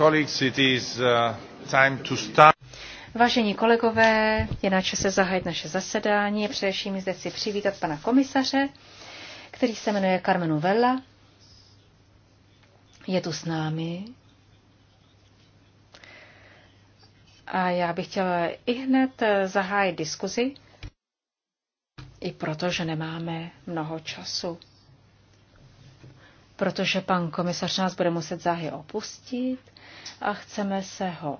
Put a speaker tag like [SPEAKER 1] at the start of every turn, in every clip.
[SPEAKER 1] Uh,
[SPEAKER 2] Vážení kolegové, je na čase zahájit naše zasedání. Především zde chci přivítat pana komisaře, který se jmenuje Carmenu Vella. Je tu s námi. A já bych chtěla i hned eh, zahájit diskuzi, i protože nemáme mnoho času protože pan komisař nás bude muset záhy opustit a chceme se ho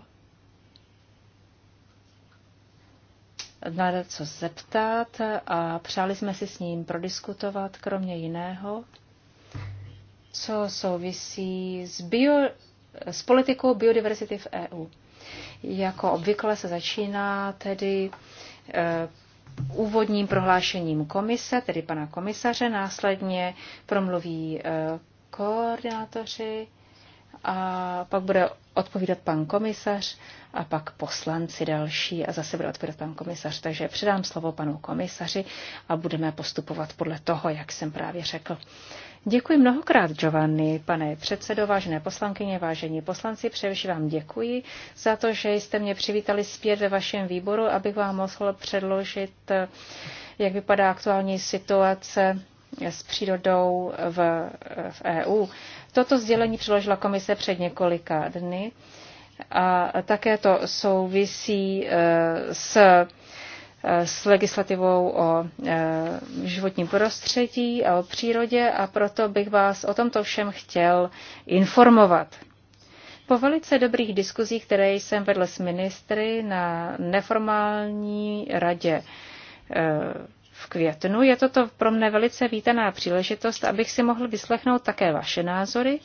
[SPEAKER 2] na co zeptat a přáli jsme si s ním prodiskutovat, kromě jiného, co souvisí s, bio, s politikou biodiverzity v EU. Jako obvykle se začíná tedy e, úvodním prohlášením komise, tedy pana komisaře, následně promluví e, koordinátoři a pak bude odpovídat pan komisař a pak poslanci další a zase bude odpovídat pan komisař. Takže předám slovo panu komisaři a budeme postupovat podle toho, jak jsem právě řekl. Děkuji mnohokrát, Giovanni, pane předsedo, vážené poslankyně, vážení poslanci. Především vám děkuji za to, že jste mě přivítali zpět ve vašem výboru, abych vám mohl předložit, eh, jak vypadá aktuální situace s přírodou v, v EU. Toto sdělení přiložila komise před několika dny a také to souvisí e, s, e, s legislativou o e, životním prostředí a o přírodě a proto bych vás o tomto všem chtěl informovat. Po velice dobrých diskuzích, které jsem vedl s ministry na neformální radě v květnu. Je toto pro mne velice vítaná příležitost, abych si mohl vyslechnout také vaše názory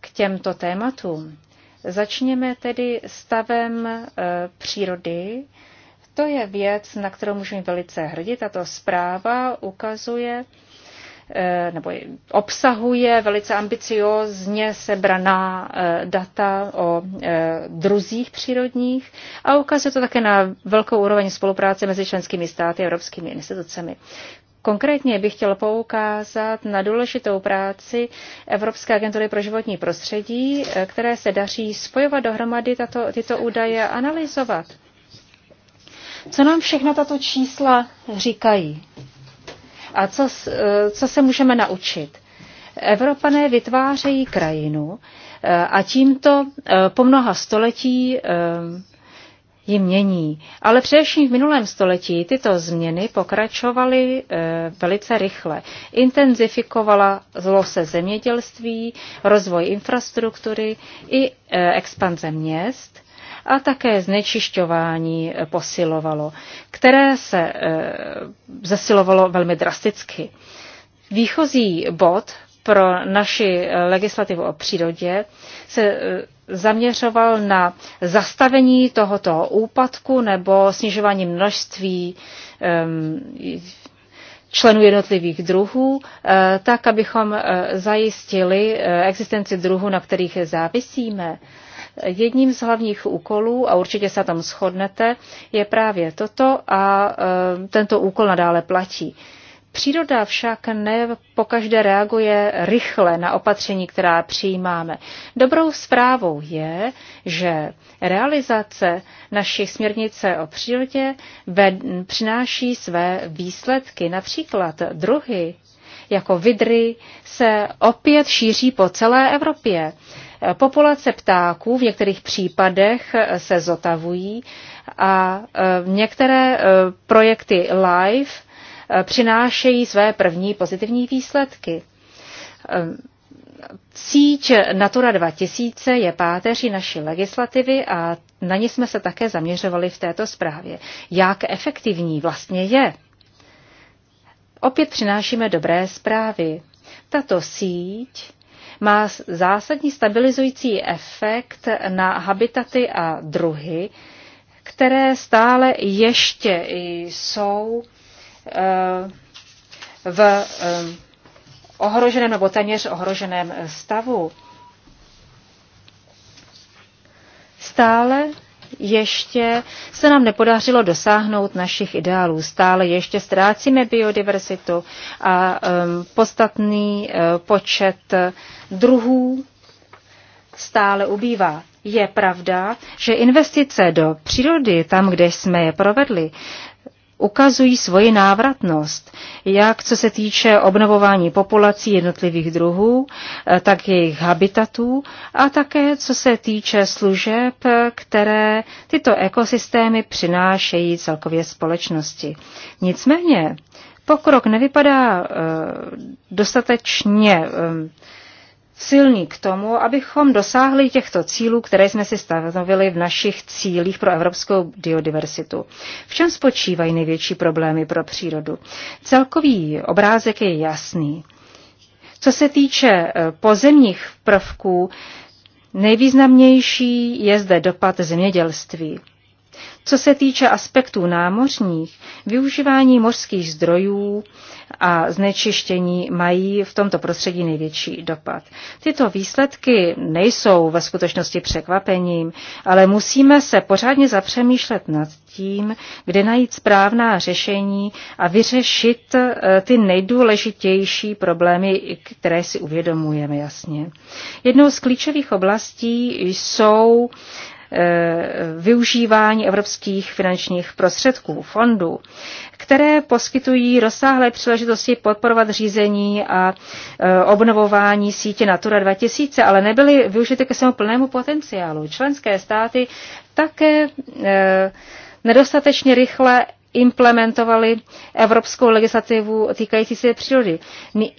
[SPEAKER 2] k těmto tématům. Začněme tedy stavem e, přírody. To je věc, na kterou můžeme velice hrdit. Tato zpráva ukazuje, Eh, nebo obsahuje velice ambiciozně sebraná eh, data o eh, druzích přírodních a ukazuje to také na velkou úroveň spolupráce mezi členskými státy a evropskými institucemi. Konkrétně bych chtěl poukázat na důležitou práci Evropské agentury pro životní prostředí, které se daří spojovat dohromady tato, tyto údaje a analyzovat. Co nám všechna tato čísla říkají? A co, eh, co se můžeme naučit? Evropané vytvářejí krajinu eh, a tímto eh, po mnoha století ji mění. Ale především v minulém století tyto změny pokračovaly velice rychle. Intenzifikovala zlo se zemědělství, rozvoj infrastruktury i expanze měst a také znečišťování posilovalo, které se eh, zesilovalo velmi drasticky. Výchozí bod pro naši legislativu o přírodě se eh, zaměřoval na zastavení tohoto úpadku nebo snižování množství ehm, členů jednotlivých druhů, eh, tak abychom zajistili existenci druhů, na kterých závisíme Jedním z hlavních úkolů, a určitě se tam shodnete, je právě toto a e, tento úkol nadále platí. Příroda však ne pokaždé reaguje rychle na opatření, která přijímáme. Dobrou zprávou je, že realizace naší směrnice o přírodě přináší své výsledky. Například druhy jako vidry se opět šíří po celé Evropě. Populace ptáků v některých případech eh, se zotavují a eh, některé eh, projekty LIFE přinášejí své první pozitivní výsledky. Síť Natura 2000 je páteří naší legislativy a na ní jsme se také zaměřovali v této zprávě. Jak efektivní vlastně je? Opět přinášíme dobré zprávy. Tato síť má zásadní stabilizující efekt na habitaty a druhy, které stále ještě jsou eh, v eh, ohroženém nebo téměř ohroženém stavu. Stále ještě se nám nepodařilo dosáhnout našich ideálů. Stále ještě ztrácíme biodiverzitu a um, podstatný uh, počet druhů stále ubývá. Je pravda, že investice do přírody, tam, kde jsme je provedli, ukazují svoji návratnost, jak co se týče obnovování populací jednotlivých druhů, eh, tak jejich habitatů a také co se týče služeb, které tyto ekosystémy přinášejí celkově společnosti. Nicméně pokrok nevypadá eh, dostatečně eh, silný k tomu, abychom dosáhli těchto cílů, které jsme si stanovili v našich cílích pro evropskou biodiversitu. V čem spočívají největší problémy pro přírodu? Celkový obrázek je jasný. Co se týče eh, pozemních prvků, nejvýznamnější je zde dopad zemědělství. Co se týče aspektů námořních, využívání mořských zdrojů a znečištění mají v tomto prostředí největší dopad. Tyto výsledky nejsou ve skutečnosti překvapením, ale musíme se pořádně zapřemýšlet nad tím, kde najít správná řešení a vyřešit eh, ty nejdůležitější problémy, které si uvědomujeme jasně. Jednou z klíčových oblastí jsou Eh, využívání evropských finančních prostředků, fondů, které poskytují rozsáhlé příležitosti podporovat řízení a eh, obnovování sítě Natura 2000, ale nebyly využity ke svému plnému potenciálu. Členské státy také eh, nedostatečně rychle implementovali evropskou legislativu týkající se přírody.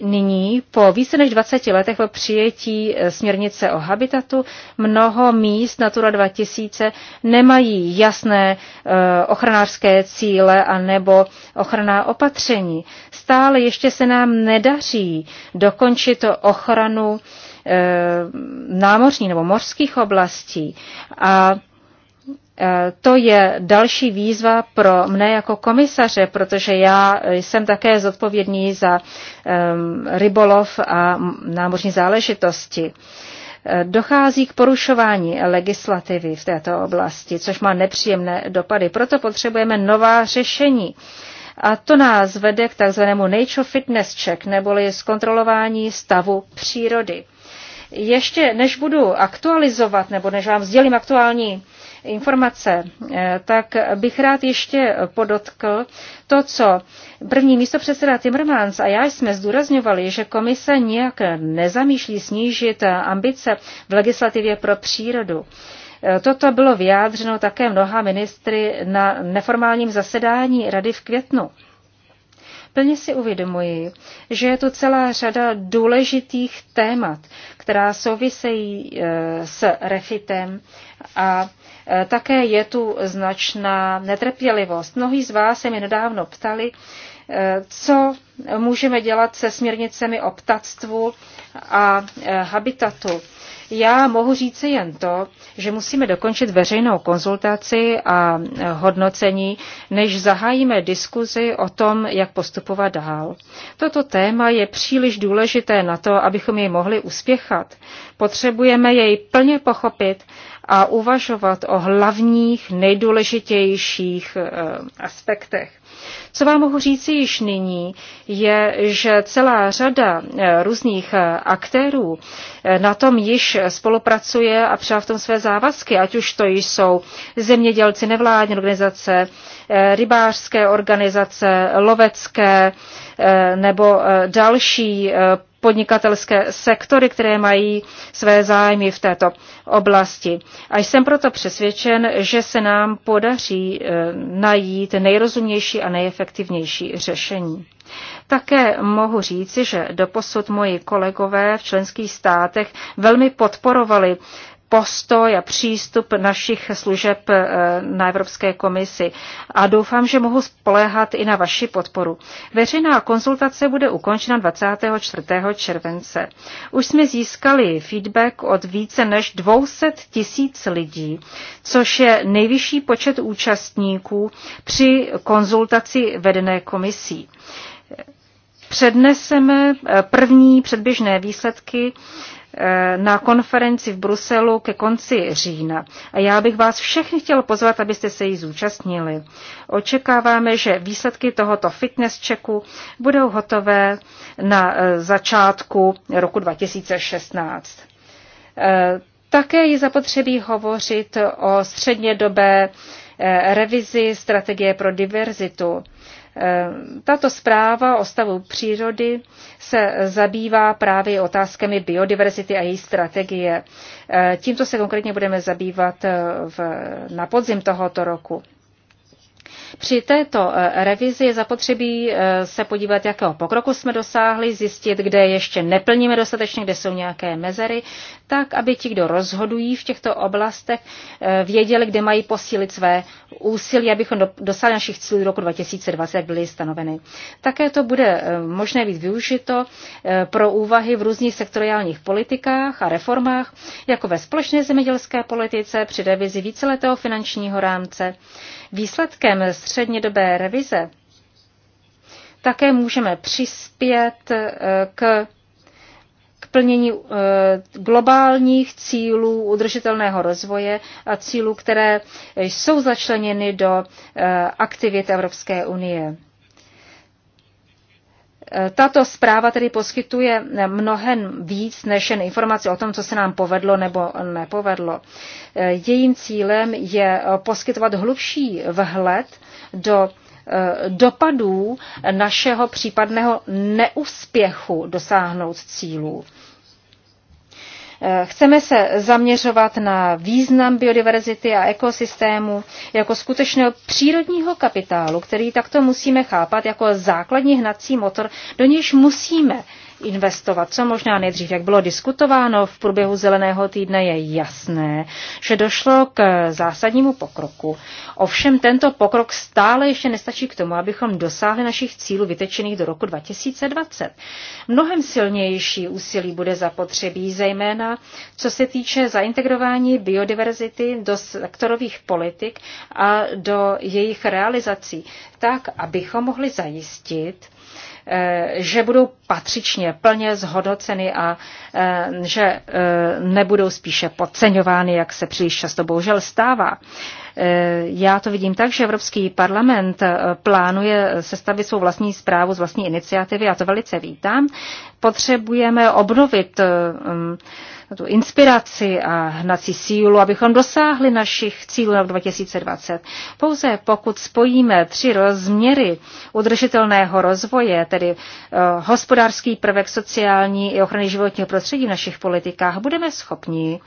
[SPEAKER 2] Nyní, po více než 20 letech po přijetí e, směrnice o habitatu, mnoho míst Natura 2000 nemají jasné e, ochranářské cíle a nebo ochranná opatření. Stále ještě se nám nedaří dokončit ochranu e, námořní nebo mořských oblastí a Eh, to je další výzva pro mne jako komisaře, protože já jsem také zodpovědný za ehm, rybolov a námořní záležitosti. Eh, dochází k porušování legislativy v této oblasti, což má nepříjemné dopady. Proto potřebujeme nová řešení. A to nás vede k takzvanému Nature Fitness Check, neboli zkontrolování stavu přírody. Ještě než budu aktualizovat, nebo než vám sdělím aktuální informace, eh, tak bych rád ještě podotkl to, co první místo předseda Timmermans a já jsme zdůrazňovali, že komise nějak nezamýšlí snížit ambice v legislativě pro přírodu. Eh, toto bylo vyjádřeno také mnoha ministry na neformálním zasedání Rady v květnu. Plně si uvědomuji, že je tu celá řada důležitých témat, která souvisejí eh, s refitem a Eh, také je tu značná netrpělivost. Mnohí z vás se mi nedávno ptali, eh, co můžeme dělat se směrnicemi o ptactvu a eh, habitatu. Já mohu říci jen to, že musíme dokončit veřejnou konzultaci a hodnocení, než zahájíme diskuzi o tom, jak postupovat dál. Toto téma je příliš důležité na to, abychom jej mohli uspěchat. Potřebujeme jej plně pochopit a uvažovat o hlavních, nejdůležitějších eh, aspektech. Co vám mohu říci již nyní, je, že celá řada eh, různých eh, aktérů na tom již spolupracuje a přijá v tom své závazky, ať už to jsou zemědělci, nevládní organizace, rybářské organizace, lovecké nebo další podnikatelské sektory, které mají své zájmy v této oblasti. A jsem proto přesvědčen, že se nám podaří e, najít nejrozumější a nejefektivnější řešení. Také mohu říci, že doposud moji kolegové v členských státech velmi podporovali postoj a přístup našich služeb eh, na Evropské komisi a doufám, že mohu spoléhat i na vaši podporu. Veřejná konzultace bude ukončena 24. července. Už jsme získali feedback od více než 200 tisíc lidí, což je nejvyšší počet účastníků při konzultaci vedené komisí předneseme eh, první předběžné výsledky Eh, na konferenci v Bruselu ke konci října. A já bych vás všechny chtěl pozvat, abyste se jí zúčastnili. Očekáváme, že výsledky tohoto fitness checku budou hotové na eh, začátku roku 2016. Eh, také je zapotřebí hovořit o střednědobé revizi strategie pro diverzitu. Eh, tato zpráva o stavu přírody se zabývá právě otázkami biodiverzity a její strategie. Eh, tímto se konkrétně budeme zabývat eh, v, na podzim tohoto roku. Při této e, revizi je zapotřebí e, se podívat, jakého pokroku jsme dosáhli, zjistit, kde ještě neplníme dostatečně, kde jsou nějaké mezery, tak, aby ti, kdo rozhodují v těchto oblastech, e, věděli, kde mají posílit své úsilí, abychom dosáhli našich cílů roku 2020, jak byly stanoveny. Také to bude možné být využito pro úvahy v různých sektoriálních politikách a reformách, jako ve společné zemědělské politice při revizi víceletého finančního rámce, výsledkem střednědobé revize také můžeme přispět eh, k, k plnění eh, globálních cílů udržitelného rozvoje a cílů, které jsou začleněny do eh, aktivit Evropské unie. Tato zpráva tedy poskytuje mnohem víc než jen informace o tom, co se nám povedlo nebo nepovedlo. Jejím cílem je poskytovat hlubší vhled do eh, dopadů našeho případného neúspěchu dosáhnout cílů. Eh, chceme se zaměřovat na význam biodiverzity a ekosystému jako skutečného přírodního kapitálu, který takto musíme chápat jako základní hnací motor, do nějž musíme investovat co možná nejdřív. Jak bylo diskutováno v průběhu zeleného týdne, je jasné, že došlo k zásadnímu pokroku. Ovšem tento pokrok stále ještě nestačí k tomu, abychom dosáhli našich cílů vytečených do roku 2020. Mnohem silnější úsilí bude zapotřebí, zejména co se týče zaintegrování biodiverzity do sektorových politik a do jejich realizací, tak, abychom mohli zajistit, Eh, že budou patřičně plně zhodnoceny a eh, že eh, nebudou spíše podceňovány, jak se příliš často bohužel stává. Eh, já to vidím tak, že Evropský parlament eh, plánuje sestavit svou vlastní zprávu z vlastní iniciativy, já to velice vítám. Potřebujeme obnovit eh, mm, tu inspiraci a hnací sílu, abychom dosáhli našich cílů na 2020. Pouze pokud spojíme tři rozměry udržitelného rozvoje, tedy hospodářský prvek, sociální i ochrany životního prostředí v našich politikách, budeme schopni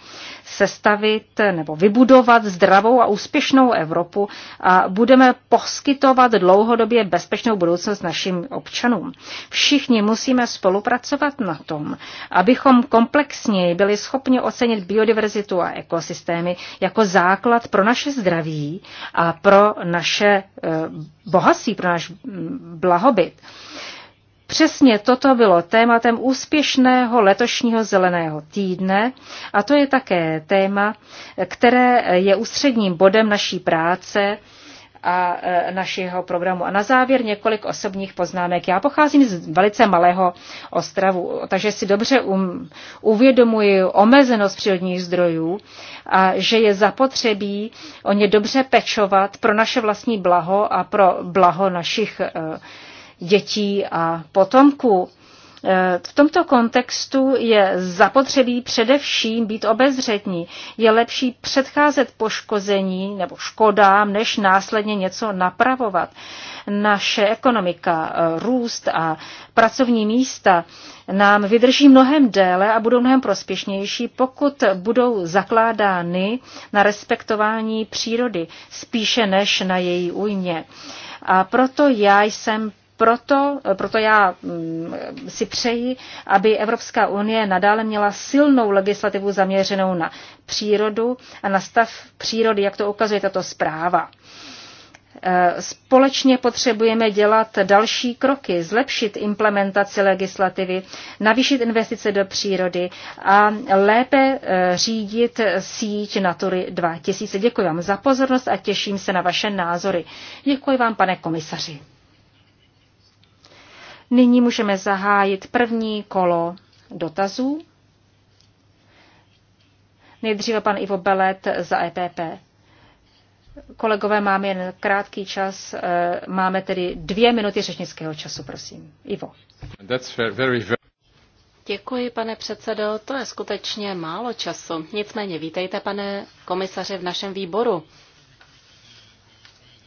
[SPEAKER 2] sestavit nebo vybudovat zdravou a úspěšnou úspěšnou Evropu a budeme poskytovat dlouhodobě bezpečnou budoucnost našim občanům. Všichni musíme spolupracovat na tom, abychom komplexněji byli schopni ocenit biodiverzitu a ekosystémy jako základ pro naše zdraví a pro naše eh, bohatství, pro náš mm, blahobyt. Přesně toto bylo tématem úspěšného letošního zeleného týdne a to je také téma, které je ústředním bodem naší práce a e, našeho programu. A na závěr několik osobních poznámek. Já pocházím z velice malého ostravu, takže si dobře um, uvědomuji omezenost přírodních zdrojů a že je zapotřebí o ně dobře pečovat pro naše vlastní blaho a pro blaho našich uh, dětí a potomků. E, v tomto kontextu je zapotřebí především být obezřetní. Je lepší předcházet poškození nebo škodám, než následně něco napravovat. Naše ekonomika, e, růst a pracovní místa nám vydrží mnohem déle a budou mnohem prospěšnější, pokud budou zakládány na respektování přírody spíše než na její újmě. A proto já jsem proto, proto já mm, si přeji, aby Evropská unie nadále měla silnou legislativu zaměřenou na přírodu a na stav přírody, jak to ukazuje tato zpráva. Eh, společně potřebujeme dělat další kroky, zlepšit implementaci legislativy, navýšit investice do přírody a lépe eh, řídit síť Natury 2000. Děkuji vám za pozornost a těším se na vaše názory. Děkuji vám, pane komisaři. Nyní můžeme zahájit první kolo dotazů. Nejdříve pan Ivo Belet za EPP. Kolegové, máme jen krátký čas, eh, máme tedy dvě minuty řečnického času, prosím. Ivo.
[SPEAKER 3] That's very, very... Děkuji, pane předsedo, to je skutečně málo času. Nicméně vítejte, pane komisaře v našem výboru.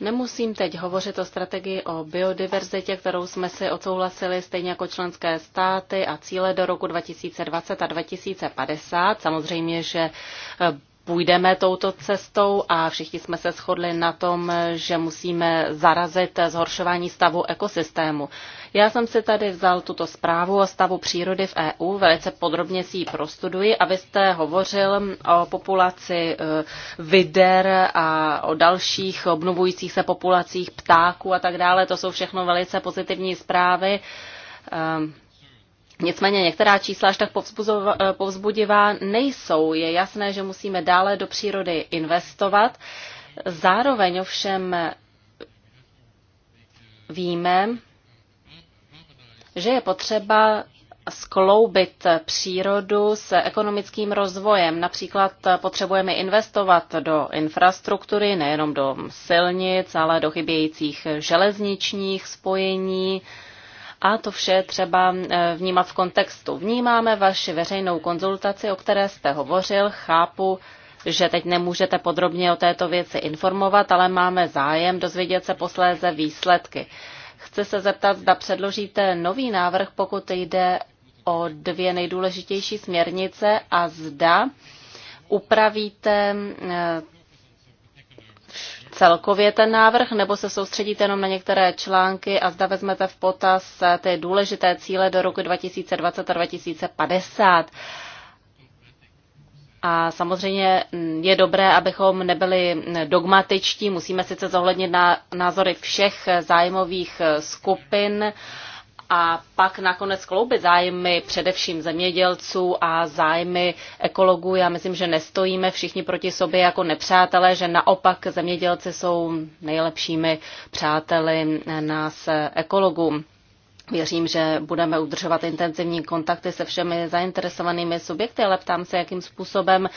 [SPEAKER 3] Nemusím teď hovořit o strategii o biodiverzitě, kterou jsme si odsouhlasili stejně jako členské státy a cíle do roku 2020 a 2050. Samozřejmě, že půjdeme touto cestou a všichni jsme se shodli na tom, že musíme zarazit zhoršování stavu ekosystému. Já jsem si tady vzal tuto zprávu o stavu přírody v EU, velice podrobně si ji prostuduji a vy jste hovořil o populaci eh, vider a o dalších obnovujících se populacích ptáků a tak dále. To jsou všechno velice pozitivní zprávy ehm, Nicméně některá čísla až tak eh, povzbudivá nejsou. Je jasné, že musíme dále do přírody investovat. Zároveň ovšem víme, že je potřeba skloubit přírodu s ekonomickým rozvojem. Například potřebujeme investovat do infrastruktury, nejenom do silnic, ale do chybějících železničních spojení, a to vše třeba e, vnímat v kontextu. Vnímáme vaši veřejnou konzultaci, o které jste hovořil, chápu, že teď nemůžete podrobně o této věci informovat, ale máme zájem dozvědět se posléze výsledky. Chci se zeptat, zda předložíte nový návrh, pokud jde o dvě nejdůležitější směrnice a zda upravíte e, celkově ten návrh, nebo se soustředíte jenom na některé články a zda vezmete v potaz eh, ty důležité cíle do roku 2020 a 2050? A samozřejmě mm, je dobré, abychom nebyli mm, dogmatičtí, musíme sice zohlednit na názory všech eh, zájmových eh, skupin, a pak nakonec kloubit zájmy především zemědělců a zájmy ekologů. Já myslím, že nestojíme všichni proti sobě jako nepřátelé, že naopak zemědělci jsou nejlepšími přáteli nás ekologům. Věřím, že budeme udržovat intenzivní kontakty se všemi zainteresovanými subjekty, ale ptám se, jakým způsobem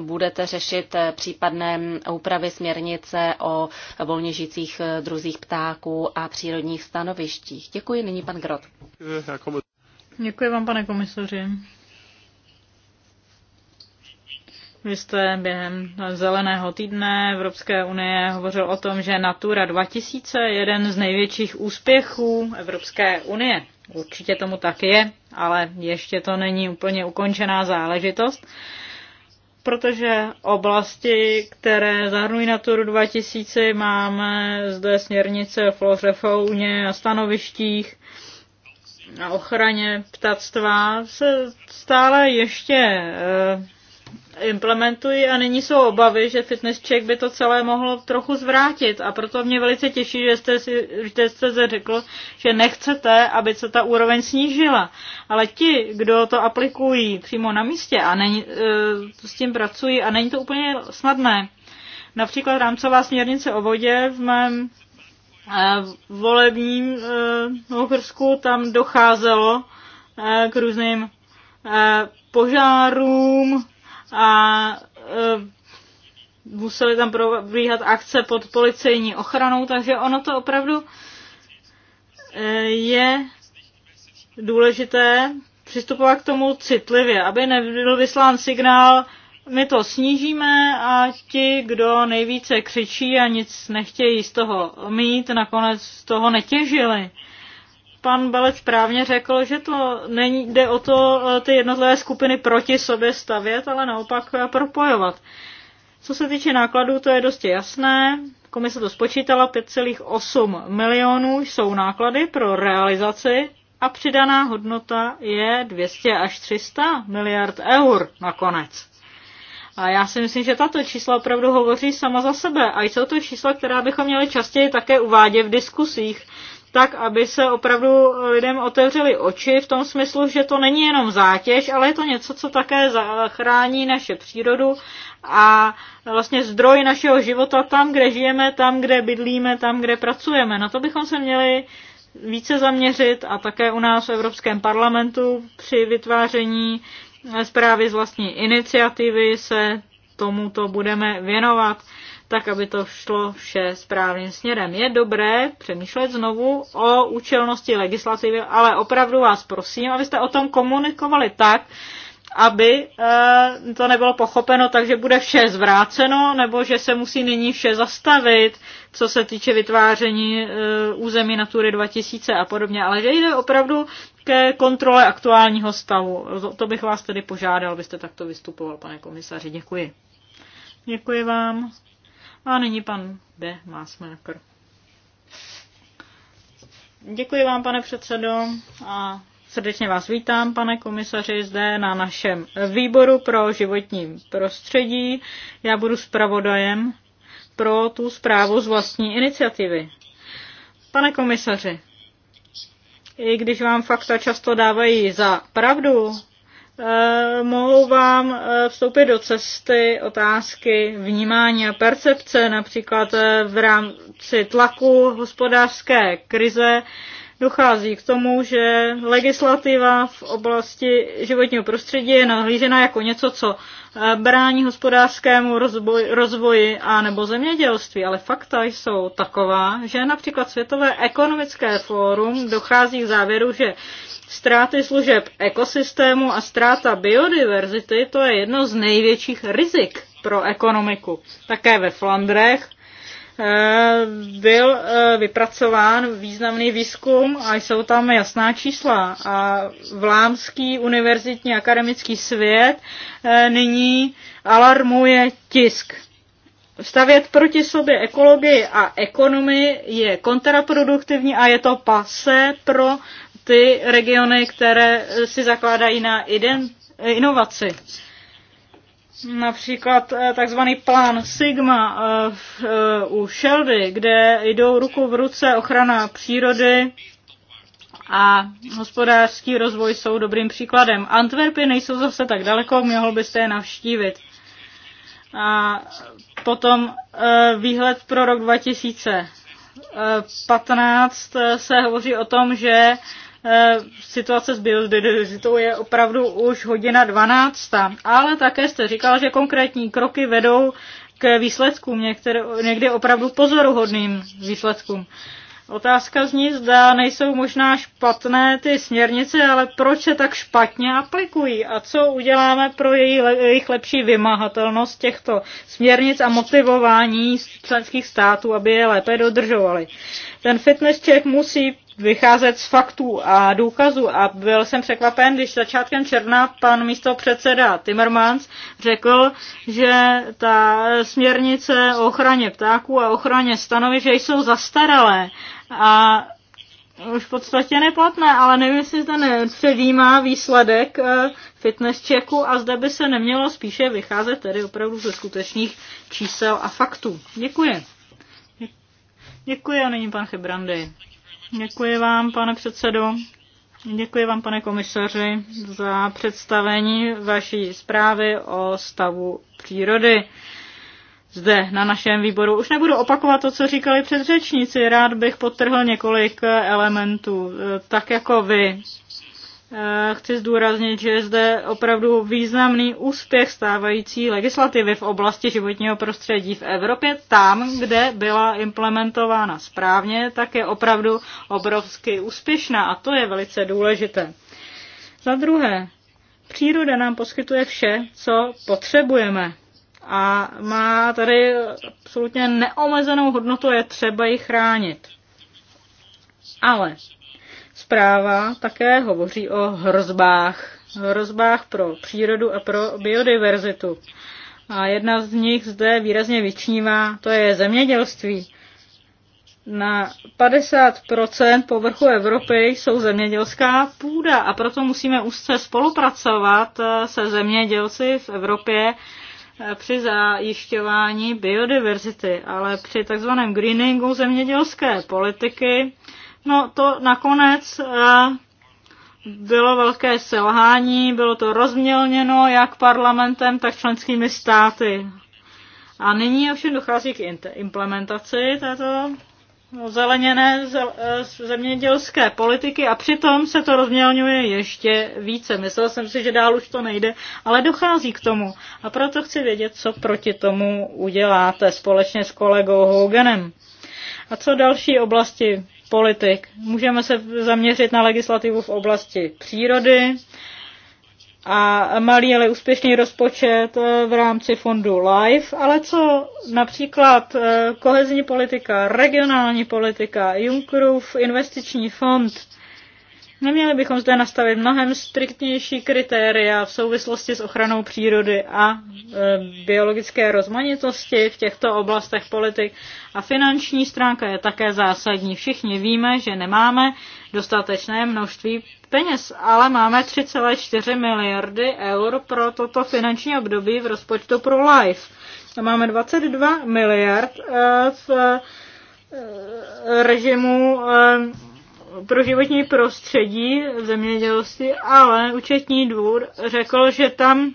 [SPEAKER 3] budete řešit případné úpravy směrnice o volně žijících druzích ptáků a
[SPEAKER 1] přírodních stanovištích. Děkuji, nyní pan Grot. Eh, jako- Děkuji vám, pane komisaři. Vy jste během zeleného týdne Evropské unie hovořil o tom, že Natura 2000 je jeden z největších úspěchů Evropské unie. Určitě tomu tak je, ale ještě to není úplně ukončená záležitost, protože oblasti, které zahrnují Naturu 2000, máme zde směrnice o floře, fauně a stanovištích a ochraně ptactva, se stále ještě eh, implementují a nyní jsou obavy, že fitness check by to celé mohlo trochu zvrátit a proto mě velice těší, že jste, si, že jste se řekl, že nechcete, aby se ta úroveň snížila. Ale ti, kdo to aplikují přímo na místě a není, e, s tím pracují a není to úplně snadné. Například rámcová směrnice o vodě v mém e, volebním e, okrsku tam docházelo k různým požárům, a e, museli tam probíhat akce pod policejní ochranou, takže ono to opravdu e, je důležité přistupovat k tomu citlivě, aby nebyl vyslán signál, my to snížíme a ti, kdo nejvíce křičí a nic nechtějí z toho mít, nakonec z toho netěžili pan Balec správně řekl, že to není, jde o to eh, ty jednotlivé skupiny proti sobě stavět, ale naopak eh, propojovat. Co se týče nákladů, to je dosti jasné. Komise to spočítala, 5,8 milionů jsou náklady pro realizaci a přidaná hodnota je 200 až 300 miliard eur nakonec. A já si myslím, že tato čísla opravdu hovoří sama za sebe. A jsou to čísla, která bychom měli častěji také uvádět v diskusích tak, aby se opravdu lidem otevřeli oči v tom smyslu, že to není jenom zátěž, ale je to něco, co také zachrání naše přírodu a vlastně zdroj našeho života tam, kde žijeme, tam, kde bydlíme, tam, kde pracujeme. Na to bychom se měli více zaměřit a také u nás v Evropském parlamentu při vytváření zprávy z vlastní iniciativy se tomuto budeme věnovat tak aby to šlo vše správným směrem. Je dobré přemýšlet znovu o účelnosti legislativy, ale opravdu vás prosím, abyste o tom komunikovali tak, aby eh, to nebylo pochopeno takže bude vše zvráceno, nebo že se musí nyní vše zastavit, co se týče vytváření eh, území Natury 2000 a podobně, ale že jde opravdu ke kontrole aktuálního stavu. To bych vás tedy požádal, abyste takto vystupoval, pane komisaři. Děkuji. Děkuji vám. A nyní pan B. Másmáker. Děkuji vám, pane předsedo, a srdečně vás vítám, pane komisaři, zde na našem výboru pro životní prostředí. Já budu zpravodajem pro tu zprávu z vlastní iniciativy. Pane komisaři, i když vám fakta často dávají za pravdu, Eh, mohou vám eh, vstoupit do cesty otázky vnímání a percepce, například eh, v rámci tlaku hospodářské krize. Dochází k tomu, že legislativa v oblasti životního prostředí je nahlížena jako něco, co brání hospodářskému rozvoji, rozvoji a nebo zemědělství, ale fakta jsou taková, že například Světové ekonomické fórum dochází k závěru, že Ztráty služeb ekosystému a ztráta biodiverzity to je jedno z největších rizik pro ekonomiku. Také ve Flandrech eh, byl eh, vypracován významný výzkum a jsou tam jasná čísla. A vlámský univerzitní akademický svět eh, nyní alarmuje tisk. Stavět proti sobě ekologii a ekonomii je kontraproduktivní a je to pase pro ty regiony, které si zakládají na inovaci. Například eh, takzvaný plán Sigma eh, eh, u Sheldy, kde jdou ruku v ruce ochrana přírody a hospodářský rozvoj jsou dobrým příkladem. Antwerpy nejsou zase tak daleko, mohl byste je navštívit. A potom výhled pro rok 2015 se hovoří o tom, že Eh, situace s biodiverzitou je opravdu už hodina 12. Ale také jste říkal, že konkrétní kroky vedou k výsledkům, některé, někdy opravdu pozoruhodným výsledkům. Otázka zní, zda nejsou možná špatné ty směrnice, ale proč se tak špatně aplikují a co uděláme pro jejich lepší vymahatelnost těchto směrnic a motivování členských států, aby je lépe dodržovali. Ten fitness check musí vycházet z faktů a důkazů a byl jsem překvapen, když začátkem června pan místo předseda Timmermans řekl, že ta směrnice o ochraně ptáků a ochraně stanovy, že jsou zastaralé a už v podstatě neplatné, ale nevím, jestli to nepředjímá výsledek eh, fitness checku a zde by se nemělo spíše vycházet tedy opravdu ze skutečných čísel a faktů. Děkuji. Děkuji a nyní pan Hebrandy. Děkuji vám, pane předsedo. Děkuji vám, pane komisaři, za představení vaší zprávy o stavu přírody. Zde na našem výboru už nebudu opakovat to, co říkali předřečníci, rád bych podtrhl několik elementů. Tak jako vy Eh, chci zdůraznit, že je zde opravdu významný úspěch stávající legislativy v oblasti životního prostředí v Evropě. Tam, kde byla implementována správně, tak je opravdu obrovsky úspěšná a to je velice důležité. Za druhé, příroda nám poskytuje vše, co potřebujeme a má tady absolutně neomezenou hodnotu, je třeba ji chránit. Ale Zpráva také hovoří o hrozbách. Hrozbách pro přírodu a pro biodiverzitu. A jedna z nich zde výrazně vyčnívá, to je zemědělství. Na 50% povrchu Evropy jsou zemědělská půda a proto musíme úzce spolupracovat se zemědělci v Evropě při zajišťování biodiverzity, ale při takzvaném greeningu zemědělské politiky No to nakonec eh, bylo velké selhání, bylo to rozmělněno jak parlamentem, tak členskými státy. A nyní ovšem dochází k implementaci této zeleněné eh, zemědělské politiky a přitom se to rozmělňuje ještě více. Myslel jsem si, že dál už to nejde, ale dochází k tomu. A proto chci vědět, co proti tomu uděláte společně s kolegou Hoganem. A co další oblasti? politik. Můžeme se zaměřit na legislativu v oblasti přírody a malý, ale úspěšný rozpočet eh, v rámci fondu LIFE, ale co například eh, kohezní politika, regionální politika, Junckerův investiční fond, Neměli bychom zde nastavit mnohem striktnější kritéria v souvislosti s ochranou přírody a e, biologické rozmanitosti v těchto oblastech politik. A finanční stránka je také zásadní. Všichni víme, že nemáme dostatečné množství peněz, ale máme 3,4 miliardy eur pro toto finanční období v rozpočtu pro LIFE. A máme 22 miliard e, v e, režimu e, pro životní prostředí v zemědělství, ale účetní dvůr řekl, že tam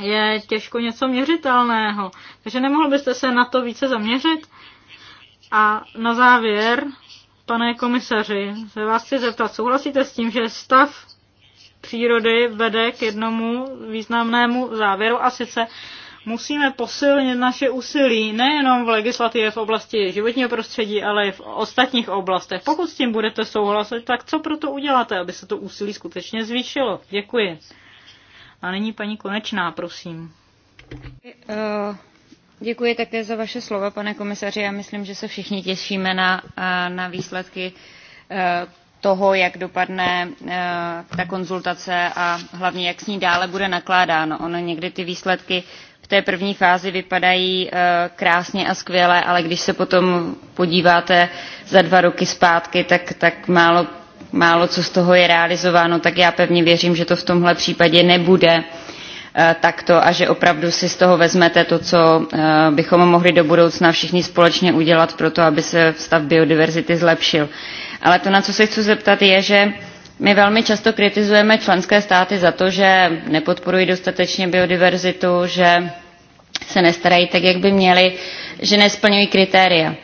[SPEAKER 1] je těžko něco měřitelného. Takže nemohl byste se na to více zaměřit? A na závěr, pane komisaři, se vás chci zeptat, souhlasíte s tím, že stav přírody vede k jednomu významnému závěru a sice, musíme posilnit naše úsilí nejenom v legislativě v oblasti životního prostředí, ale i v ostatních oblastech. Pokud s tím budete souhlasit, tak co proto uděláte, aby se to úsilí skutečně zvýšilo? Děkuji.
[SPEAKER 4] A nyní paní Konečná, prosím. Eh, děkuji také za vaše slova, pane komisaři. Já myslím, že se všichni těšíme na, eh, na výsledky eh, toho, jak dopadne ta konzultace a hlavně, jak s ní dále bude nakládáno. Ono někdy ty výsledky té první fázi vypadají eh, krásně a skvěle, ale když se potom podíváte za dva roky zpátky, tak, tak málo, málo co z toho je realizováno, tak já pevně věřím, že to v tomhle případě nebude eh, takto a že opravdu si z toho vezmete to, co eh, bychom mohli do budoucna všichni společně udělat pro to, aby se stav biodiverzity zlepšil. Ale to, na co se chci zeptat, je, že my velmi často kritizujeme členské státy za to, že nepodporují dostatečně biodiverzitu, že se nestarají tak, jak by měli, že nesplňují kritéria.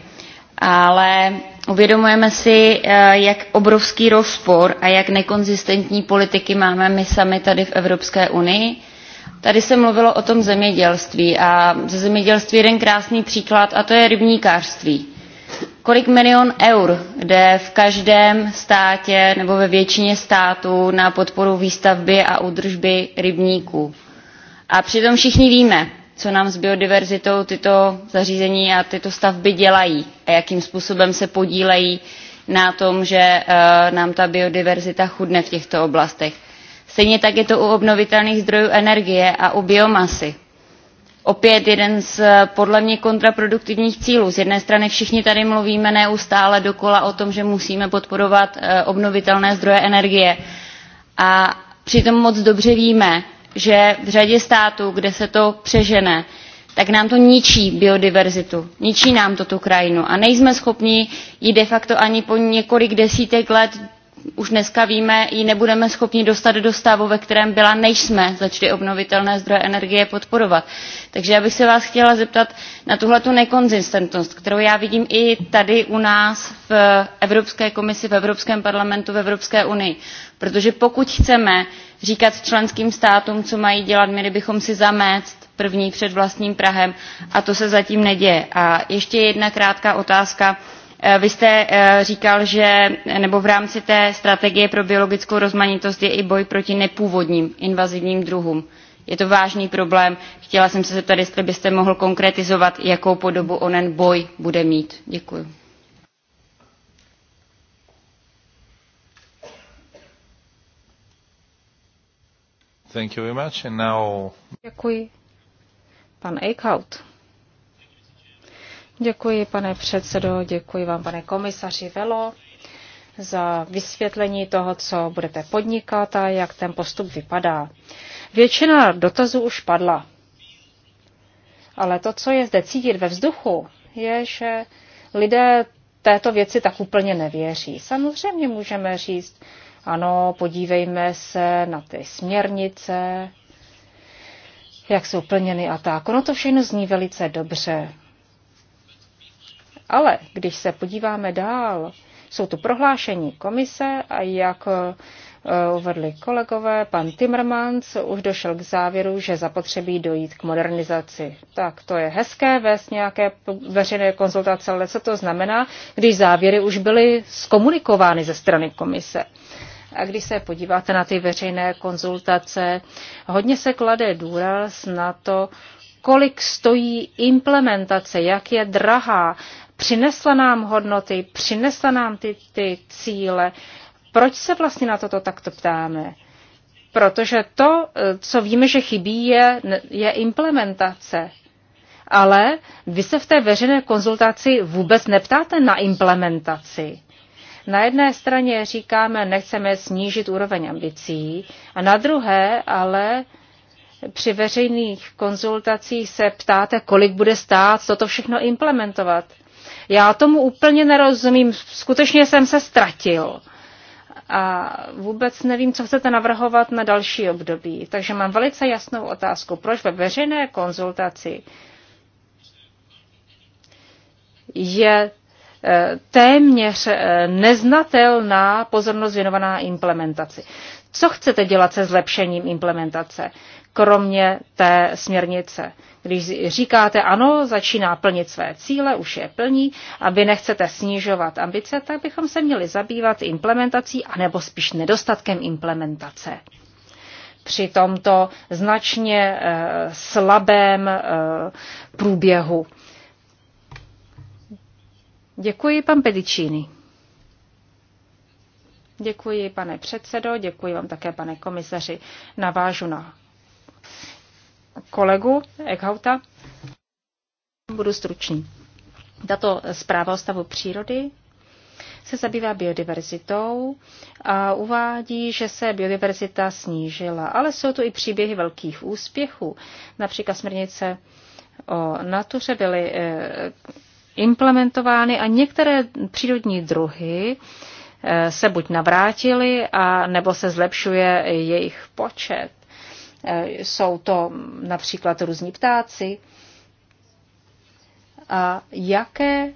[SPEAKER 4] Ale uvědomujeme si, eh, jak obrovský rozpor a jak nekonzistentní politiky máme my sami tady v Evropské unii. Tady se mluvilo o tom zemědělství a ze zemědělství jeden krásný příklad a to je rybníkářství. Kolik milion eur jde v každém státě nebo ve většině států na podporu výstavby a údržby rybníků. A přitom všichni víme, co nám s biodiverzitou tyto zařízení a tyto stavby dělají a jakým způsobem se podílejí na tom, že eh, nám ta biodiverzita chudne v těchto oblastech. Stejně tak je to u obnovitelných zdrojů energie a u biomasy. Opět jeden z eh, podle mě kontraproduktivních cílů. Z jedné strany všichni tady mluvíme neustále dokola o tom, že musíme podporovat eh, obnovitelné zdroje energie. A přitom moc dobře víme, že v řadě států, kde se to přežene, tak nám to ničí biodiverzitu, ničí nám to tu krajinu a nejsme schopni ji de facto ani po několik desítek let už dneska víme ji nebudeme schopni dostat do stavu ve kterém byla než jsme začali obnovitelné zdroje energie podporovat. takže já bych se vás chtěla zeptat na tuhle tu nekonzistentnost kterou já vidím i tady u nás v evropské komisi v evropském parlamentu v evropské unii protože pokud chceme říkat členským státům co mají dělat měli bychom si zaméct první před vlastním prahem a to se zatím neděje. a ještě jedna krátká otázka Eh, vy jste eh, říkal, že nebo v rámci té strategie pro biologickou rozmanitost je i boj proti nepůvodním invazivním druhům. Je to vážný problém. Chtěla jsem se zeptat, jestli byste mohl konkretizovat, jakou podobu onen boj bude mít. Děkuji. Thank
[SPEAKER 1] you very much. And now... Děkuji.
[SPEAKER 2] Pan Eichhout. Děkuji, pane předsedo, děkuji vám, pane komisaři Velo, za vysvětlení toho, co budete podnikat a jak ten postup vypadá. Většina dotazů už padla, ale to, co je zde cítit ve vzduchu, je, že lidé této věci tak úplně nevěří. Samozřejmě můžeme říct, ano, podívejme se na ty směrnice, jak jsou plněny a tak. Ono to všechno zní velice dobře. Ale když se podíváme dál, jsou tu prohlášení komise a jak eh, uvedli kolegové, pan Timmermans už došel k závěru, že zapotřebí dojít k modernizaci. Tak to je hezké vést nějaké veřejné konzultace, ale co to znamená, když závěry už byly zkomunikovány ze strany komise? A když se podíváte na ty veřejné konzultace, hodně se klade důraz na to, kolik stojí implementace, jak je drahá, přinesla nám hodnoty, přinesla nám ty, ty cíle. Proč se vlastně na toto takto ptáme? Protože to, co víme, že chybí, je, je implementace. Ale vy se v té veřejné konzultaci vůbec neptáte na implementaci. Na jedné straně říkáme, nechceme snížit úroveň ambicí, a na druhé ale při veřejných konzultacích se ptáte, kolik bude stát toto všechno implementovat. Já tomu úplně nerozumím, skutečně jsem se ztratil. A vůbec nevím, co chcete navrhovat na další období. Takže mám velice jasnou otázku, proč ve veřejné konzultaci je e, téměř e, neznatelná pozornost věnovaná implementaci. Co chcete dělat se zlepšením implementace, kromě té směrnice? Když říkáte ano, začíná plnit své cíle, už je plní a vy nechcete snižovat ambice, tak bychom se měli zabývat implementací anebo spíš nedostatkem implementace při tomto značně eh, slabém eh, průběhu. Děkuji, pan Pedicini. Děkuji, pane předsedo, děkuji vám také, pane komisaři. Navážu na kolegu Eckhouta. Budu stručný. Tato zpráva o stavu přírody se zabývá biodiverzitou a uvádí, že se biodiverzita snížila. Ale jsou tu i příběhy velkých úspěchů. Například směrnice o natuře byly eh, implementovány a některé přírodní druhy se buď navrátili, a nebo se zlepšuje jejich počet. Jsou to například různí ptáci. A jaké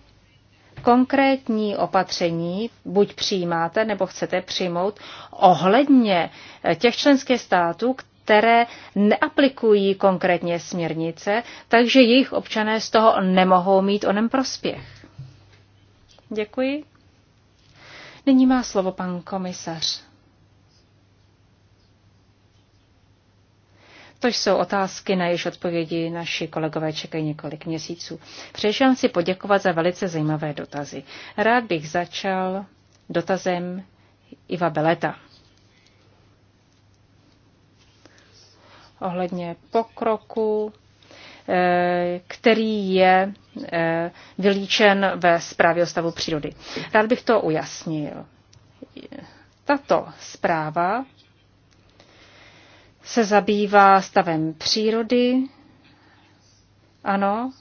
[SPEAKER 2] konkrétní opatření buď přijímáte nebo chcete přijmout ohledně těch členských států, které neaplikují konkrétně směrnice, takže jejich občané z toho nemohou mít onem prospěch. Děkuji. Nyní má slovo pan komisař. To jsou otázky, na jejich odpovědi naši kolegové čekají několik měsíců. Přeji si poděkovat za velice zajímavé dotazy. Rád bych začal dotazem Iva Beleta. Ohledně pokroku Eh, který je eh, vylíčen ve zprávě o stavu přírody. Rád bych to ujasnil. Tato zpráva se zabývá stavem přírody. Ano,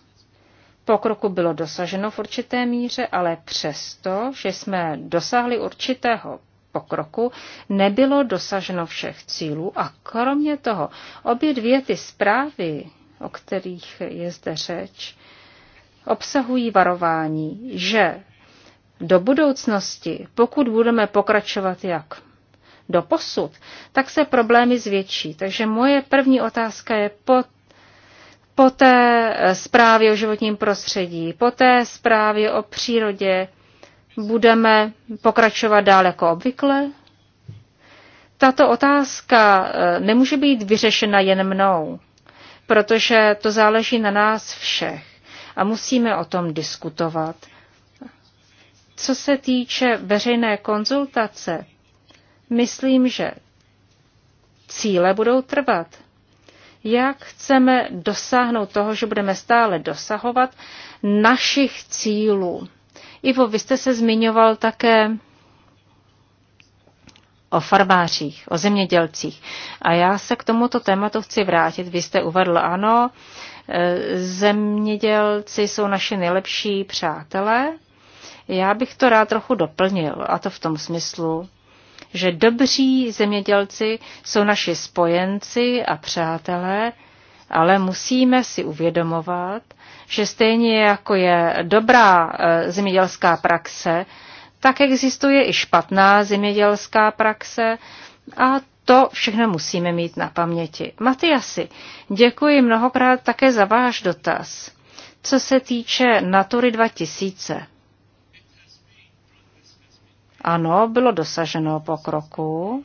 [SPEAKER 2] pokroku bylo dosaženo v určité míře, ale přesto, že jsme dosáhli určitého pokroku, nebylo dosaženo všech cílů a kromě toho obě dvě ty zprávy o kterých je zde řeč, obsahují varování, že do budoucnosti, pokud budeme pokračovat jak do posud, tak se problémy zvětší. Takže moje první otázka je po, po té zprávě o životním prostředí, po té zprávě o přírodě, budeme pokračovat dál jako obvykle? Tato otázka eh, nemůže být vyřešena jen mnou protože to záleží na nás všech a musíme o tom diskutovat. Co se týče veřejné konzultace, myslím, že cíle budou trvat. Jak chceme dosáhnout toho, že budeme stále dosahovat našich cílů? Ivo, vy jste se zmiňoval také o farmářích, o zemědělcích. A já se k tomuto tématu chci vrátit. Vy jste uvedl, ano, e, zemědělci jsou naše nejlepší přátelé. Já bych to rád trochu doplnil, a to v tom smyslu, že dobří zemědělci jsou naši spojenci a přátelé, ale musíme si uvědomovat, že stejně jako je dobrá e, zemědělská praxe, tak existuje i špatná zemědělská praxe a to všechno musíme mít na paměti. Matiasi, děkuji mnohokrát také za váš dotaz. Co se týče Natury 2000, ano, bylo dosaženo pokroku.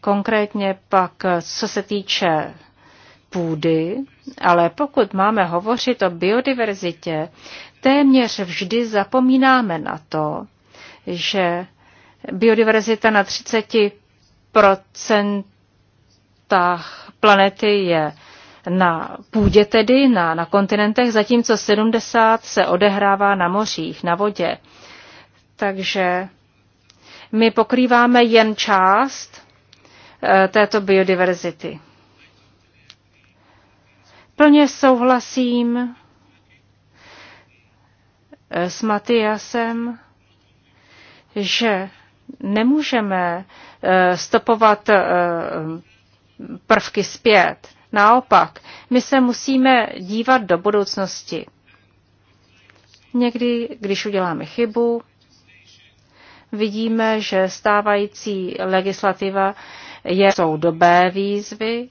[SPEAKER 2] Konkrétně pak, co se týče půdy, ale pokud máme hovořit o biodiverzitě, téměř vždy zapomínáme na to, že biodiverzita na 30% planety je na půdě tedy, na, na kontinentech, zatímco 70 se odehrává na mořích, na vodě. Takže my pokrýváme jen část eh, této biodiverzity. Plně souhlasím Eh, s Matyasem, že nemůžeme eh, stopovat eh, prvky zpět. Naopak, my se musíme dívat do budoucnosti. Někdy, když uděláme chybu, vidíme, že stávající legislativa je, jsou dobé výzvy,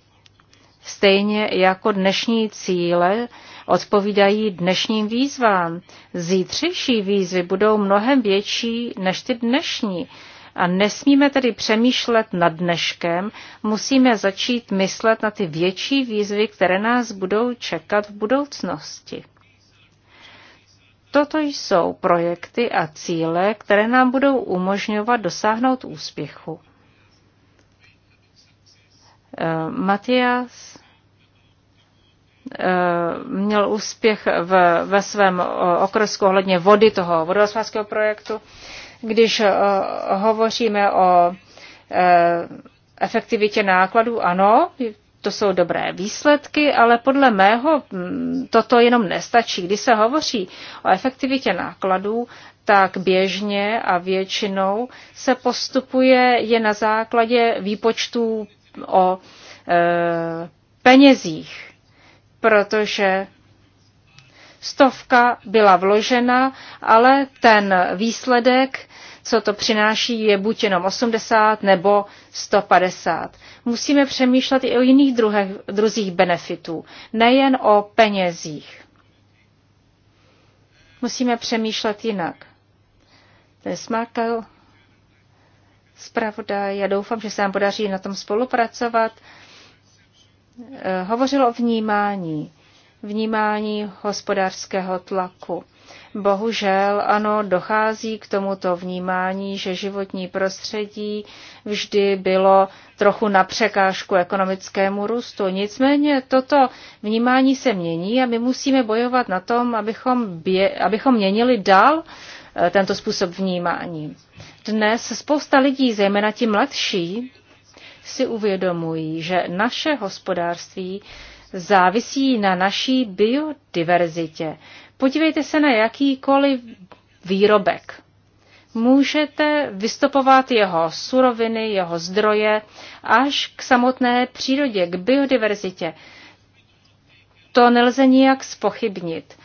[SPEAKER 2] stejně jako dnešní cíle odpovídají dnešním výzvám. Zítřejší výzvy budou mnohem větší než ty dnešní. A nesmíme tedy přemýšlet nad dneškem, musíme začít myslet na ty větší výzvy, které nás budou čekat v budoucnosti. Toto jsou projekty a cíle, které nám budou umožňovat dosáhnout úspěchu. Matias Eh, měl úspěch v, ve svém eh, okresku ohledně vody toho vodohospodářského projektu. Když eh, hovoříme o efektivitě nákladů, ano, to jsou dobré výsledky, ale podle mého hm, toto jenom nestačí. Když se hovoří o efektivitě nákladů, tak běžně a většinou se postupuje je na základě výpočtů o e, penězích protože stovka byla vložena, ale ten výsledek, co to přináší, je buď jenom 80 nebo 150. Musíme přemýšlet i o jiných druhech, druzích benefitů, nejen o penězích. Musíme přemýšlet jinak. je smakl eh, zpravodaj, já doufám, že se nám podaří na tom spolupracovat Eh, hovořil o vnímání, vnímání hospodářského tlaku. Bohužel, ano, dochází k tomuto vnímání, že životní prostředí vždy bylo trochu na překážku ekonomickému růstu. Nicméně toto vnímání se mění a my musíme bojovat na tom, abychom, bě, abychom měnili dál eh, tento způsob vnímání. Dnes spousta lidí, zejména ti mladší, si uvědomují, že naše hospodářství závisí na naší biodiverzitě. Podívejte se na jakýkoliv výrobek. Můžete vystopovat jeho suroviny, jeho zdroje až k samotné přírodě, k biodiverzitě. To nelze nijak spochybnit.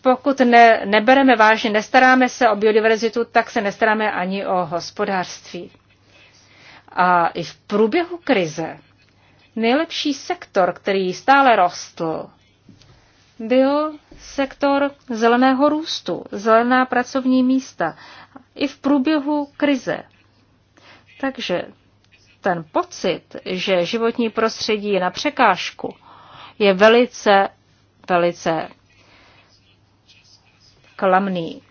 [SPEAKER 2] Pokud ne, nebereme vážně, nestaráme se o biodiverzitu, tak se nestaráme ani o hospodářství. A i v průběhu krize nejlepší sektor, který stále rostl, byl sektor zeleného růstu, zelená pracovní místa i v průběhu krize. Takže ten pocit, že životní prostředí je na překážku, je velice, velice klamný.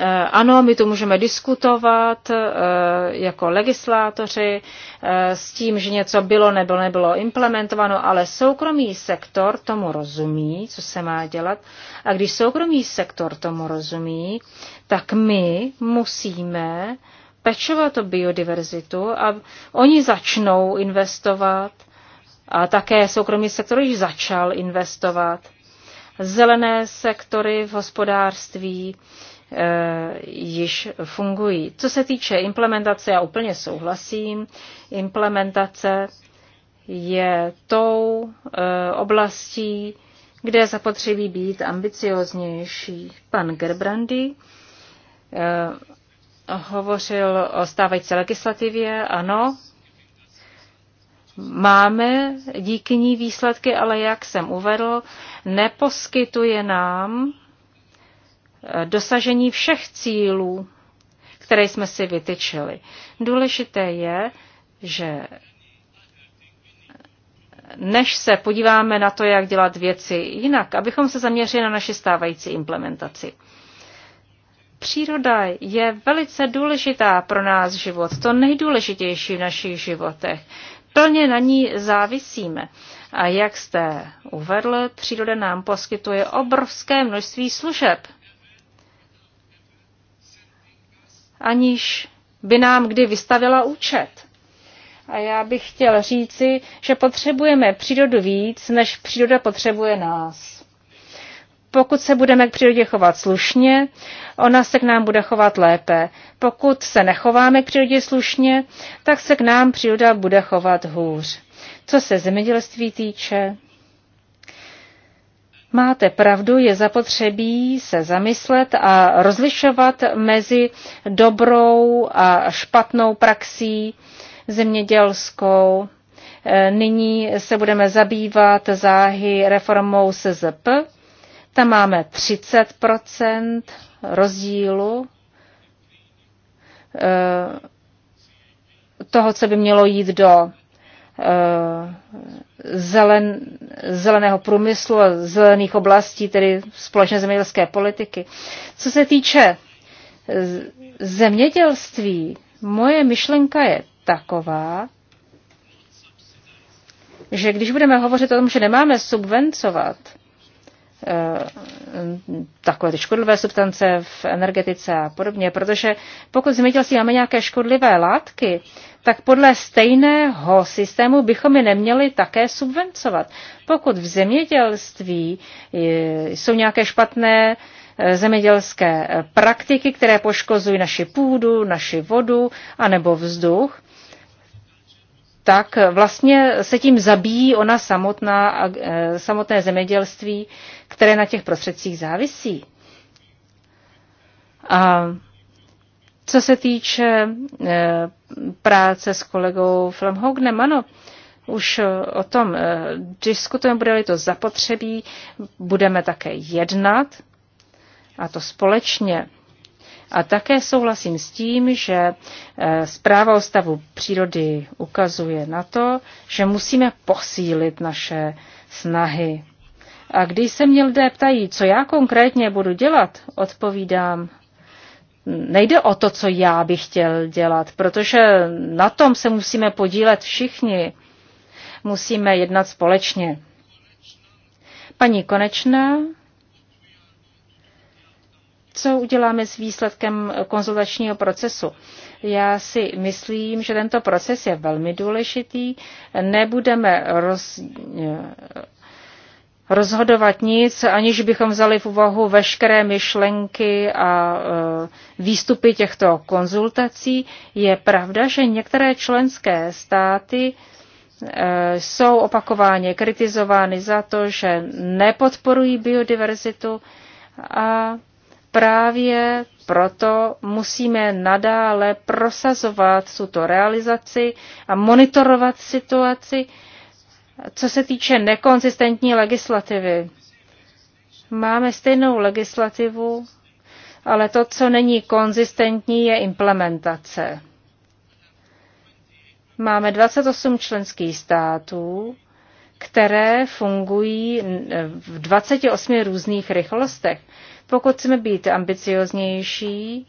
[SPEAKER 2] Eh, ano, my to můžeme diskutovat eh, jako legislátoři eh, s tím, že něco bylo nebo nebylo implementováno, ale soukromý sektor tomu rozumí, co se má dělat. A když soukromý sektor tomu rozumí, tak my musíme pečovat o biodiverzitu a oni začnou investovat. A také soukromý sektor již začal investovat. Zelené sektory v hospodářství Eh, již fungují. Co se týče implementace, já úplně souhlasím. Implementace je tou eh, oblastí, kde zapotřebí být ambicioznější. Pan Gerbrandy eh, hovořil o stávající legislativě, ano. Máme díky ní výsledky, ale jak jsem uvedl, neposkytuje nám dosažení všech cílů, které jsme si vytyčili. Důležité je, že než se podíváme na to, jak dělat věci jinak, abychom se zaměřili na naši stávající implementaci. Příroda je velice důležitá pro nás život, to nejdůležitější v našich životech. Plně na ní závisíme. A jak jste uvedl, příroda nám poskytuje obrovské množství služeb. aniž by nám kdy vystavila účet. A já bych chtěl říci, že potřebujeme přírodu víc, než příroda potřebuje nás. Pokud se budeme k přírodě chovat slušně, ona se k nám bude chovat lépe. Pokud se nechováme k přírodě slušně, tak se k nám příroda bude chovat hůř. Co se zemědělství týče, Máte pravdu, je zapotřebí se zamyslet a rozlišovat mezi dobrou a špatnou praxí zemědělskou. E, nyní se budeme zabývat záhy reformou SZP. Tam máme 30 rozdílu e, toho, co by mělo jít do Eh, zelen, zeleného průmyslu a zelených oblastí, tedy společné zemědělské politiky. Co se týče eh, zemědělství, moje myšlenka je taková, že když budeme hovořit o tom, že nemáme subvencovat Eh, takové ty škodlivé substance v energetice a podobně, protože pokud v zemědělství máme nějaké škodlivé látky, tak podle stejného systému bychom je neměli také subvencovat. Pokud v zemědělství eh, jsou nějaké špatné eh, zemědělské praktiky, které poškozují naši půdu, naši vodu anebo vzduch, tak vlastně se tím zabíjí ona samotná, e, samotné zemědělství, které na těch prostředcích závisí. A co se týče e, práce s kolegou Flamhognem, ano, už o tom e, diskutujeme, bude-li to zapotřebí, budeme také jednat, a to společně a také souhlasím s tím, že eh, zpráva o stavu přírody ukazuje na to, že musíme posílit naše snahy. A když se mě lidé ptají, co já konkrétně budu dělat, odpovídám, nejde o to, co já bych chtěl dělat, protože na tom se musíme podílet všichni. Musíme jednat společně. Paní Konečná co uděláme s výsledkem konzultačního procesu. Já si myslím, že tento proces je velmi důležitý. Nebudeme roz, eh, rozhodovat nic, aniž bychom vzali v úvahu veškeré myšlenky a eh, výstupy těchto konzultací. Je pravda, že některé členské státy eh, jsou opakováně kritizovány za to, že nepodporují biodiverzitu a Právě proto musíme nadále prosazovat tuto realizaci a monitorovat situaci, co se týče nekonzistentní legislativy. Máme stejnou legislativu, ale to, co není konzistentní, je implementace. Máme 28 členských států, které fungují v 28 různých rychlostech. Pokud chceme být ambicioznější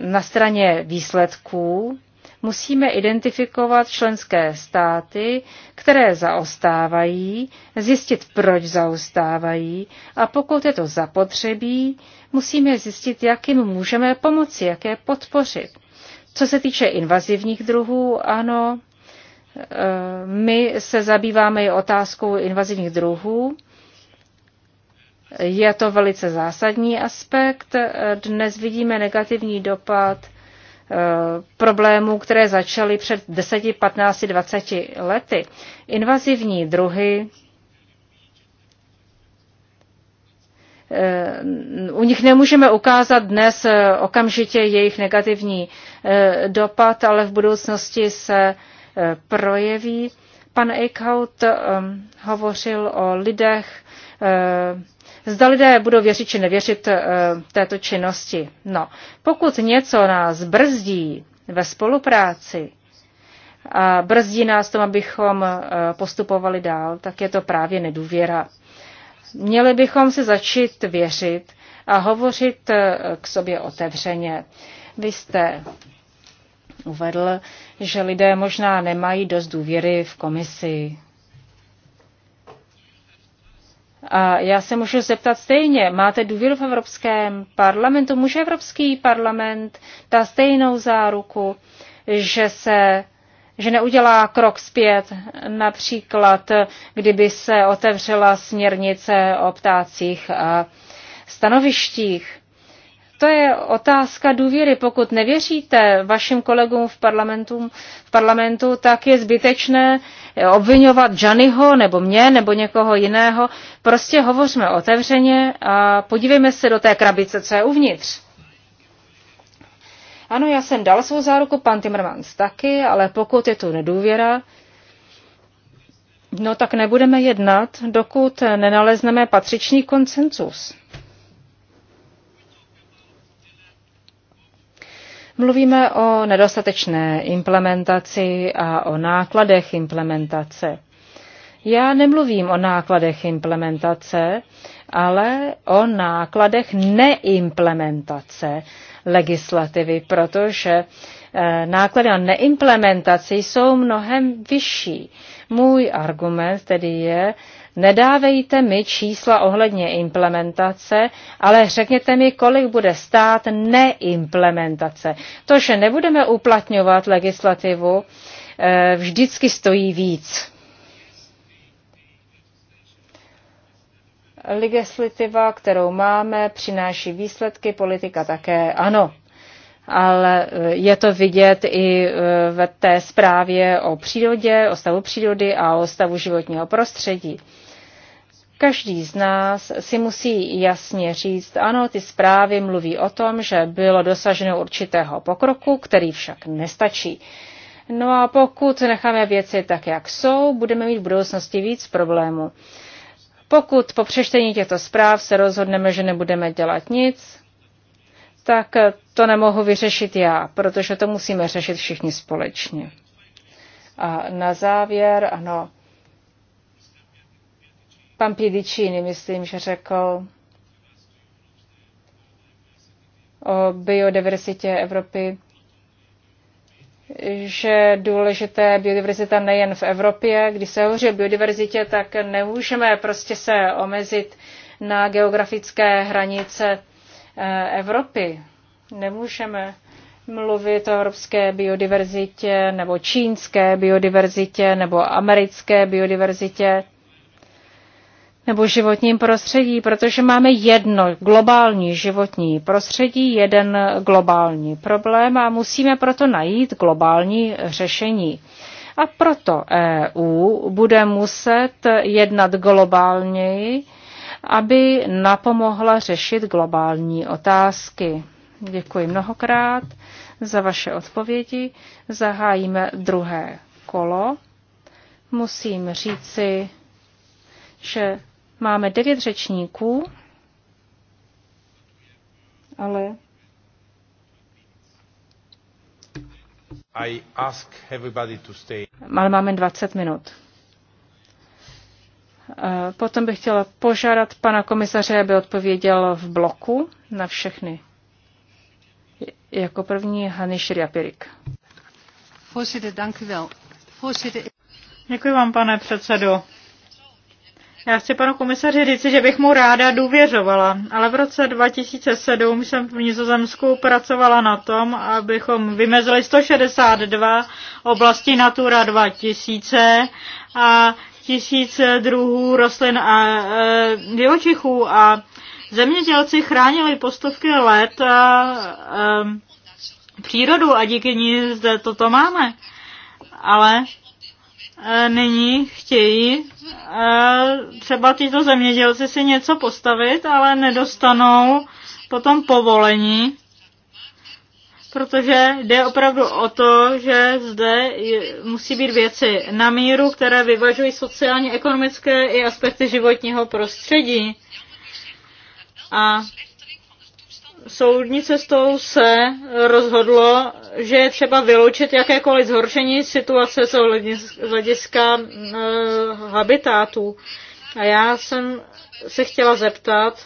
[SPEAKER 2] na straně výsledků, musíme identifikovat členské státy, které zaostávají, zjistit, proč zaostávají a pokud je to zapotřebí, musíme zjistit, jak jim můžeme pomoci, jak je podpořit. Co se týče invazivních druhů, ano, e, my se zabýváme i otázkou invazivních druhů je to velice zásadní aspekt. Dnes vidíme negativní dopad eh, problémů, které začaly před 10, 15, 20 lety. Invazivní druhy eh, u nich nemůžeme ukázat dnes eh, okamžitě jejich negativní dopad, ale v budoucnosti se projeví. Pan Eichhout hovořil o lidech, Zda lidé budou věřit či nevěřit eh, této činnosti. No, pokud něco nás brzdí ve spolupráci, a brzdí nás tom, abychom eh, postupovali dál, tak je to právě nedůvěra. Měli bychom si začít věřit a hovořit eh, k sobě otevřeně. Vy jste uvedl, že lidé možná nemají dost důvěry v komisi, a já se můžu zeptat stejně, máte důvěru v Evropském parlamentu? Může Evropský parlament dá stejnou záruku, že se že neudělá krok zpět, například kdyby se otevřela směrnice o ptácích a stanovištích. To je otázka důvěry. Pokud nevěříte vašim kolegům v parlamentu, v parlamentu tak je zbytečné obvinovat Janiho nebo mě nebo někoho jiného. Prostě hovořme otevřeně a podívejme se do té krabice, co je uvnitř. Ano, já jsem dal svou záruku, pan Timmermans taky, ale pokud je tu nedůvěra, no tak nebudeme jednat, dokud nenalezneme patřičný konsenzus. Mluvíme o nedostatečné implementaci a o nákladech implementace. Já nemluvím o nákladech implementace, ale o nákladech neimplementace legislativy, protože eh, náklady na neimplementaci jsou mnohem vyšší. Můj argument tedy je, Nedávejte mi čísla ohledně implementace, ale řekněte mi, kolik bude stát neimplementace. To, že nebudeme uplatňovat legislativu, eh, vždycky stojí víc. Legislativa, kterou máme, přináší výsledky, politika také ano ale eh, je to vidět i eh, ve té zprávě o přírodě, o stavu přírody a o stavu životního prostředí. Každý z nás si musí jasně říct, ano, ty zprávy mluví o tom, že bylo dosaženo určitého pokroku, který však nestačí. No a pokud necháme věci tak, jak jsou, budeme mít v budoucnosti víc problémů. Pokud po přečtení těchto zpráv se rozhodneme, že nebudeme dělat nic, tak to nemohu vyřešit já, protože to musíme řešit všichni společně. A na závěr, ano, Pan Pidicini, myslím, že řekl o biodiverzitě Evropy, že důležité biodiverzita nejen v Evropě. Když se hovoří o biodiverzitě, tak nemůžeme prostě se omezit na geografické hranice eh, Evropy.
[SPEAKER 1] Nemůžeme
[SPEAKER 2] mluvit o evropské biodiverzitě nebo čínské biodiverzitě nebo americké biodiverzitě nebo životním prostředí, protože máme jedno globální životní prostředí, jeden globální problém a musíme proto najít globální řešení. A proto EU bude muset jednat globálněji, aby napomohla řešit globální otázky. Děkuji mnohokrát za vaše odpovědi. Zahájíme druhé kolo. Musím říci, že Máme devět řečníků, ale
[SPEAKER 1] I ask everybody to stay. Ale máme 20
[SPEAKER 2] minut. Eh, potom bych chtěla požádat pana komisaře, aby odpověděl v bloku na všechny. Jako první Hany Šriapirik.
[SPEAKER 1] Děkuji vám, pane předsedo. Já chci panu komisaři říci, že bych mu ráda důvěřovala, ale v roce 2007 jsem v Nizozemsku pracovala na tom, abychom vymezili 162 oblasti Natura 2000 a tisíc druhů rostlin a e, živočichů a zemědělci chránili postupky let a, e, přírodu a díky ní zde toto máme. Ale E, nyní chtějí e, třeba tyto zemědělci si něco postavit, ale nedostanou potom povolení, protože jde opravdu o to, že zde musí být věci na míru, které vyvažují sociálně, ekonomické i aspekty životního prostředí. A soudní cestou se rozhodlo, že je třeba vyloučit jakékoliv zhoršení situace z hlediska uh, habitátů. A já jsem se chtěla zeptat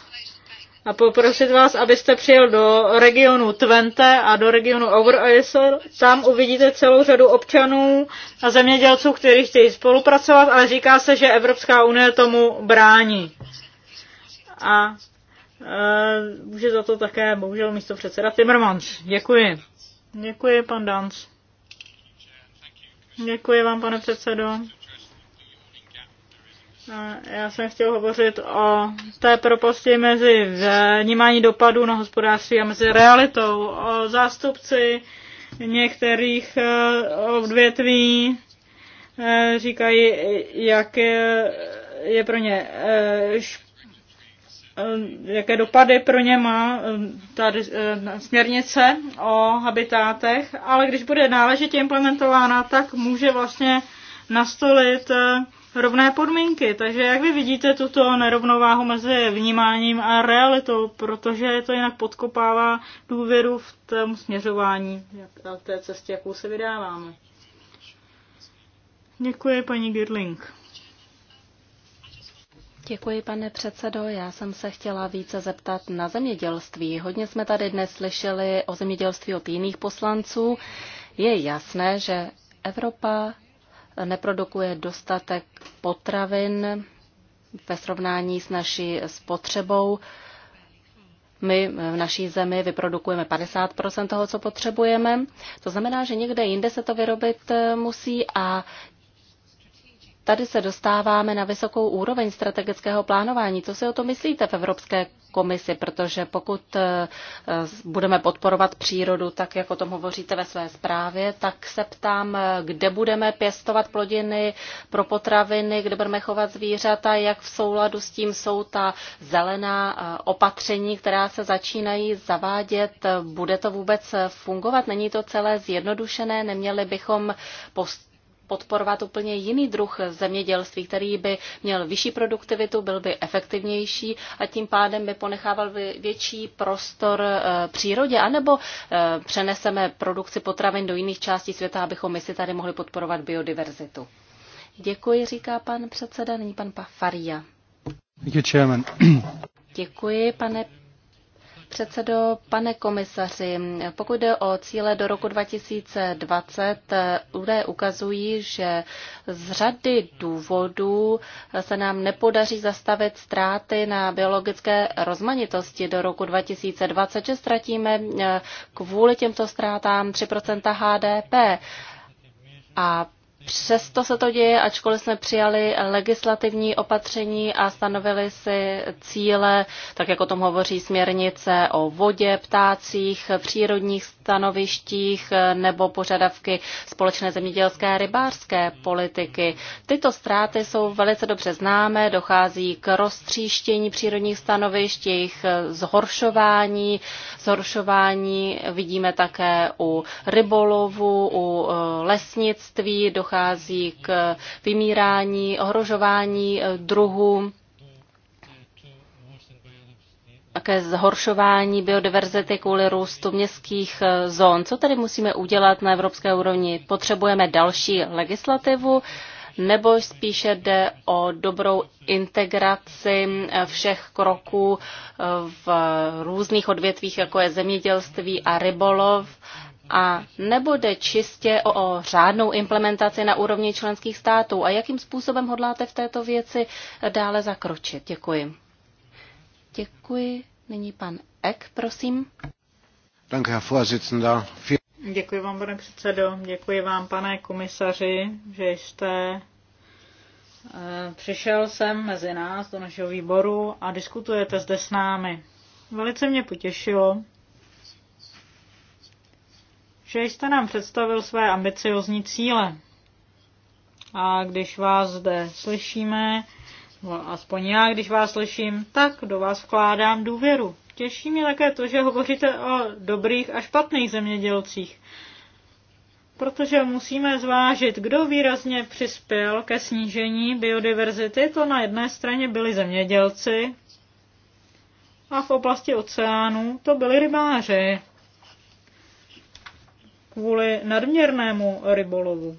[SPEAKER 1] a poprosit vás, abyste přijel do regionu Twente a do regionu Overijssel. Tam uvidíte celou řadu občanů a zemědělců, kteří chtějí spolupracovat, ale říká se, že Evropská unie tomu brání. A Eh, může za to také bohužel místo předseda Timmermans. Děkuji. Děkuji, pan Dans. Děkuji vám, pane předsedo. Eh, já jsem chtěl hovořit o té propasti mezi vnímání dopadů na hospodářství a mezi realitou. O zástupci některých eh, odvětví říkají, jak je, pro ně Eh, jaké dopady pro ně má eh, ta eh, směrnice o habitátech, ale když bude náležitě implementována, tak může vlastně nastolit rovné podmínky. Takže jak vy vidíte tuto nerovnováhu mezi vnímáním a realitou, protože to jinak podkopává důvěru v tom směřování, a té cestě, jakou se vydáváme. Děkuji, paní Girling. Děkuji, pane předsedo.
[SPEAKER 3] Já jsem se chtěla více zeptat na zemědělství. Hodně jsme tady dnes slyšeli o zemědělství od jiných poslanců. Je jasné, že Evropa neprodukuje dostatek potravin ve srovnání s naší spotřebou. My v naší zemi vyprodukujeme 50 toho, co potřebujeme. To znamená, že někde jinde se to vyrobit musí a tady se dostáváme na vysokou úroveň strategického plánování. Co si o to myslíte v Evropské komisi? Protože pokud eh, budeme podporovat přírodu, tak jak o tom hovoříte ve své zprávě, tak se ptám, eh, kde budeme pěstovat plodiny pro potraviny, kde budeme chovat zvířata, jak v souladu s tím jsou ta zelená eh, opatření, která se začínají zavádět. Bude to vůbec fungovat? Není to celé zjednodušené? Neměli bychom post podporovat úplně jiný druh zemědělství, který by měl vyšší produktivitu, byl by efektivnější a tím pádem by ponechával větší prostor eh, přírodě, anebo eh, přeneseme produkci potravin do jiných částí světa, abychom my si tady mohli podporovat biodiverzitu. Děkuji, říká pan předseda, nyní pan Pafaria. Děkuji, pane předsedo, pane komisaři, pokud jde o cíle do roku 2020, údaje ukazují, že z řady důvodů se nám nepodaří zastavit ztráty na biologické rozmanitosti do roku 2020, že ztratíme eh, kvůli těmto ztrátám 3 HDP. A Přesto se to děje, ačkoliv jsme přijali legislativní opatření a stanovili si cíle, tak jako o tom hovoří směrnice o vodě, ptácích, přírodních stanovištích nebo požadavky společné zemědělské a rybářské politiky. Tyto ztráty jsou velice dobře známé, dochází k roztříštění přírodních stanovišť, jejich zhoršování. Zhoršování vidíme také u rybolovu, u e, lesnictví, dochází dochází k vymírání, ohrožování eh, druhů, také zhoršování biodiverzity kvůli růstu městských eh, zón. Co tedy musíme udělat na evropské úrovni? Potřebujeme další legislativu? nebo spíše jde o dobrou integraci eh, všech kroků v různých odvětvích, jako je zemědělství a rybolov, a nebude čistě o, o řádnou implementaci na úrovni členských států. A jakým způsobem hodláte v této věci dále zakročit? Děkuji. Děkuji. Nyní
[SPEAKER 1] pan Ek, prosím. Děkuji vám, pane předsedo. Děkuji vám, pane komisaři, že jste eh, přišel sem mezi nás do našeho výboru a diskutujete zde s námi. Velice mě potěšilo, že jste nám představil své ambiciozní cíle. A když vás zde slyšíme, no aspoň já, když vás slyším, tak do vás vkládám důvěru. Těší mě také to, že hovoříte o dobrých a špatných zemědělcích. Protože musíme zvážit, kdo výrazně přispěl ke snížení biodiverzity. To na jedné straně byli zemědělci a v oblasti oceánů to byli rybáři kvůli nadměrnému rybolovu.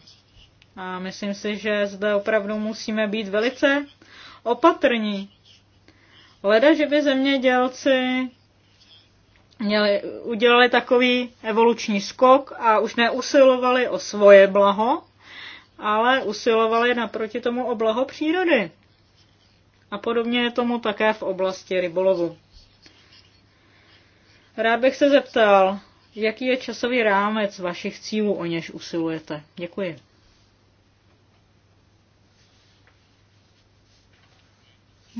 [SPEAKER 1] A myslím si, že zde opravdu musíme být velice opatrní. Leda, že by zemědělci měli, udělali takový evoluční skok a už neusilovali o svoje blaho, ale usilovali naproti tomu o blaho přírody. A podobně je tomu také v oblasti rybolovu. Rád bych se zeptal, Jaký je časový rámec vašich cílů, o něž usilujete? Děkuji.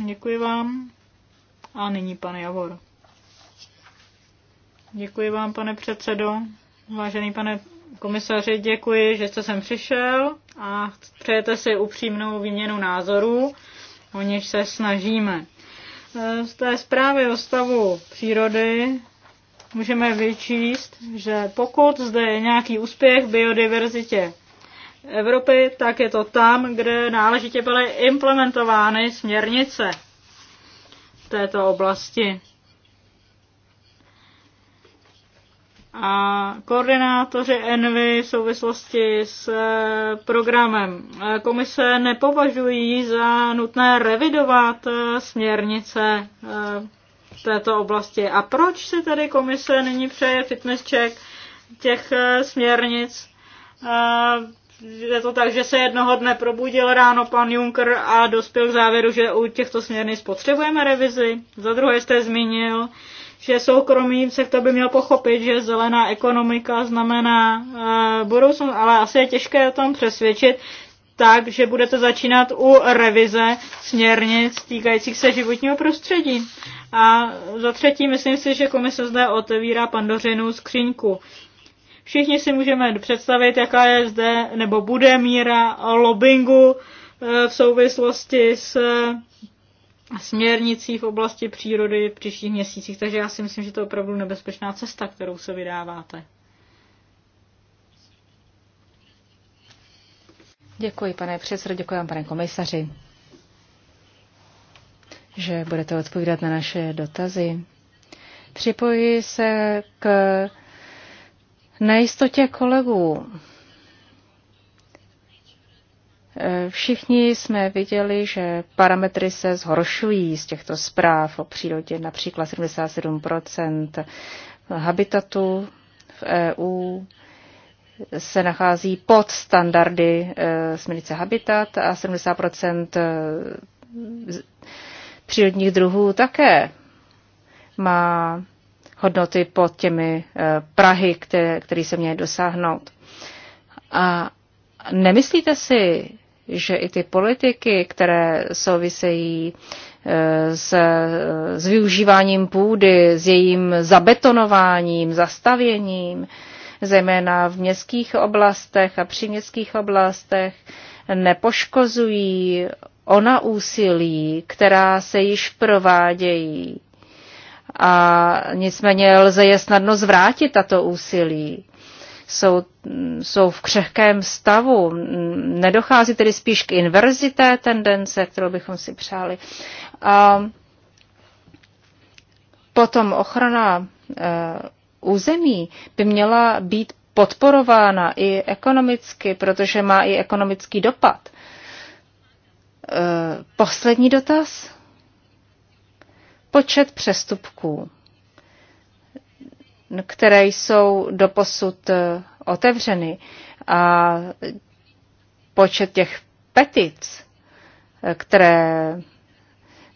[SPEAKER 1] Děkuji vám. A nyní pan Javor. Děkuji vám, pane předsedo. Vážený pane komisaři, děkuji, že jste sem přišel a přejete si upřímnou výměnu názorů, o něž se snažíme. Z té zprávy o stavu přírody můžeme vyčíst, že pokud zde je nějaký úspěch v biodiverzitě Evropy, tak je to tam, kde náležitě byly implementovány směrnice v této oblasti. A koordinátoři Envy v souvislosti s eh, programem eh, komise nepovažují za nutné revidovat eh, směrnice v této oblasti. A proč se tady komise nyní přeje fitness check těch eh, směrnic? Eh, je to tak, že se jednoho dne probudil ráno pan Juncker a dospěl k závěru, že u těchto směrnic potřebujeme revizi. Za druhé jste zmínil, že soukromý to by měl pochopit, že zelená ekonomika znamená e, budoucnost, ale asi je těžké o tom přesvědčit, tak, že budete začínat u revize směrnic týkajících se životního prostředí. A za třetí, myslím si, že komise zde otevírá pandořinu skříňku. Všichni si můžeme představit, jaká je zde nebo bude míra lobbingu eh, v souvislosti s eh, směrnicí v oblasti přírody v příštích měsících. Takže já si myslím, že to je opravdu nebezpečná cesta, kterou se vydáváte.
[SPEAKER 2] Děkuji, pane předsedo, děkuji vám, pane komisaři že budete odpovídat na naše dotazy. Připojuji se k nejistotě kolegů. Všichni jsme viděli, že parametry se zhoršují z těchto zpráv o přírodě, například 77 habitatu v EU se nachází pod standardy e, směrnice Habitat a 70 přírodních druhů také má hodnoty pod těmi eh, Prahy, které, které se měly dosáhnout. A nemyslíte si, že i ty politiky, které souvisejí eh, s, s využíváním půdy, s jejím zabetonováním, zastavěním, zejména v městských oblastech a příměstských oblastech, nepoškozují ona úsilí, která se již provádějí. A nicméně lze je snadno zvrátit tato úsilí. Jsou, jsou v křehkém stavu. Nedochází tedy spíš k inverzi té tendence, kterou bychom si přáli. A potom ochrana eh, území by měla být podporována i ekonomicky, protože má i ekonomický dopad. Eh, poslední dotaz. Počet přestupků, které jsou doposud eh, otevřeny a počet těch petic, eh, které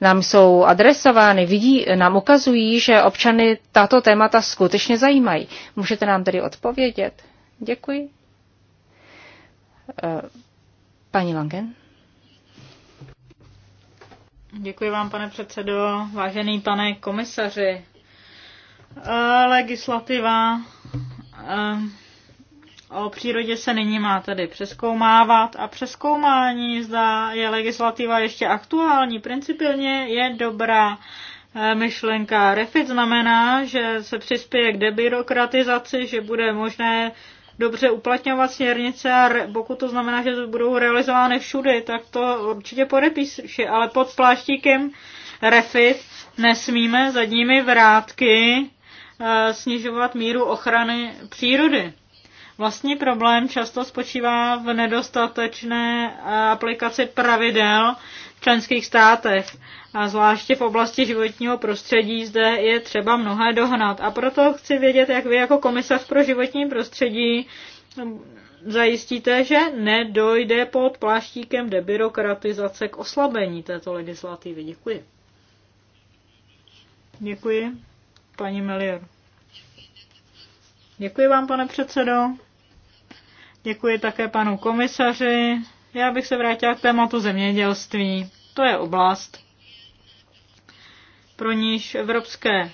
[SPEAKER 2] nám jsou adresovány, vidí, nám ukazují, že občany tato témata skutečně zajímají. Můžete nám tedy odpovědět? Děkuji. Paní Langen?
[SPEAKER 1] Děkuji vám, pane předsedo. Vážený pane komisaři, eh, legislativa eh, o přírodě se nyní má tedy přeskoumávat a přeskoumání, zda je legislativa ještě aktuální, principiálně je dobrá eh, myšlenka. Refit znamená, že se přispěje k debirokratizaci, že bude možné dobře uplatňovat směrnice a re, pokud to znamená, že to budou realizovány všude, tak to určitě podepíši, ale pod pláštíkem refit nesmíme zadními vrátky eh, snižovat míru ochrany přírody. Vlastní problém často spočívá v nedostatečné eh, aplikaci pravidel, členských státech. A zvláště v oblasti životního prostředí zde je třeba mnohé dohnat. A proto chci vědět, jak vy jako komisař pro životní prostředí zajistíte, že nedojde pod pláštíkem debirokratizace k oslabení této legislativy. Děkuji. Děkuji, paní Melior. Děkuji vám, pane předsedo. Děkuji také panu komisaři já bych se vrátila k tématu zemědělství. To je oblast, pro níž Evropské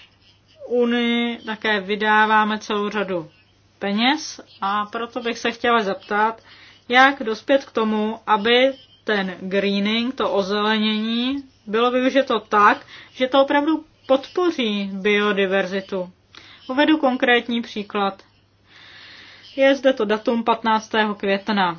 [SPEAKER 1] unii také vydáváme celou řadu peněz a proto bych se chtěla zeptat, jak dospět k tomu, aby ten greening, to ozelenění, bylo využito tak, že to opravdu podpoří biodiverzitu. Uvedu konkrétní příklad. Je zde to datum 15. května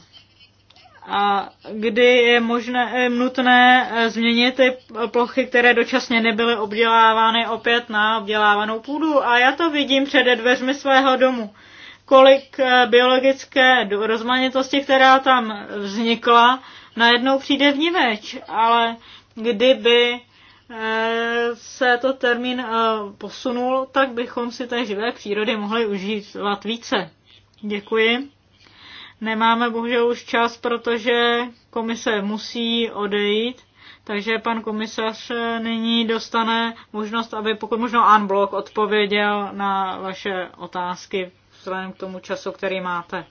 [SPEAKER 1] a kdy je možné, eh, nutné eh, změnit ty plochy, které dočasně nebyly obdělávány opět na obdělávanou půdu. A já to vidím před dveřmi svého domu. Kolik eh, biologické rozmanitosti, která tam vznikla, najednou přijde vníveč, ale kdyby se to termín posunul, tak bychom si té živé přírody mohli užívat více. Děkuji. Nemáme bohužel už čas, protože komise musí odejít, takže pan komisař nyní dostane možnost, aby pokud možno unblock odpověděl na vaše otázky vzhledem k tomu času, který máte.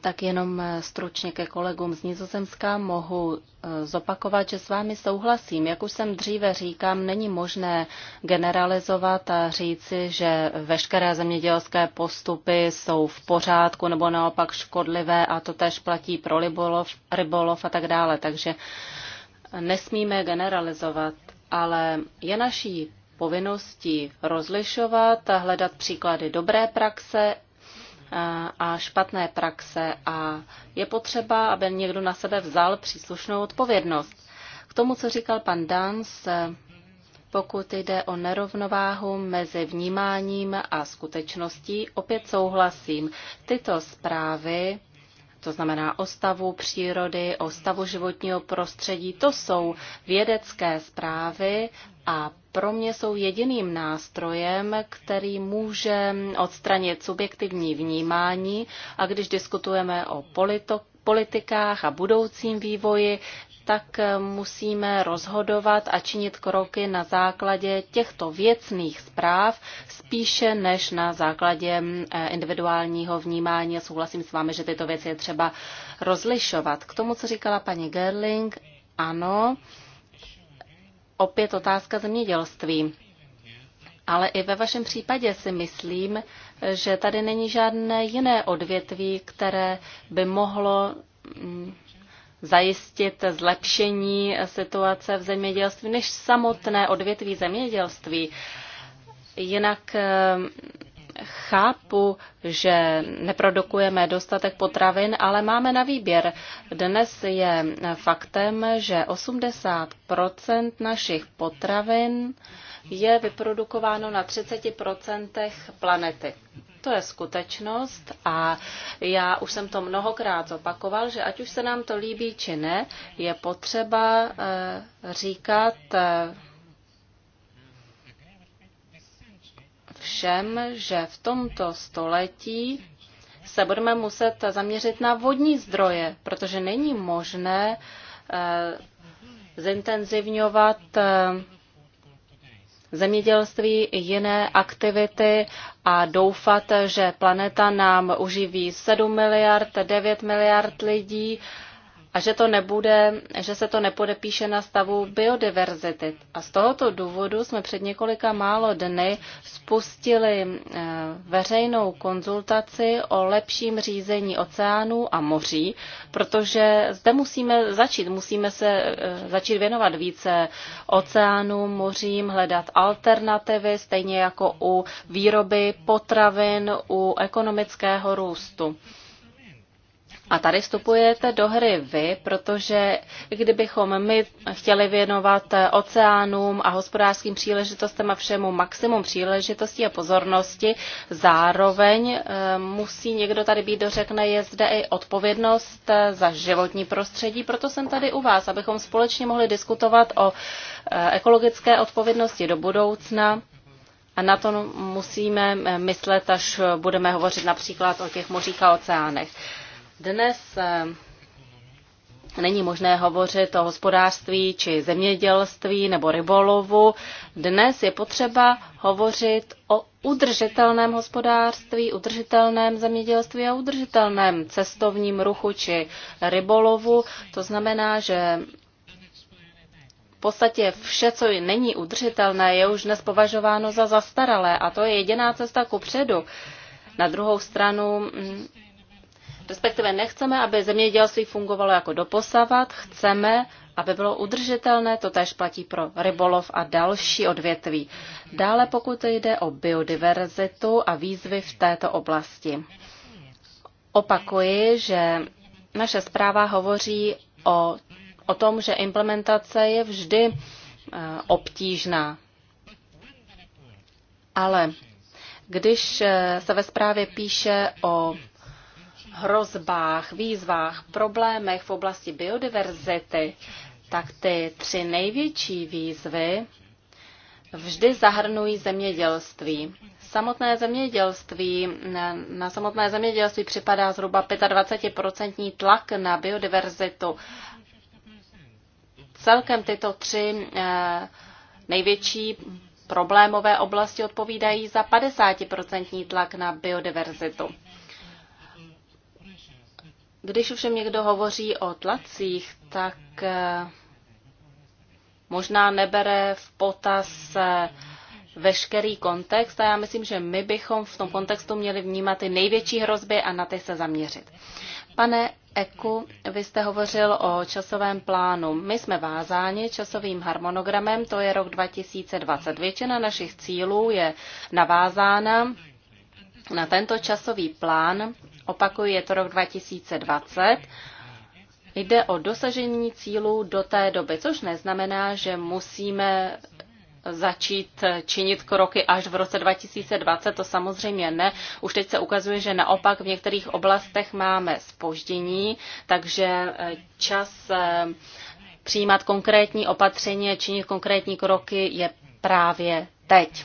[SPEAKER 3] Tak jenom eh, stručně ke kolegům z Nizozemska mohu eh, zopakovat, že s vámi souhlasím. Jak už jsem dříve říkám, není možné generalizovat a říci, že veškeré zemědělské postupy jsou v pořádku nebo naopak škodlivé a to tež platí pro rybolov, rybolov a tak dále. Takže nesmíme generalizovat, ale je naší povinností rozlišovat a hledat příklady dobré praxe a špatné praxe a je potřeba, aby někdo na sebe vzal příslušnou odpovědnost. K tomu, co říkal pan Dans, pokud jde o nerovnováhu mezi vnímáním a skutečností, opět souhlasím. Tyto zprávy to znamená o stavu přírody, o stavu životního prostředí. To jsou vědecké zprávy a pro mě jsou jediným nástrojem, který může odstranit subjektivní vnímání a když diskutujeme o politikách a budoucím vývoji, tak eh, musíme rozhodovat a činit kroky na základě těchto věcných zpráv spíše než na základě mm, eh, individuálního vnímání. Souhlasím s vámi, že tyto věci je třeba rozlišovat. K tomu, co říkala paní Gerling, ano, opět otázka zemědělství. Ale i ve vašem případě si myslím, že tady není žádné jiné odvětví, které by mohlo mm, zajistit zlepšení situace v zemědělství než samotné odvětví zemědělství. Jinak eh, chápu, že neprodukujeme dostatek potravin, ale máme na výběr. Dnes je faktem, že 80 našich potravin je vyprodukováno na 30 planety to je skutečnost a já už jsem to mnohokrát zopakoval, že ať už se nám to líbí či ne, je potřeba eh, říkat eh, všem, že v tomto století se budeme muset zaměřit na vodní zdroje, protože není možné eh, zintenzivňovat zemědělství, jiné aktivity a doufat, že planeta nám uživí 7 miliard, 9 miliard lidí a že, to nebude, že se to nepodepíše na stavu biodiverzity. A z tohoto důvodu jsme před několika málo dny spustili eh, veřejnou konzultaci o lepším řízení oceánů a moří, protože zde musíme začít, musíme se eh, začít věnovat více oceánům, mořím, hledat alternativy, stejně jako u výroby potravin, u ekonomického růstu. A tady vstupujete do hry vy, protože kdybychom my chtěli věnovat oceánům a hospodářským příležitostem a všemu maximum příležitostí a pozornosti, zároveň eh, musí někdo tady být, dořekne, je zde i odpovědnost eh, za životní prostředí, proto jsem tady u vás, abychom společně mohli diskutovat o eh, ekologické odpovědnosti do budoucna. A na to musíme myslet, až budeme hovořit například o těch mořích a oceánech. Dnes eh, není možné hovořit o hospodářství či zemědělství nebo rybolovu. Dnes je potřeba hovořit o udržitelném hospodářství, udržitelném zemědělství a udržitelném cestovním ruchu či rybolovu. To znamená, že v podstatě vše, co není udržitelné, je už dnes považováno za zastaralé a to je jediná cesta ku předu. Na druhou stranu mm, respektive nechceme, aby zemědělství fungovalo jako doposavat, chceme, aby bylo udržitelné, to též platí pro rybolov a další odvětví. Dále pokud jde o biodiverzitu a výzvy v této oblasti. Opakuji, že naše zpráva hovoří o, o tom, že implementace je vždy eh, obtížná. Ale když eh, se ve zprávě píše o hrozbách, výzvách, problémech v oblasti biodiverzity, tak ty tři největší výzvy vždy zahrnují zemědělství. Samotné zemědělství, na, na samotné zemědělství připadá zhruba 25% tlak na biodiverzitu. Celkem tyto tři eh, největší problémové oblasti odpovídají za 50% tlak na biodiverzitu. Když ovšem někdo hovoří o tlacích, tak eh, možná nebere v potaz eh, veškerý kontext a já myslím, že my bychom v tom kontextu měli vnímat ty největší hrozby a na ty se zaměřit. Pane Eku, vy jste hovořil o časovém plánu. My jsme vázáni časovým harmonogramem, to je rok 2020. Většina našich cílů je navázána na tento časový plán, opakuji, je to rok 2020, jde o dosažení cílů do té doby, což neznamená, že musíme začít činit kroky až v roce 2020, to samozřejmě ne. Už teď se ukazuje, že naopak v některých oblastech máme spoždění, takže eh, čas eh, přijímat konkrétní opatření, činit konkrétní kroky je právě teď.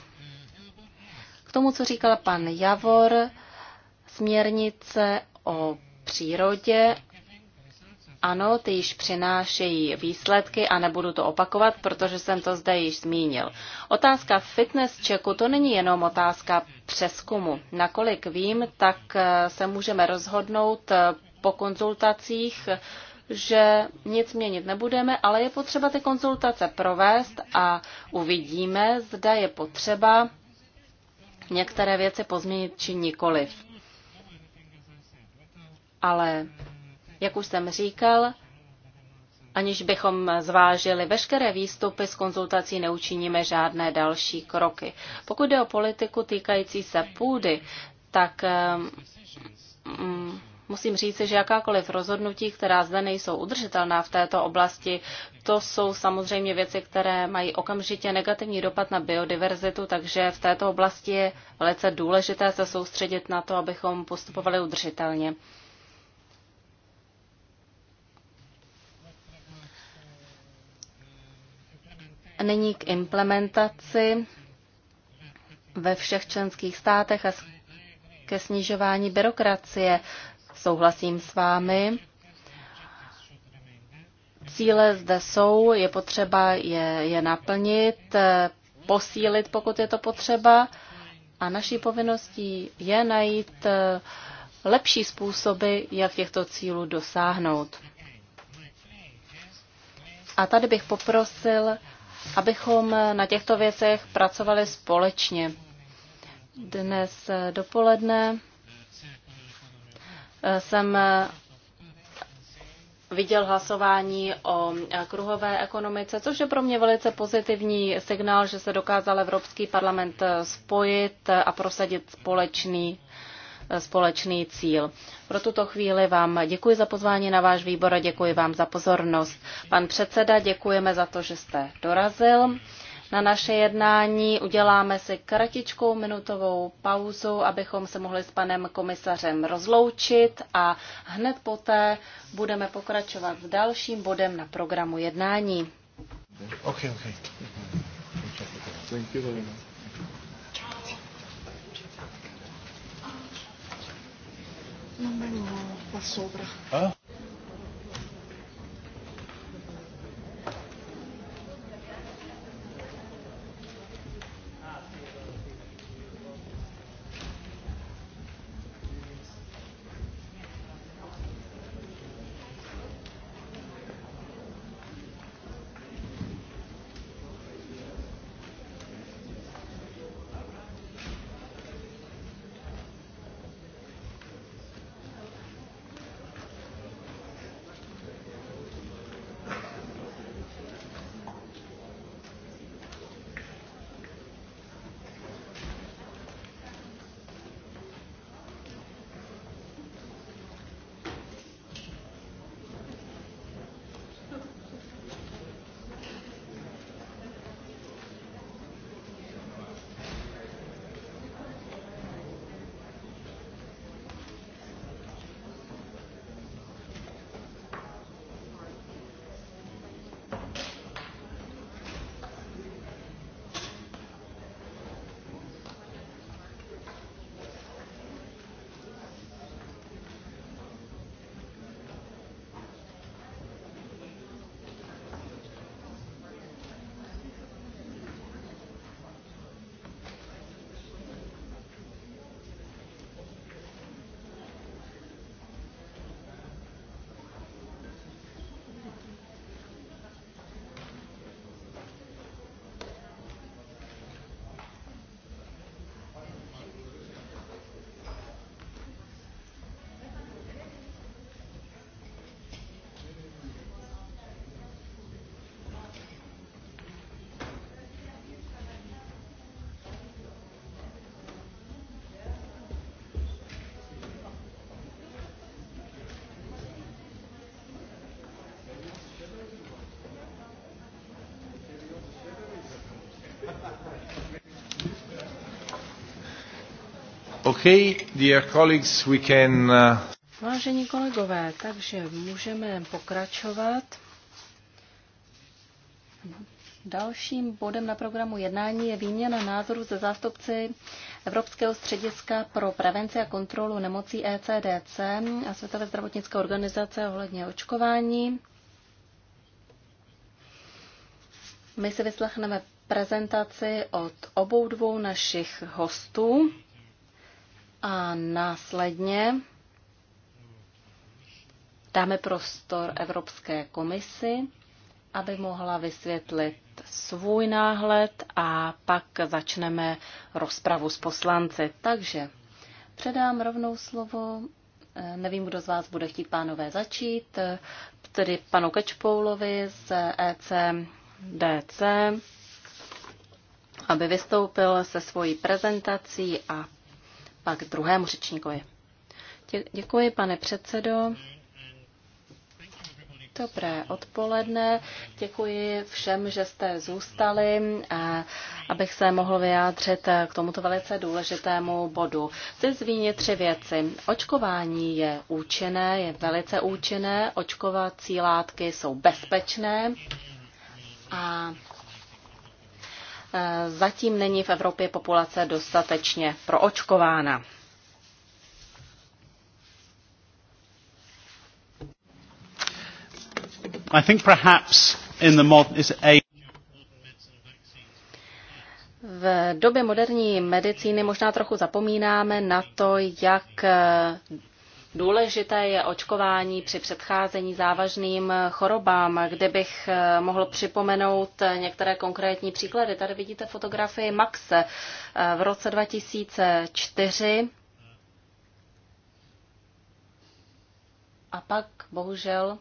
[SPEAKER 3] K tomu, co říkal pan Javor, směrnice o přírodě ano, ty již přinášejí výsledky a nebudu to opakovat, protože jsem to zde již zmínil. Otázka fitness checku to není jenom otázka přeskumu. Nakolik vím, tak eh, se můžeme rozhodnout eh, po konzultacích, že nic měnit nebudeme, ale je potřeba ty konzultace provést a uvidíme, zda je potřeba některé věci pozměnit či nikoliv. Ale, jak už jsem říkal, aniž bychom zvážili veškeré výstupy z konzultací, neučiníme žádné další kroky. Pokud jde o politiku týkající se půdy, tak eh, mm, musím říci, že jakákoliv rozhodnutí, která zde nejsou udržitelná v této oblasti, to jsou samozřejmě věci, které mají okamžitě negativní dopad na biodiverzitu, takže v této oblasti je velice důležité se soustředit na to, abychom postupovali udržitelně. Nyní k implementaci ve všech členských státech a ke snižování byrokracie. Souhlasím s vámi. Cíle zde jsou, je potřeba je, je naplnit, eh, posílit, pokud je to potřeba. A naší povinností je najít eh, lepší způsoby, jak těchto cílů dosáhnout. A tady bych poprosil, abychom na těchto věcech pracovali společně. Dnes eh, dopoledne jsem eh, viděl hlasování o eh, kruhové ekonomice, což je pro mě velice pozitivní signál, že se dokázal Evropský parlament eh, spojit a prosadit společný společný cíl. Pro tuto chvíli vám děkuji za pozvání na váš výbor a děkuji vám za pozornost. Pan předseda, děkujeme za to, že jste dorazil na naše jednání. Uděláme si kratičkou minutovou pauzu, abychom se mohli s panem komisařem rozloučit a hned poté budeme pokračovat s dalším bodem na programu jednání.
[SPEAKER 1] Okay, okay.
[SPEAKER 2] Thank you very much.
[SPEAKER 3] Non vengo qua sopra.
[SPEAKER 1] Eh? Ah.
[SPEAKER 2] Okay, dear colleagues, we can... Uh,
[SPEAKER 3] Vážení kolegové, takže můžeme pokračovat. Dalším bodem na programu jednání je výměna názoru ze zástupci Evropského střediska pro prevenci a kontrolu nemocí ECDC a Světové zdravotnické organizace ohledně očkování. My si vyslechneme prezentaci od obou dvou našich hostů. A následně dáme prostor Evropské komisi, aby mohla vysvětlit svůj náhled a pak začneme rozpravu s poslanci. Takže předám rovnou slovo, eh, nevím, kdo z vás bude chtít pánové začít, eh, tedy panu Kečpoulovi z ECDC, aby vystoupil se svojí prezentací a pak druhému řečníkovi. Děkuji, pane předsedo. Dobré odpoledne. Děkuji všem, že jste zůstali, abych se mohl vyjádřit k tomuto velice důležitému bodu. Chci zmínit tři věci. Očkování je účinné, je velice účinné, očkovací látky jsou bezpečné a Eh, zatím není v Evropě populace dostatečně proočkována.
[SPEAKER 1] I think perhaps in the modern, is a
[SPEAKER 3] v době moderní medicíny možná trochu zapomínáme na to, jak eh, Důležité je očkování při předcházení závažným chorobám, kde bych eh, mohl připomenout některé konkrétní příklady. Tady vidíte fotografii Maxe eh, v roce 2004. A pak, bohužel,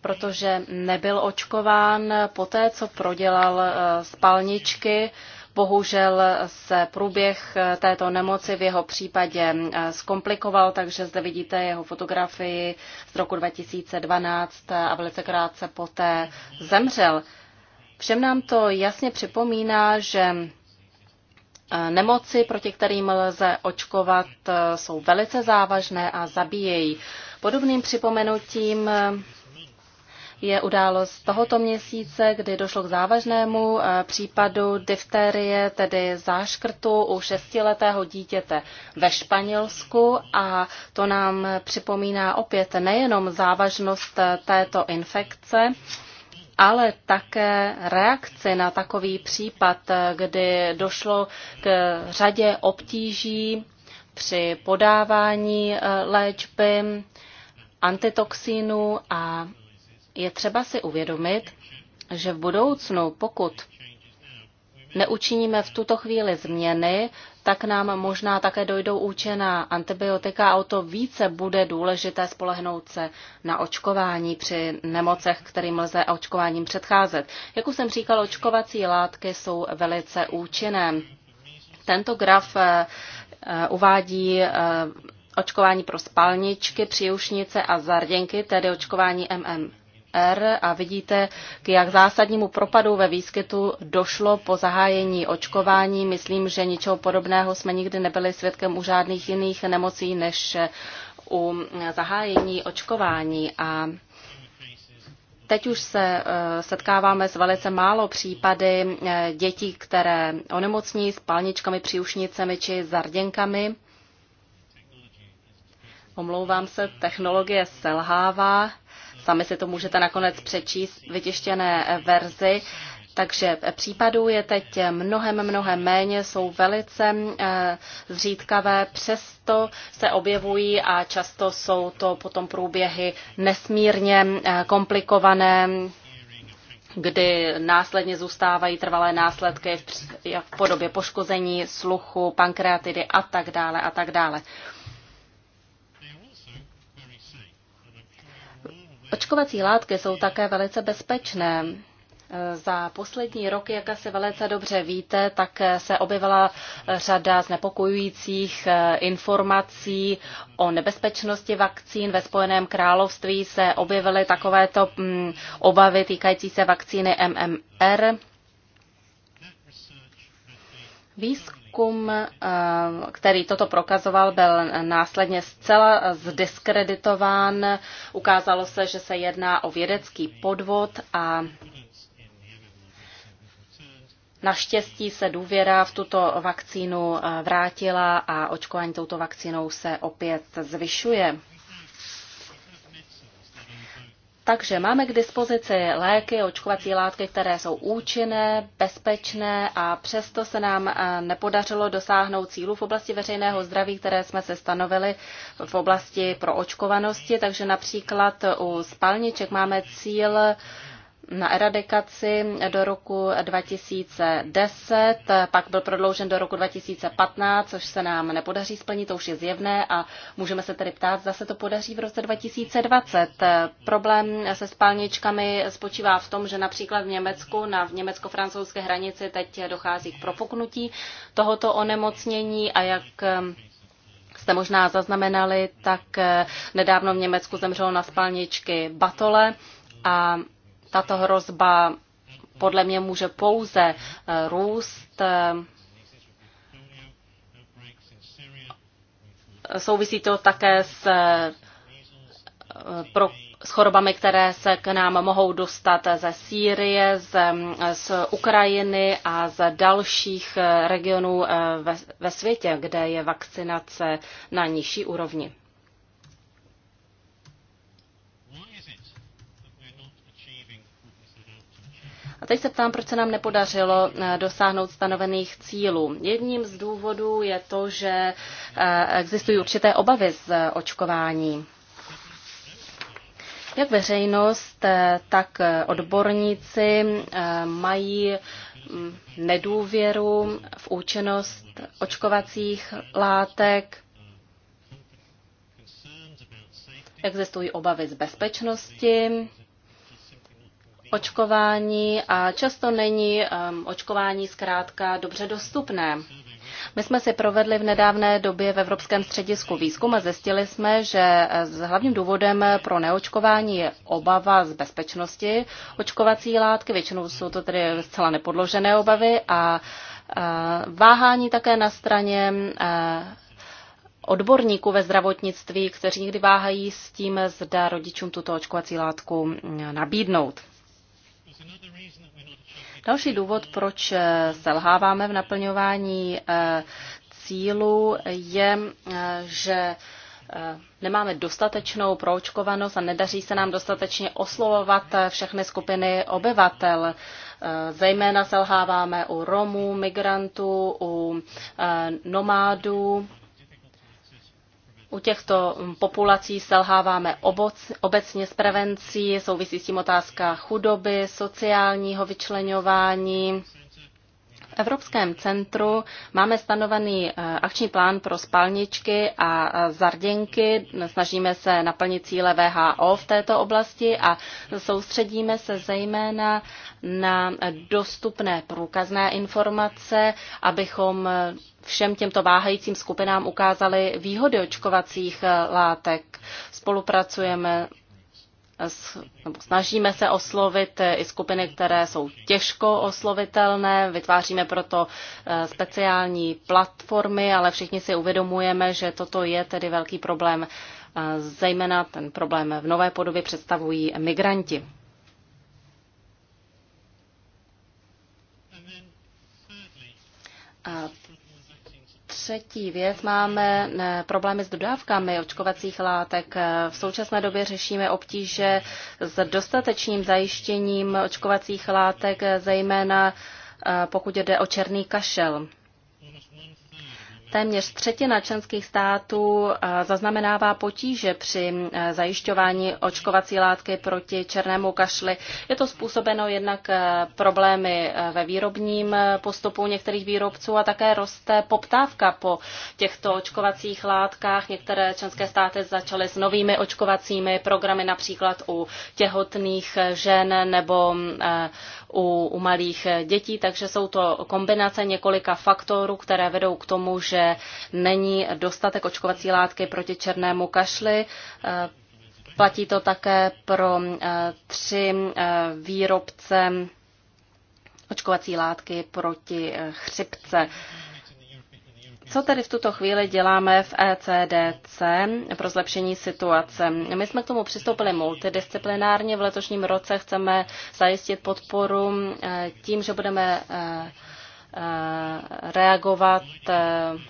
[SPEAKER 3] protože nebyl očkován poté, co prodělal eh, spalničky, Bohužel se průběh této nemoci v jeho případě eh, zkomplikoval, takže zde vidíte jeho fotografii z roku 2012 eh, a velice krátce poté zemřel. Všem nám to jasně připomíná, že eh, nemoci, proti kterým lze očkovat, jsou velice závažné a zabíjejí. Podobným připomenutím je událost tohoto měsíce, kdy došlo k závažnému eh, případu difterie, tedy záškrtu u šestiletého dítěte ve Španělsku a to nám připomíná opět nejenom závažnost eh, této infekce, ale také reakci na takový případ, eh, kdy došlo k řadě obtíží při podávání léčby antitoxínů a je třeba si uvědomit, že v budoucnu, pokud neučiníme v tuto chvíli změny, tak nám možná také dojdou účená antibiotika a o to více bude důležité spolehnout se na očkování při nemocech, kterým lze očkováním předcházet. Jak už jsem říkal, očkovací látky jsou velice účinné. Tento graf eh, eh, uvádí eh, očkování pro spalničky, příušnice a zarděnky, tedy očkování MM R a vidíte, k jak zásadnímu propadu ve výskytu došlo po zahájení očkování. Myslím, že ničeho podobného jsme nikdy nebyli svědkem u žádných jiných nemocí než u zahájení očkování. A teď už se eh, setkáváme s velice málo případy eh, dětí, které onemocní s palničkami, příušnicemi či zarděnkami. Omlouvám se, technologie selhává. Sami si to můžete nakonec přečíst v vytištěné verzi. Takže případů je teď mnohem, mnohem méně, jsou velice eh, zřídkavé, přesto se objevují a často jsou to potom průběhy nesmírně eh, komplikované, kdy následně zůstávají trvalé následky v, v podobě poškození sluchu, pankreatidy a tak dále a tak dále. Očkovací látky jsou také velice bezpečné. Za poslední roky, jak asi velice dobře víte, tak se objevila řada znepokojujících informací o nebezpečnosti vakcín. Ve Spojeném království se objevily takovéto mm, obavy týkající se vakcíny MMR Výzkum, eh, který toto prokazoval, byl následně zcela zdiskreditován. Ukázalo se, že se jedná o vědecký podvod a Naštěstí se důvěra v tuto vakcínu eh, vrátila a očkování touto vakcínou se opět zvyšuje. Takže máme k dispozici léky, očkovací látky, které jsou účinné, bezpečné a přesto se nám eh, nepodařilo dosáhnout cílů v oblasti veřejného zdraví, které jsme se stanovili v oblasti pro očkovanosti. Takže například u spalniček máme cíl na eradikaci do roku 2010, pak byl prodloužen do roku 2015, což se nám nepodaří splnit, to už je zjevné a můžeme se tedy ptát, zda se to podaří v roce 2020. Problém se spálničkami spočívá v tom, že například v Německu na německo-francouzské hranici teď dochází k propuknutí tohoto onemocnění a jak eh, jste možná zaznamenali, tak eh, nedávno v Německu zemřelo na spalničky Batole a tato hrozba podle mě může pouze eh, růst. Eh, souvisí to také s, eh, pro, s chorobami, které se k nám mohou dostat ze Sýrie, z, z Ukrajiny a z dalších regionů ve, ve světě, kde je vakcinace na nižší úrovni. A teď se ptám, proč se nám nepodařilo eh, dosáhnout stanovených cílů. Jedním z důvodů je to, že eh, existují určité obavy z eh, očkování. Jak veřejnost, tak odborníci mají mm, nedůvěru v účinnost očkovacích látek. Existují obavy z bezpečnosti očkování a často není um, očkování zkrátka dobře dostupné. My jsme si provedli v nedávné době v Evropském středisku výzkum a zjistili jsme, že eh, hlavním důvodem pro neočkování je obava z bezpečnosti očkovací látky, většinou jsou to tedy zcela nepodložené obavy a eh, váhání také na straně eh, odborníků ve zdravotnictví, kteří někdy váhají s tím, zda rodičům tuto očkovací látku mm, nabídnout. Další důvod, proč eh, selháváme v naplňování eh, cílu, je, eh, že nemáme dostatečnou proočkovanost a nedaří se nám dostatečně oslovovat všechny skupiny obyvatel. Zejména selháváme u Romů, migrantů, u nomádů u těchto populací selháváme obecně s prevencí, souvisí s tím otázka chudoby, sociálního vyčlenování, Evropském centru máme stanovený eh, akční plán pro spalničky a eh, zarděnky. Snažíme se naplnit cíle VHO v této oblasti a soustředíme se zejména na dostupné průkazné informace, abychom eh, všem těmto váhajícím skupinám ukázali výhody očkovacích látek. Spolupracujeme snažíme se oslovit eh, i skupiny, které jsou těžko oslovitelné, vytváříme proto eh, speciální platformy, ale všichni si uvědomujeme, že toto je tedy velký problém, eh, zejména ten problém v nové podobě představují migranti. A Třetí věc, máme eh, problémy s dodávkami očkovacích látek. V současné době řešíme obtíže s dostatečným zajištěním očkovacích látek, eh, zejména eh, pokud jde o černý kašel. Téměř třetina členských států eh, zaznamenává potíže při eh, zajišťování očkovací látky proti černému kašli. Je to způsobeno jednak eh, problémy ve výrobním postupu některých výrobců a také roste poptávka po těchto očkovacích látkách. Některé členské státy začaly s novými očkovacími programy, například u těhotných žen nebo u, u malých eh, dětí, takže jsou to kombinace několika faktorů, které vedou k tomu, že není dostatek očkovací látky proti černému kašli. Eh, platí to také pro eh, tři výrobce očkovací látky proti chřipce. Co tedy v tuto chvíli děláme v ECDC pro zlepšení situace? My jsme k tomu přistoupili multidisciplinárně. V letošním roce chceme zajistit podporu eh, tím, že budeme eh, eh, reagovat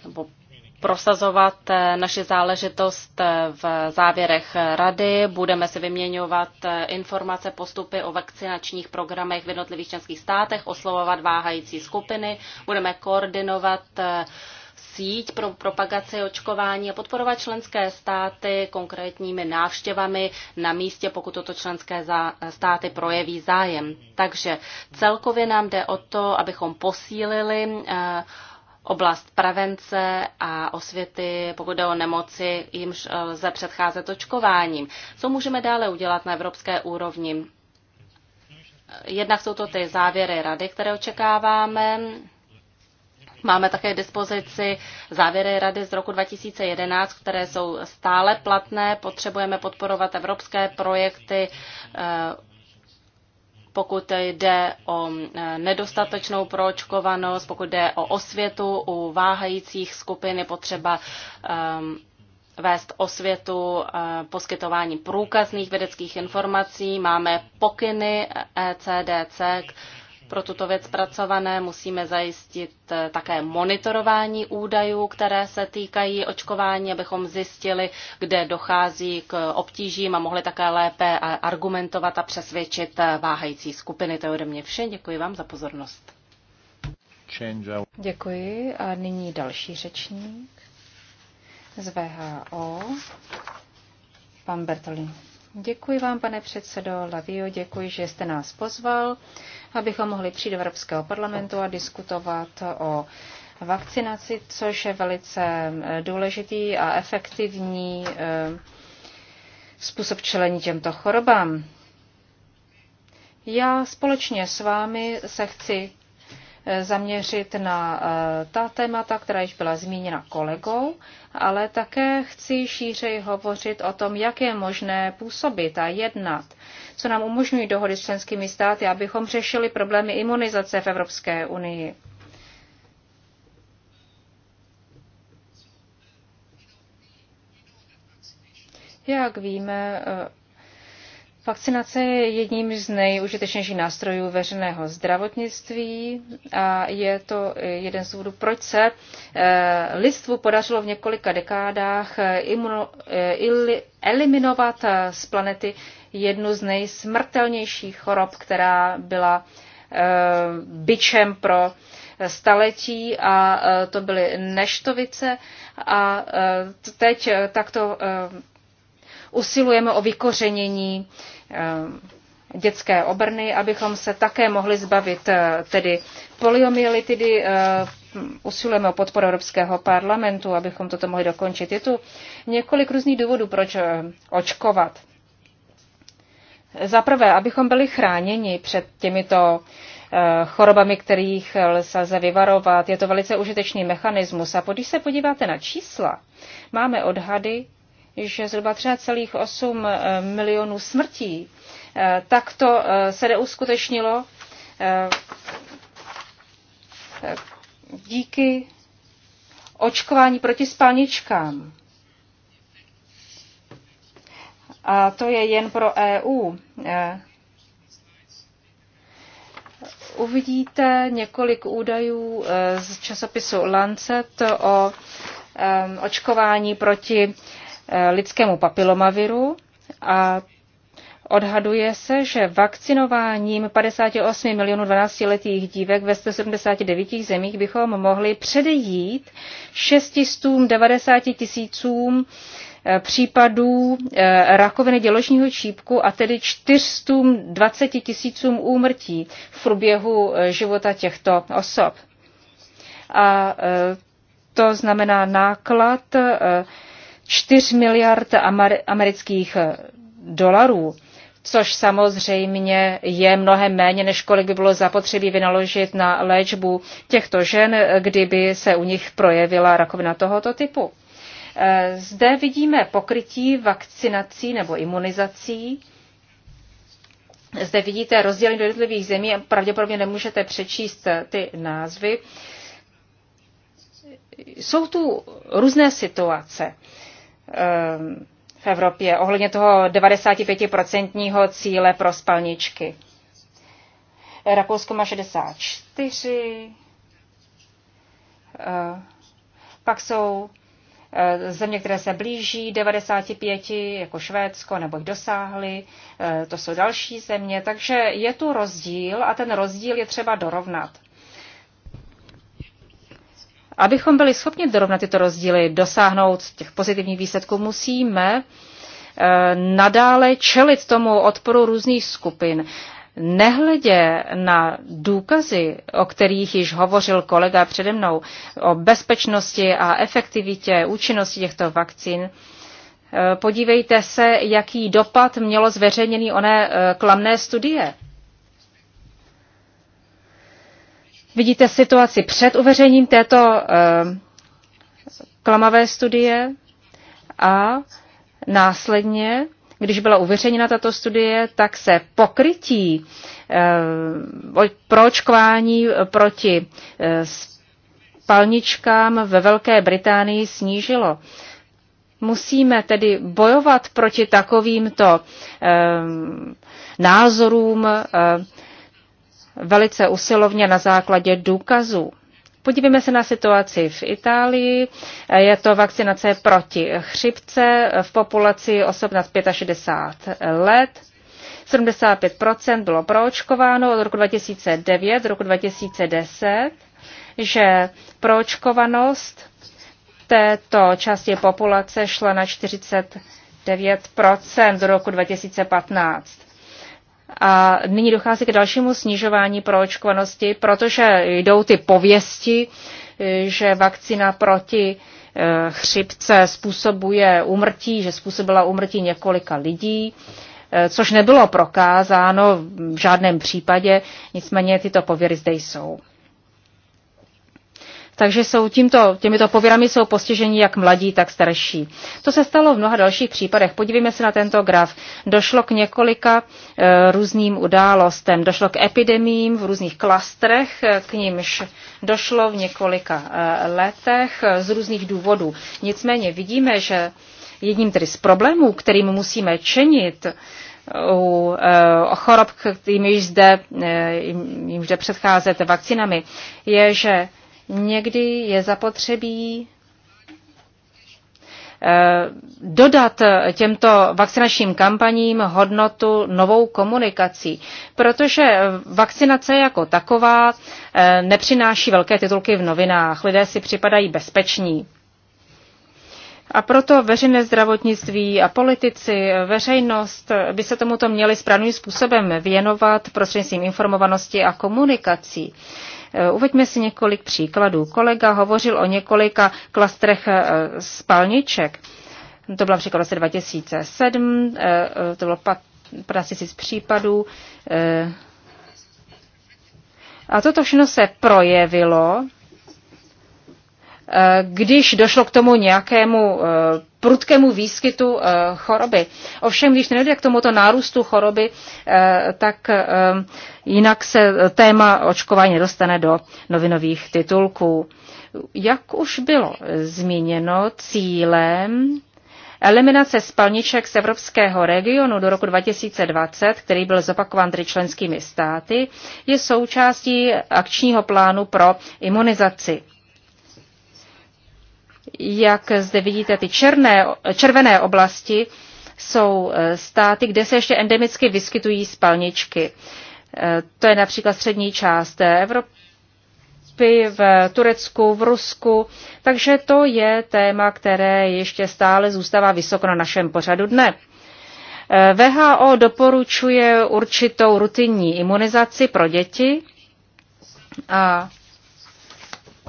[SPEAKER 3] nebo prosazovat naši záležitost v závěrech rady. Budeme si vyměňovat informace, postupy o vakcinačních programech v jednotlivých členských státech, oslovovat váhající skupiny, budeme koordinovat síť pro propagaci očkování a podporovat členské státy konkrétními návštěvami na místě, pokud toto členské státy projeví zájem. Takže celkově nám jde o to, abychom posílili eh, oblast prevence a osvěty, pokud jde o nemoci, jimž eh, lze předcházet očkováním. Co můžeme dále udělat na evropské úrovni? Jednak jsou to ty závěry rady, které očekáváme Máme také k dispozici závěry Rady z roku 2011, které jsou stále platné. Potřebujeme podporovat evropské projekty, eh, pokud jde o eh, nedostatečnou proočkovanost, pokud jde o osvětu u váhajících skupin, je potřeba ehm, vést osvětu eh, poskytování průkazných vědeckých informací. Máme pokyny ECDC, pro tuto věc pracované. Musíme zajistit eh, také monitorování údajů, které se týkají očkování, abychom zjistili, kde dochází k obtížím a mohli také lépe argumentovat a přesvědčit eh, váhající skupiny. To je ode mě vše. Děkuji vám za pozornost.
[SPEAKER 2] Děkuji a nyní další řečník z VHO, pan Bertolini. Děkuji vám, pane předsedo Lavio, děkuji, že jste nás pozval, abychom mohli přijít do Evropského parlamentu a diskutovat o vakcinaci, což je velice eh, důležitý a efektivní eh, způsob čelení těmto chorobám. Já společně s vámi se chci zaměřit na eh, ta témata, která již byla zmíněna kolegou, ale také chci šířej hovořit o tom, jak je možné působit a jednat, co nám umožňují dohody s členskými státy, abychom řešili problémy imunizace v Evropské unii. Jak víme, eh, Vakcinace je jedním z nejužitečnějších nástrojů veřejného zdravotnictví a je to jeden z důvodů, proč se eh, lidstvu podařilo v několika dekádách eh, imuno, eh, eliminovat z planety jednu z nejsmrtelnějších chorob, která byla byčem pro staletí a to byly neštovice a teď takto usilujeme o vykořenění eh, dětské obrny, abychom se také mohli zbavit eh, tedy poliomyelitidy, eh, usilujeme o podporu Evropského parlamentu, abychom toto mohli dokončit. Je tu několik různých důvodů, proč očkovat. Zaprvé, abychom byli chráněni před těmito chorobami, kterých lze vyvarovat. Je to velice užitečný mechanismus. A když se podíváte na čísla, máme odhady, že zhruba 3,8 eh, milionů smrtí eh, tak to eh, se neuskutečnilo díky očkování proti spalničkám. A to je jen pro EU. Uvidíte několik údajů z časopisu Lancet o očkování proti Eh, lidskému papilomaviru a Odhaduje se, že vakcinováním 58 milionů 12-letých dívek ve 179 zemích bychom mohli předejít 690 tisícům eh, případů eh, rakoviny děložního čípku a tedy 420 tisícům úmrtí v průběhu života těchto osob. A to znamená náklad 4 miliard amerických eh, dolarů, což samozřejmě je mnohem méně, než kolik by bylo zapotřebí vynaložit na léčbu těchto žen, eh, kdyby se u nich projevila rakovina tohoto typu. Eh, zde vidíme pokrytí vakcinací nebo imunizací. Zde vidíte rozdělení do jednotlivých zemí a pravděpodobně nemůžete přečíst ty názvy. Jsou tu různé situace. Ehm, v Evropě ohledně toho 95% cíle pro spalničky. Rakousko má 64, eh, pak jsou eh, země, které se blíží 95, jako Švédsko, nebo jich dosáhly, eh, to jsou další země, takže je tu rozdíl a ten rozdíl je třeba dorovnat. Abychom byli schopni dorovnat tyto rozdíly, dosáhnout těch pozitivních výsledků, musíme eh, nadále čelit tomu odporu různých skupin. Nehledě na důkazy, o kterých již hovořil kolega přede mnou, o bezpečnosti a efektivitě účinnosti těchto vakcín, eh, podívejte se, jaký dopad mělo zveřejněný oné eh, klamné studie. Vidíte situaci před uveřením této eh, klamavé studie a následně, když byla uveřejněna tato studie, tak se pokrytí eh, proočkování proti eh, spalničkám ve Velké Británii snížilo. Musíme tedy bojovat proti takovýmto názorům velice usilovně na základě důkazů. Podívejme se na situaci v Itálii. Je to vakcinace proti chřipce v populaci osob nad 65 let. 75% bylo proočkováno od roku 2009 do roku 2010, že proočkovanost této části populace šla na 49% do roku 2015. A nyní dochází k dalšímu snižování proočkovanosti, protože jdou ty pověsti, že vakcína proti eh, chřipce způsobuje umrtí, že způsobila umrtí několika lidí, eh, což nebylo prokázáno v žádném případě, nicméně tyto pověry zde jsou takže jsou tímto, těmito pověrami jsou postiženi jak mladí, tak starší. To se stalo v mnoha dalších případech. Podívejme se na tento graf. Došlo k několika e, různým událostem. Došlo k epidemím v různých klastrech, k nimž došlo v několika e, letech z různých důvodů. Nicméně vidíme, že jedním tedy z problémů, kterým musíme čenit, u e, chorob, kterým již zde, e, jim zde předcházet vakcinami, je, že Někdy je zapotřebí eh, dodat těmto vakcinačním kampaním hodnotu novou komunikací, protože vakcinace jako taková eh, nepřináší velké titulky v novinách. Lidé si připadají bezpeční. A proto veřejné zdravotnictví a politici, veřejnost by se tomuto měli správným způsobem věnovat prostřednictvím informovanosti a komunikací. Eh, uveďme si několik příkladů. Kolega hovořil o několika klastrech eh, spalniček. To bylo například v roce 2007, eh, to bylo 15 000 případů. A toto všechno se projevilo Eh, když došlo k tomu nějakému eh, prudkému výskytu eh, choroby. Ovšem, když nedojde k tomuto nárůstu choroby, tak jinak se téma očkování dostane do novinových titulků. Jak už bylo zmíněno, cílem Eliminace spalniček z evropského regionu do roku 2020, který byl zopakován tedy členskými státy, je součástí akčního plánu pro imunizaci. Jak zde vidíte, ty černé, červené oblasti jsou eh, státy, kde se ještě endemicky vyskytují spalničky. Eh, to je například střední část Evropy, v Turecku, v Rusku. Takže to je téma, které ještě stále zůstává vysoko na našem pořadu dne. Eh, VHO doporučuje určitou rutinní imunizaci pro děti a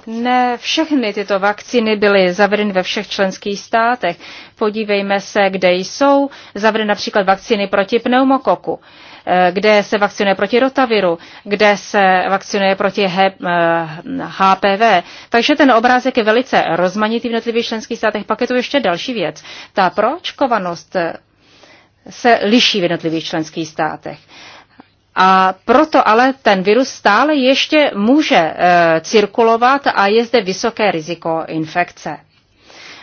[SPEAKER 2] ne všechny tyto vakcíny byly zavedeny ve všech členských státech. Podívejme se, kde jsou zavedeny například vakcíny proti pneumokoku, eh, kde se vakcinuje proti rotaviru, kde se vakcinuje proti HPV. Eh, Takže ten obrázek je velice rozmanitý v jednotlivých členských státech. Pak je tu ještě další věc. Ta pročkovanost eh, se liší v jednotlivých členských státech. A proto ale ten virus stále ještě může eh, cirkulovat a je zde vysoké riziko infekce.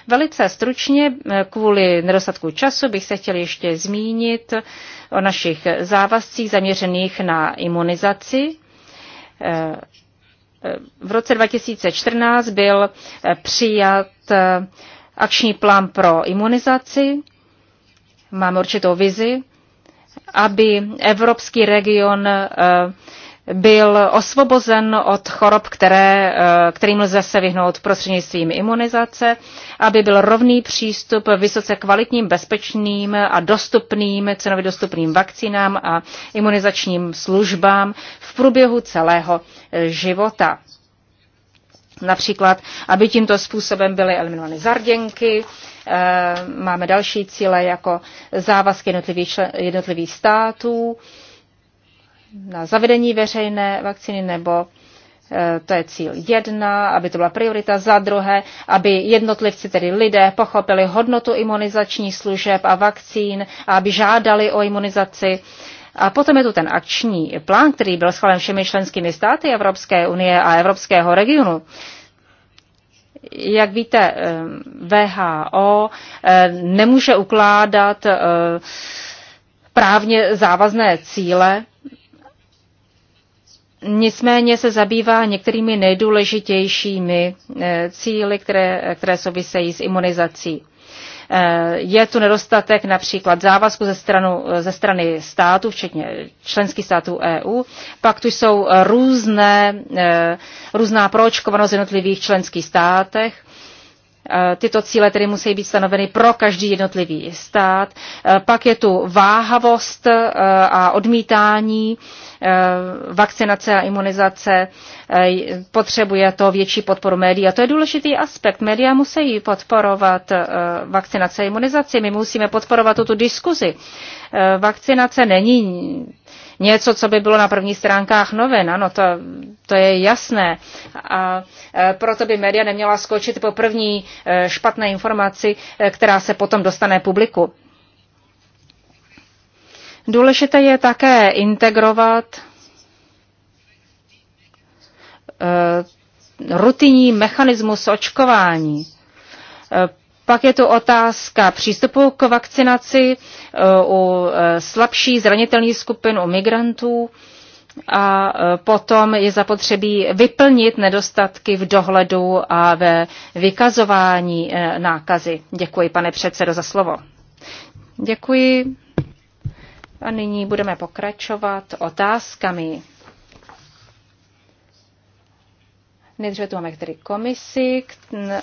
[SPEAKER 2] Velice stručně, eh, kvůli nedostatku času, bych se chtěl ještě zmínit o našich závazcích zaměřených na imunizaci. Eh, v roce 2014 byl přijat akční plán pro imunizaci. Máme určitou vizi aby evropský region eh, byl osvobozen od chorob, které, eh, kterým lze se vyhnout prostřednictvím imunizace, aby byl rovný přístup vysoce kvalitním, bezpečným a dostupným, cenově dostupným vakcínám a imunizačním službám v průběhu celého eh, života například, aby tímto způsobem byly eliminovány zarděnky, eh, máme další cíle jako závazky jednotlivých, člen, jednotlivých států na zavedení veřejné vakcíny nebo eh, to je cíl jedna, aby to byla priorita, za druhé, aby jednotlivci, tedy lidé, pochopili hodnotu imunizačních služeb a vakcín a aby žádali o imunizaci a potom je tu ten akční plán, který byl schválen všemi členskými státy Evropské unie a Evropského regionu. Jak víte, eh, VHO eh, nemůže ukládat eh, právně závazné cíle, nicméně se zabývá některými nejdůležitějšími cíly, které, které souvisejí s imunizací. Eh, je tu nedostatek například závazku ze, stranu, eh, ze strany států, včetně členských států EU. Pak tu jsou různé, eh, různá proočkovanost v jednotlivých členských státech. Tyto cíle tedy musí být stanoveny pro každý jednotlivý stát. Pak je tu váhavost a odmítání Eh, vakcinace a imunizace, eh, potřebuje to větší podporu médií. A to je důležitý aspekt. Média musí podporovat eh, vakcinace a imunizaci. My musíme podporovat tuto diskuzi. Vakcinace není něco, co by bylo na prvních stránkách novin. Ano, to, to je jasné. A proto by média neměla skočit po první špatné informaci, která se potom dostane publiku. Důležité je také integrovat eh, rutinní mechanismus očkování. Eh, pak je tu otázka přístupu k vakcinaci eh, u slabší, zranitelných skupin, u migrantů a potom je zapotřebí vyplnit nedostatky v dohledu a ve vykazování nákazy. Děkuji, pane předsedo, za slovo. Děkuji. A nyní budeme pokračovat otázkami. Nejdříve tu máme tedy komisi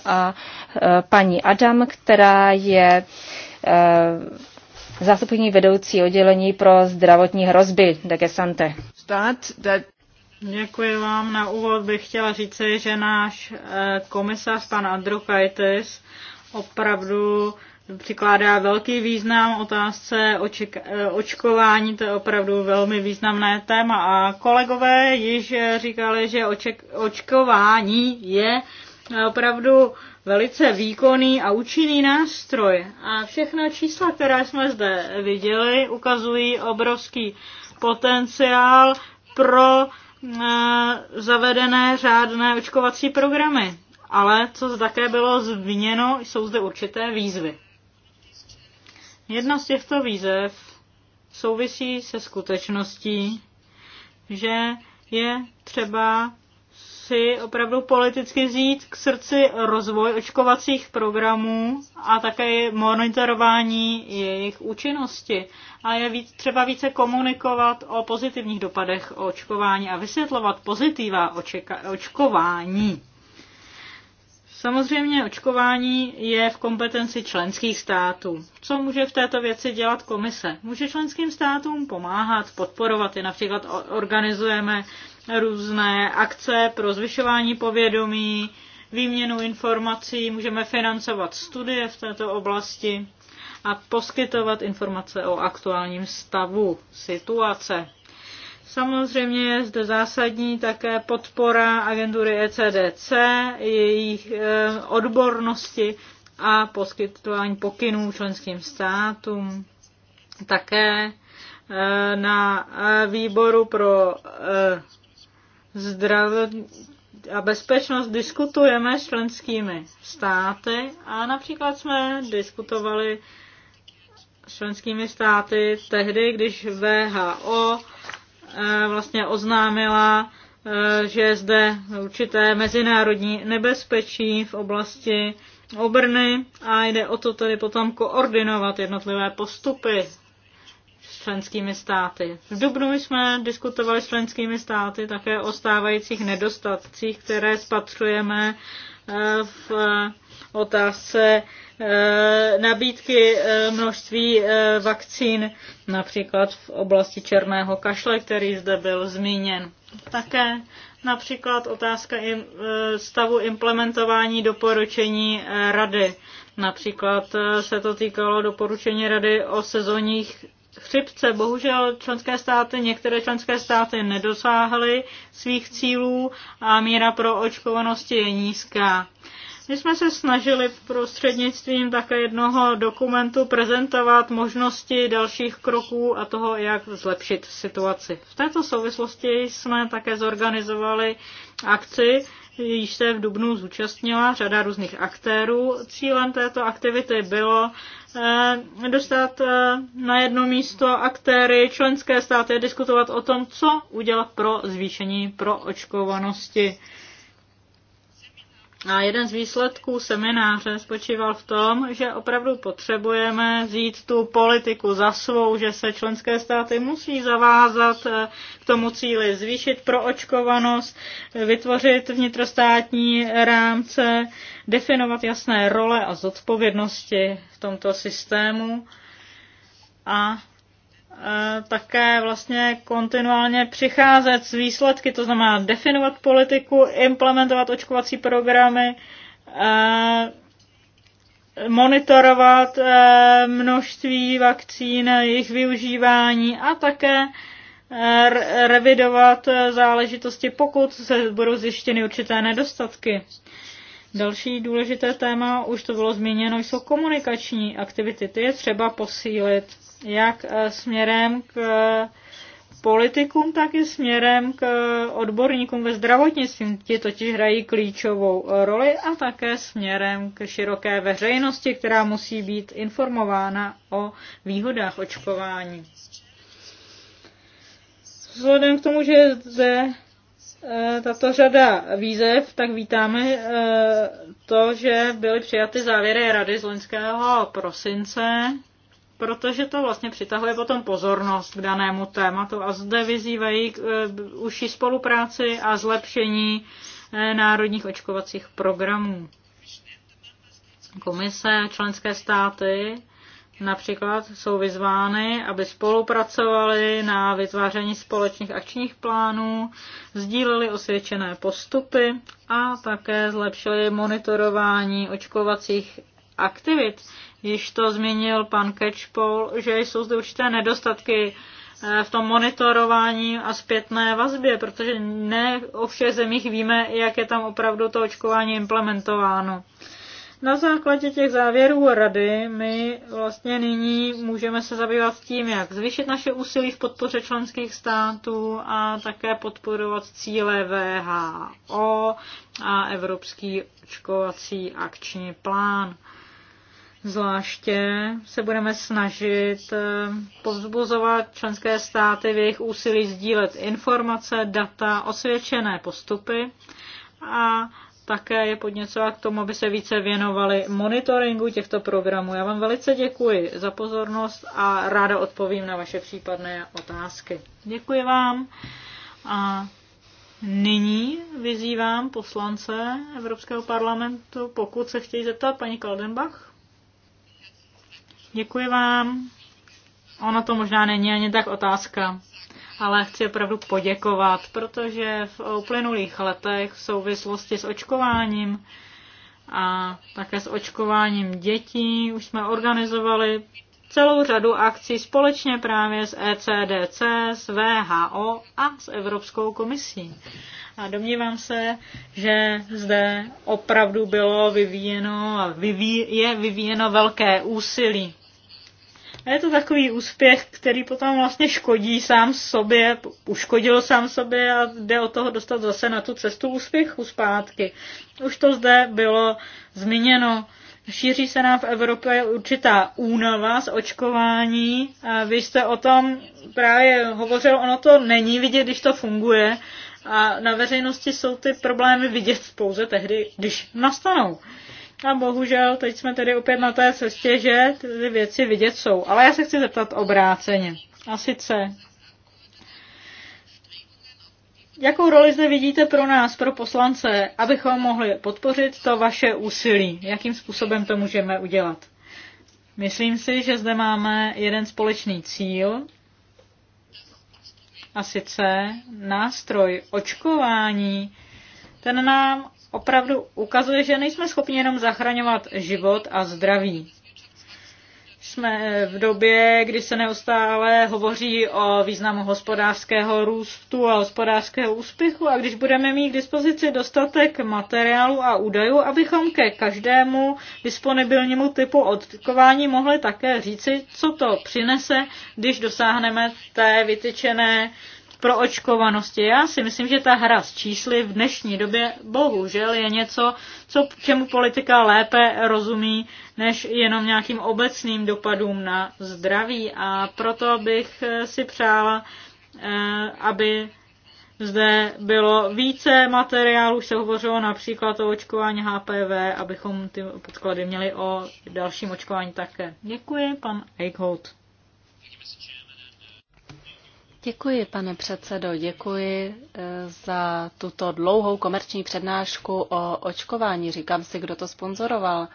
[SPEAKER 2] a e, paní Adam, která je e, zástupní vedoucí oddělení pro zdravotní hrozby Degesante.
[SPEAKER 1] Stát, Děkuji vám. Na úvod bych chtěla říci, že náš e, komisař pan Andrukaitis opravdu přikládá velký význam otázce eh, očkování, to je opravdu velmi významné téma. A kolegové již eh, říkali, že oček- očkování je eh, opravdu velice výkonný a účinný nástroj. A všechna čísla, která jsme zde viděli, ukazují obrovský potenciál pro e, zavedené řádné očkovací programy. Ale co také bylo zmíněno, jsou zde určité výzvy. Jedna z těchto výzev souvisí se skutečností, že je třeba si opravdu politicky vzít k srdci rozvoj očkovacích programů a také monitorování jejich účinnosti. A je víc, třeba více komunikovat o pozitivních dopadech očkování a vysvětlovat pozitiva očeka- očkování. Samozřejmě očkování je v kompetenci členských států. Co může v této věci dělat komise? Může členským státům pomáhat, podporovat je. Například organizujeme různé akce pro zvyšování povědomí, výměnu informací, můžeme financovat studie v této oblasti a poskytovat informace o aktuálním stavu situace. Samozřejmě je zde zásadní také podpora agentury ECDC, jejich eh, odbornosti a poskytování pokynů členským státům. Také eh, na eh, výboru pro zdraví a bezpečnost diskutujeme s členskými státy a například jsme diskutovali s členskými státy tehdy, když VHO Eh, vlastně oznámila, eh, že je zde určité mezinárodní nebezpečí v oblasti obrny a jde o to tedy potom koordinovat jednotlivé postupy s členskými státy. V Dubnu jsme diskutovali s členskými státy také o stávajících nedostatcích, které spatřujeme eh, v otázce Eh, nabídky eh, množství eh, vakcín, například v oblasti černého kašle, který zde byl zmíněn. Také například otázka stavu implementování doporučení rady. Například se to týkalo doporučení rady o sezónních chřipce. Bohužel členské státy, některé členské státy nedosáhly svých cílů a míra pro očkovanosti je nízká. My jsme se snažili prostřednictvím také jednoho dokumentu prezentovat možnosti dalších kroků a toho, jak zlepšit situaci. V této souvislosti jsme také zorganizovali akci, již se v Dubnu zúčastnila řada různých aktérů. Cílem této aktivity bylo eh, dostat eh, na jedno místo aktéry členské státy a diskutovat o tom, co udělat pro zvýšení pro očkovanosti. A jeden z výsledků semináře spočíval v tom, že opravdu potřebujeme vzít tu politiku za svou, že se členské státy musí zavázat eh, k tomu cíli, zvýšit proočkovanost, eh, vytvořit vnitrostátní rámce, definovat jasné role a zodpovědnosti v tomto systému a také vlastně kontinuálně přicházet s výsledky, to znamená definovat politiku, implementovat očkovací programy, monitorovat e, množství vakcín, jejich využívání a také e, revidovat e, záležitosti, pokud se budou zjištěny určité nedostatky. Další důležité téma, už to bylo zmíněno, jsou komunikační aktivity. Ty je třeba posílit jak eh, směrem k eh, politikům, tak i směrem k eh, odborníkům ve zdravotnictví. Ti totiž hrají klíčovou roli a také směrem k široké veřejnosti, která musí být informována o výhodách očkování. Vzhledem k tomu, že zde tato řada výzev, tak vítáme to, že byly přijaty závěry Rady z loňského prosince protože to vlastně přitahuje potom pozornost k danému tématu a zde vyzývají k e, užší spolupráci a zlepšení e, národních očkovacích programů. Komise a členské státy například jsou vyzvány, aby spolupracovali na vytváření společných akčních plánů, sdíleli osvědčené postupy a také zlepšili monitorování očkovacích aktivit Již to zmínil pan Catchpole, že jsou zde určité nedostatky eh, v tom monitorování a zpětné vazbě, protože ne o všech zemích víme, jak je tam opravdu to očkování implementováno. Na základě těch závěrů rady my vlastně nyní můžeme se zabývat tím, jak zvýšit naše úsilí v podpoře členských států a také podporovat cíle VHO a Evropský očkovací akční plán. Zvláště se budeme snažit eh, povzbuzovat členské státy v jejich úsilí sdílet informace, data, osvědčené postupy a také je podněcovat k tomu, aby se více věnovali monitoringu těchto programů. Já vám velice děkuji za pozornost a ráda odpovím na vaše případné otázky. Děkuji vám a nyní vyzývám poslance Evropského parlamentu, pokud se chtějí zeptat paní Kaldenbach. Děkuji vám. Ono to možná není ani tak otázka, ale chci opravdu poděkovat, protože v uplynulých letech v souvislosti s očkováním a také s očkováním dětí už jsme organizovali celou řadu akcí společně právě s ECDC, s VHO a s Evropskou komisí. A domnívám se, že zde opravdu bylo vyvíjeno a vyvíj, je vyvíjeno velké úsilí. A je to takový úspěch, který potom vlastně škodí sám sobě, uškodil sám sobě a jde o toho dostat zase na tu cestu úspěchu zpátky. Už to zde bylo zmíněno. Šíří se nám v Evropě určitá únava z očkování. Vy jste o tom právě hovořil, ono to není vidět, když to funguje. A na veřejnosti jsou ty problémy vidět pouze tehdy, když nastanou. A bohužel, teď jsme tedy opět na té cestě, že ty věci vidět jsou. Ale já se chci zeptat obráceně. A sice, Jakou roli zde vidíte pro nás, pro poslance, abychom mohli podpořit to vaše úsilí? Jakým způsobem to můžeme udělat? Myslím si, že zde máme jeden společný cíl, a sice nástroj očkování. Ten nám opravdu ukazuje, že nejsme schopni jenom zachraňovat život a zdraví jsme v době, kdy se neustále hovoří o významu hospodářského růstu a hospodářského úspěchu a když budeme mít k dispozici dostatek materiálu a údajů, abychom ke každému disponibilnímu typu odkování mohli také říci, co to přinese, když dosáhneme té vytyčené pro očkovanosti. Já si myslím, že ta hra s čísly v dnešní době bohužel je něco, co, čemu politika lépe rozumí, než jenom nějakým obecným dopadům na zdraví. A proto bych eh, si přála, eh, aby zde bylo více materiálů, se hovořilo například o očkování HPV, abychom ty podklady měli o dalším očkování také. Děkuji, pan Eichholt. Děkuji, pane předsedo, děkuji
[SPEAKER 3] eh, za tuto dlouhou komerční přednášku o očkování. Říkám si, kdo to sponzoroval.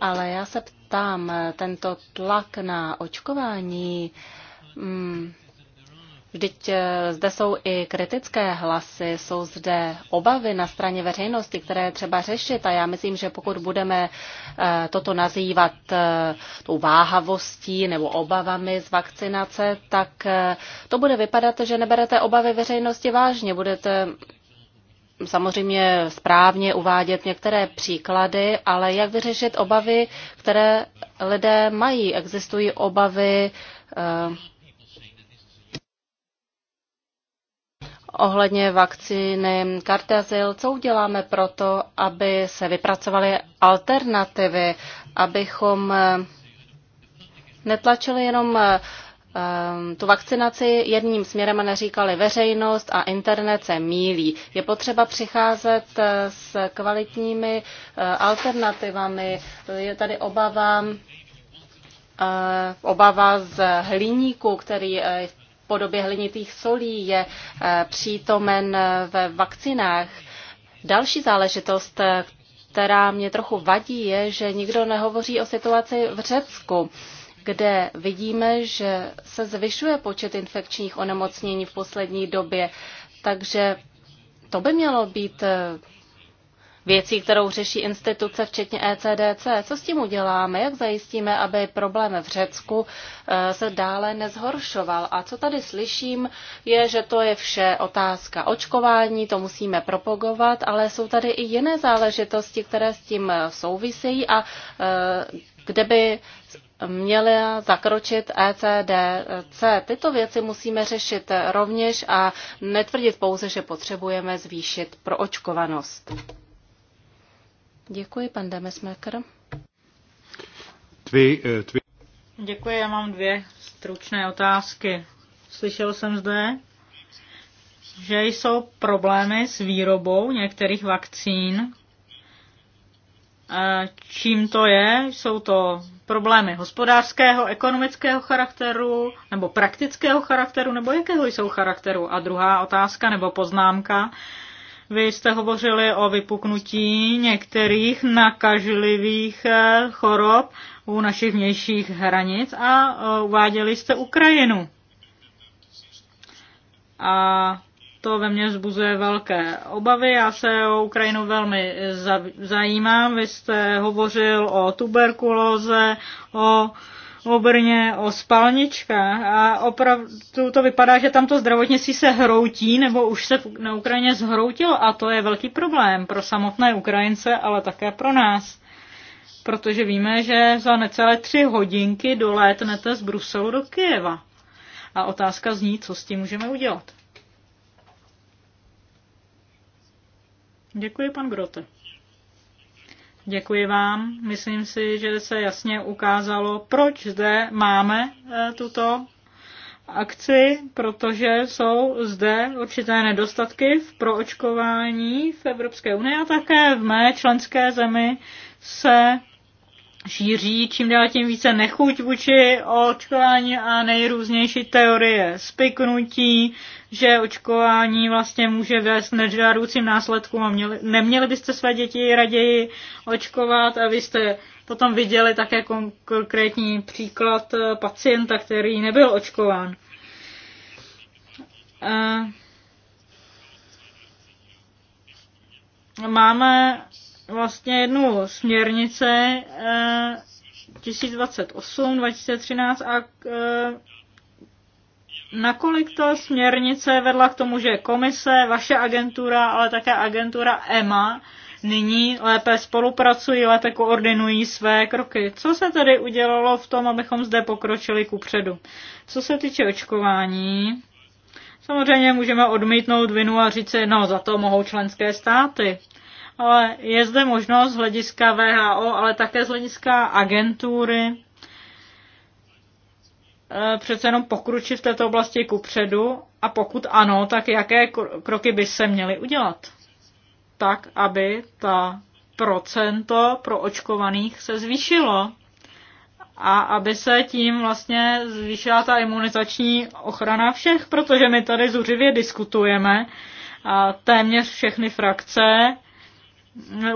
[SPEAKER 3] Ale já se ptám, eh, tento tlak na očkování, hmm, Vždyť eh, zde jsou i kritické hlasy, jsou zde obavy na straně veřejnosti, které je třeba řešit a já myslím, že pokud budeme eh, toto nazývat eh, tou váhavostí nebo obavami z vakcinace, tak to bude vypadat, že neberete obavy veřejnosti vážně. Budete hm, samozřejmě správně uvádět některé příklady, ale jak vyřešit obavy, které lidé mají. Existují obavy ohledně vakcíny Cartazil, co uděláme proto, aby se vypracovaly alternativy, abychom eh, netlačili jenom eh, eh, tu vakcinaci jedním směrem a neříkali veřejnost a internet se mílí. Je potřeba přicházet s kvalitními alternativami. Je tady obava obava z hliníku, který v podobě hlinitých solí je eh, přítomen eh, ve vakcinách. Další záležitost, eh, která mě trochu vadí, je, že nikdo nehovoří o situaci v Řecku kde vidíme, že se zvyšuje počet infekčních onemocnění v poslední době. Takže to by mělo být věcí, kterou řeší instituce, včetně ECDC. Co s tím uděláme? Jak zajistíme, aby problém v Řecku e, se dále nezhoršoval? A co tady slyším, je, že to je vše otázka očkování, to musíme propagovat, ale jsou tady i jiné záležitosti, které s tím e, souvisejí a e, kde by měla zakročit ECDC. Tyto věci musíme řešit rovněž a netvrdit pouze, že potřebujeme zvýšit proočkovanost. Děkuji, pan Demesmaker.
[SPEAKER 1] Tvi, eh, tvi. Děkuji, já mám dvě stručné otázky. Slyšel jsem zde, že jsou problémy s výrobou některých vakcín. Eh, čím to je? Jsou to problémy hospodářského, ekonomického charakteru, nebo praktického charakteru, nebo jakého jsou charakteru? A druhá otázka nebo poznámka vy jste hovořili o vypuknutí některých nakažlivých eh, chorob u našich vnějších hranic a eh, uváděli jste Ukrajinu. A to ve mně vzbuzuje velké obavy. Já se o Ukrajinu velmi zajímám. Vy jste hovořil o tuberkulóze, o o Brně, o spalničkách a opravdu to vypadá, že tam zdravotně zdravotnictví se hroutí nebo už se na Ukrajině zhroutilo a to je velký problém pro samotné Ukrajince, ale také pro nás. Protože víme, že za necelé tři hodinky dolétnete z Bruselu do Kyjeva. A otázka zní, co s tím můžeme udělat. Děkuji, pan Grote. Děkuji vám. Myslím si, že se jasně ukázalo, proč zde máme eh, tuto akci, protože jsou zde určité nedostatky v proočkování v Evropské unii a také v mé členské zemi se šíří čím dál tím více nechuť vůči očkování a nejrůznější teorie spiknutí, že očkování vlastně může vést nežádoucím následkům a měli, neměli byste své děti raději očkovat a vy jste potom viděli také konkrétní příklad eh, pacienta, který nebyl očkován. Eh, máme vlastně jednu směrnice 1028 eh, 2013 a Nakolik to směrnice vedla k tomu, že komise, vaše agentura, ale také agentura EMA nyní lépe spolupracují, lépe koordinují své kroky. Co se tedy udělalo v tom, abychom zde pokročili ku předu? Co se týče očkování, samozřejmě můžeme odmítnout vinu a říct si, no za to mohou členské státy. Ale je zde možnost z hlediska VHO, ale také z hlediska agentury Eh, přece jenom pokročit v této oblasti kupředu a pokud ano, tak jaké kroky by se měly udělat? Tak, aby ta procento pro očkovaných se zvýšilo a aby se tím vlastně zvýšila ta imunizační ochrana všech, protože my tady zuřivě diskutujeme a téměř všechny frakce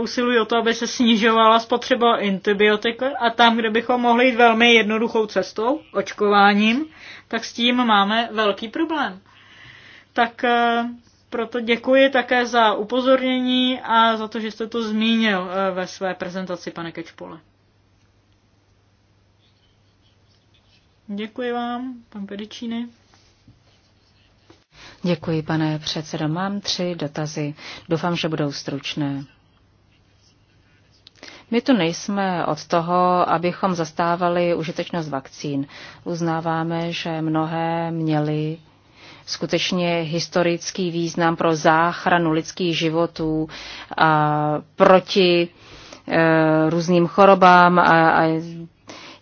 [SPEAKER 1] usilují o to, aby se snižovala spotřeba antibiotik a tam, kde bychom mohli jít velmi jednoduchou cestou, očkováním, tak s tím máme velký problém. Tak eh, proto děkuji také za upozornění a za to, že jste to zmínil eh, ve své prezentaci, pane Kečpole. Děkuji vám, pan Pedičíny.
[SPEAKER 2] Děkuji, pane předsedo. Mám tři dotazy. Doufám, že budou stručné. My tu nejsme od toho, abychom zastávali užitečnost vakcín. Uznáváme, že mnohé měly skutečně historický význam pro záchranu lidských životů a proti eh, různým chorobám a, a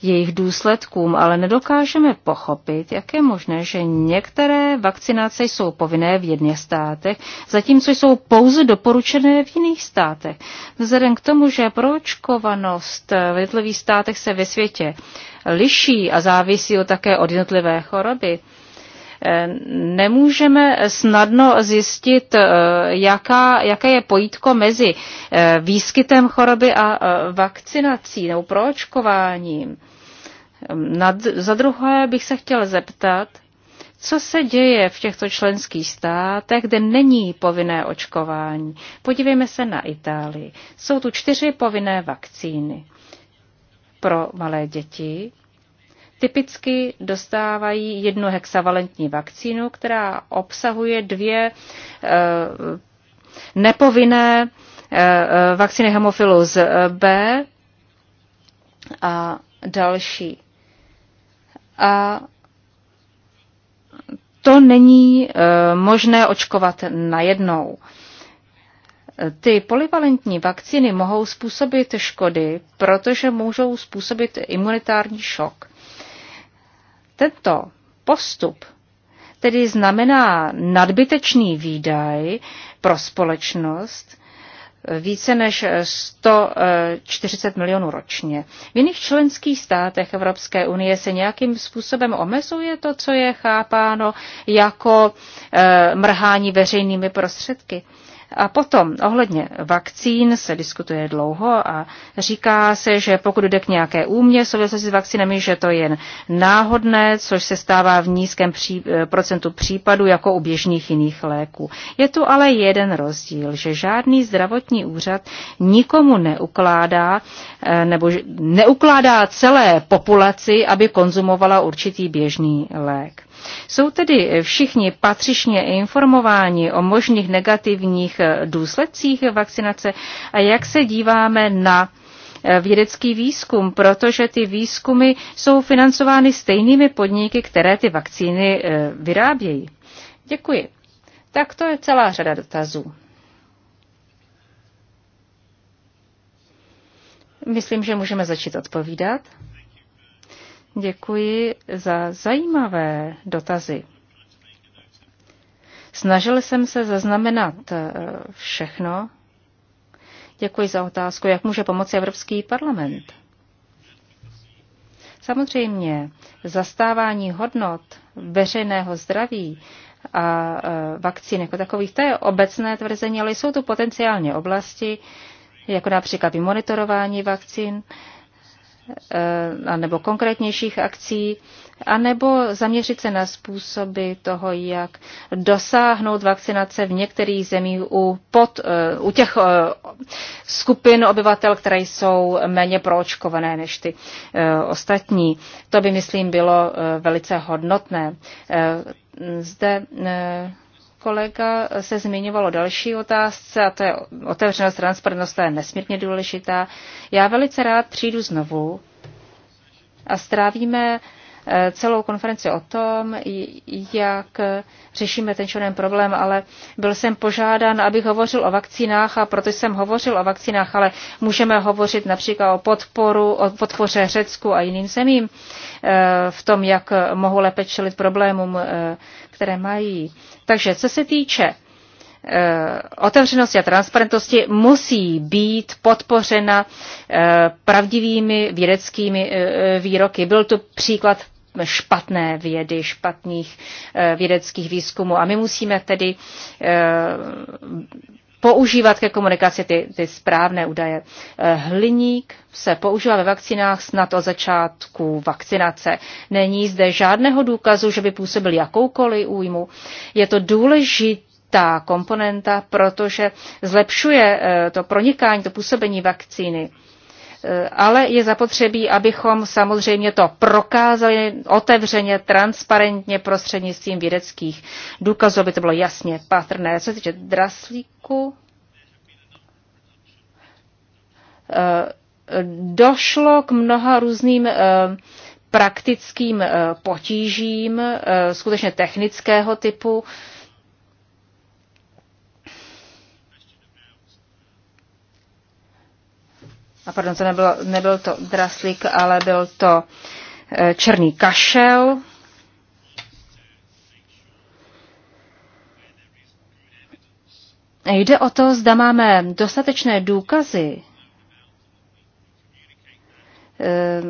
[SPEAKER 2] jejich důsledkům, ale nedokážeme pochopit, jak je možné, že některé vakcinace jsou povinné v jedných státech, zatímco jsou pouze doporučené v jiných státech. Vzhledem k tomu, že proočkovanost v jednotlivých státech se ve světě liší a závisí o také od jednotlivé choroby, Eh, nemůžeme snadno zjistit, eh, jaká, jaké je pojítko mezi eh, výskytem choroby a vakcinací nebo proočkováním. Ehm, nad, za druhé bych se chtěl zeptat, co se děje v těchto členských státech, kde není povinné očkování. Podívejme se na Itálii. Jsou tu čtyři povinné vakcíny pro malé děti, typicky dostávají jednu hexavalentní vakcínu, která obsahuje dvě eh, nepovinné eh, eh, vakcíny hemofilus B a další. A to není možné očkovat najednou. Ty polivalentní vakcíny mohou způsobit škody, protože můžou způsobit imunitární šok. Tento postup tedy znamená nadbytečný výdaj pro společnost eh, více než 140 eh, milionů ročně. V jiných členských státech Evropské unie se nějakým způsobem omezuje to, co je chápáno jako eh, mrhání veřejnými prostředky. A potom ohledně vakcín se diskutuje dlouho a říká se, že pokud jde k nějaké úmě v souvislosti s vakcinami, že to je jen náhodné, což se stává v nízkém pří, eh, procentu případů jako u běžných jiných léků. Je tu ale jeden rozdíl, že žádný zdravotní úřad nikomu neukládá eh, nebo neukládá celé populaci, aby konzumovala určitý běžný lék. Jsou tedy všichni patřičně informováni o možných negativních eh, důsledcích vakcinace a jak se díváme na eh, vědecký výzkum, protože ty výzkumy jsou financovány stejnými podniky, které ty vakcíny eh, vyrábějí. Děkuji. Tak to je celá řada dotazů. Myslím, že můžeme začít odpovídat. Děkuji za zajímavé dotazy. Snažil jsem se zaznamenat eh, všechno. Děkuji za otázku, jak může pomoci Evropský parlament. Samozřejmě, zastávání hodnot veřejného zdraví a eh, vakcín jako takových, to je obecné tvrzení, ale jsou tu potenciálně oblasti, jako například i monitorování vakcín, Eh, nebo konkrétnějších akcí, anebo zaměřit se na způsoby toho, jak dosáhnout vakcinace v některých zemích u, pod, eh, u těch eh, skupin obyvatel, které jsou méně proočkované než ty ostatní. To by, myslím, bylo velice hodnotné. Zde Kolega se zmiňoval o další otázce, a to je otevřenost, transparentnost, ta je nesmírně důležitá. Já velice rád přijdu znovu a strávíme celou konferenci o tom, jak řešíme ten černý problém, ale byl jsem požádán, abych hovořil o vakcínách a proto jsem hovořil o vakcínách, ale můžeme hovořit například o podporu, o podpoře Řecku a jiným zemím eh, v tom, jak mohou lépe čelit problémům, eh, které mají. Takže co se týče eh, otevřenosti a transparentnosti musí být podpořena pravdivými vědeckými výroky. Byl tu příklad špatné vědy, špatných eh, vědeckých výzkumů. A my musíme tedy eh, používat ke komunikaci ty, ty správné údaje. Eh, hliník se používá ve vakcinách snad od začátku vakcinace. Není zde žádného důkazu, že by působil jakoukoliv újmu. Je to důležité ta komponenta, protože zlepšuje to pronikání, to působení vakcíny. Eh, ale je zapotřebí, abychom samozřejmě to prokázali otevřeně, transparentně prostřednictvím vědeckých důkazů, aby to bylo jasně patrné. Co se týče draslíku, eh, došlo k mnoha různým eh, praktickým potížím, skutečně technického typu, a pardon, to nebylo, nebyl to draslík, ale byl to e, černý kašel. Jde o to, zda máme dostatečné důkazy e,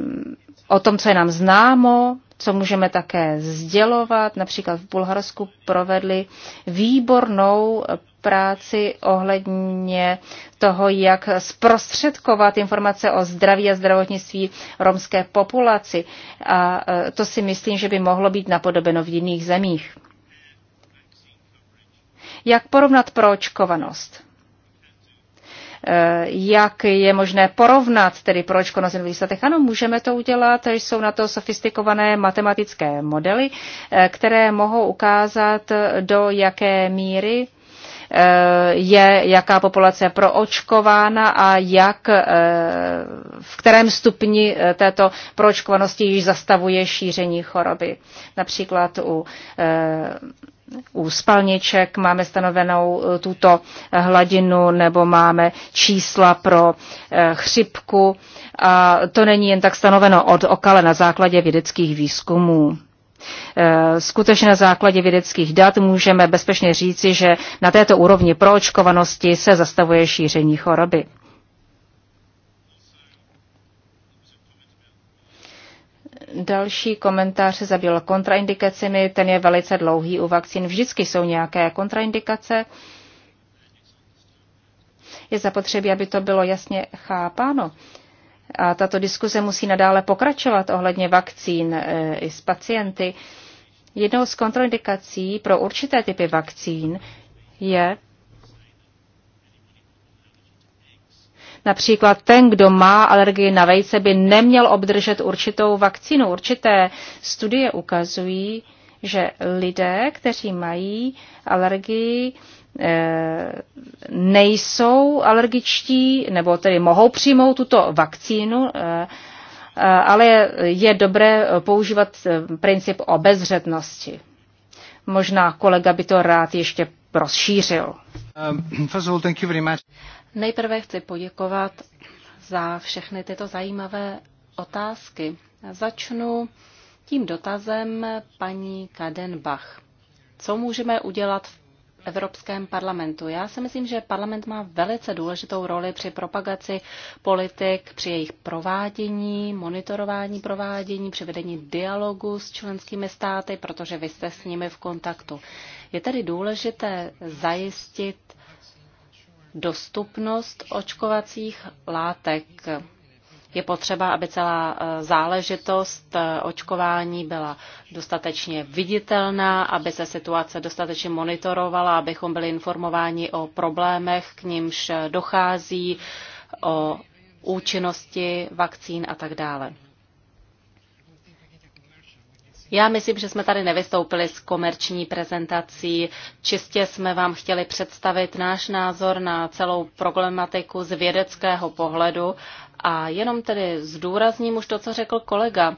[SPEAKER 2] o tom, co je nám známo, co můžeme také sdělovat. Například v Bulharsku provedli výbornou práci ohledně toho, jak zprostředkovat informace o zdraví a zdravotnictví romské populaci. A e, to si myslím, že by mohlo být napodobeno v jiných zemích. Jak porovnat proočkovanost? E, jak je možné porovnat tedy proočkovanost v státech. Ano, můžeme to udělat, jsou na to sofistikované matematické modely, e, které mohou ukázat, do jaké míry Eh, je, jaká populace je proočkována a jak, eh, v kterém stupni eh, této proočkovanosti již zastavuje šíření choroby. Například u u spalniček máme stanovenou tuto hladinu nebo máme čísla pro chřipku. A to není jen tak stanoveno od okale na základě vědeckých výzkumů. Eh, skutečně na základě vědeckých dat můžeme bezpečně říci, že na této úrovni proočkovanosti se zastavuje šíření choroby. Další komentář se zabýval kontraindikacemi, ten je velice dlouhý u vakcín. Vždycky jsou nějaké kontraindikace. Je zapotřebí, aby to bylo jasně chápáno. A tato diskuze musí nadále pokračovat ohledně vakcín e, i s pacienty. Jednou z kontraindikací pro určité typy vakcín je Například ten, kdo má alergii na vejce, by neměl obdržet určitou vakcínu. Určité studie ukazují, že lidé, kteří mají alergii Eh, nejsou alergičtí, nebo tedy mohou přijmout tuto vakcínu, eh, eh, ale je dobré používat princip obezřetnosti. Možná kolega by to rád ještě rozšířil.
[SPEAKER 1] Um,
[SPEAKER 3] Nejprve chci poděkovat za všechny tyto zajímavé otázky. Začnu tím dotazem paní Kadenbach. Co můžeme udělat v Evropském parlamentu. Já si myslím, že parlament má velice důležitou roli při propagaci politik, při jejich provádění, monitorování provádění, při vedení dialogu s členskými státy, protože vy jste s nimi v kontaktu. Je tedy důležité zajistit dostupnost očkovacích látek je potřeba, aby celá eh, záležitost eh, očkování byla dostatečně viditelná, aby se situace dostatečně monitorovala, abychom byli informováni o problémech, k nimž dochází, o účinnosti vakcín a tak dále. Já myslím, že jsme tady nevystoupili s komerční prezentací. Čistě jsme vám chtěli představit náš názor na celou problematiku z vědeckého pohledu a jenom tedy zdůrazním už to, co řekl kolega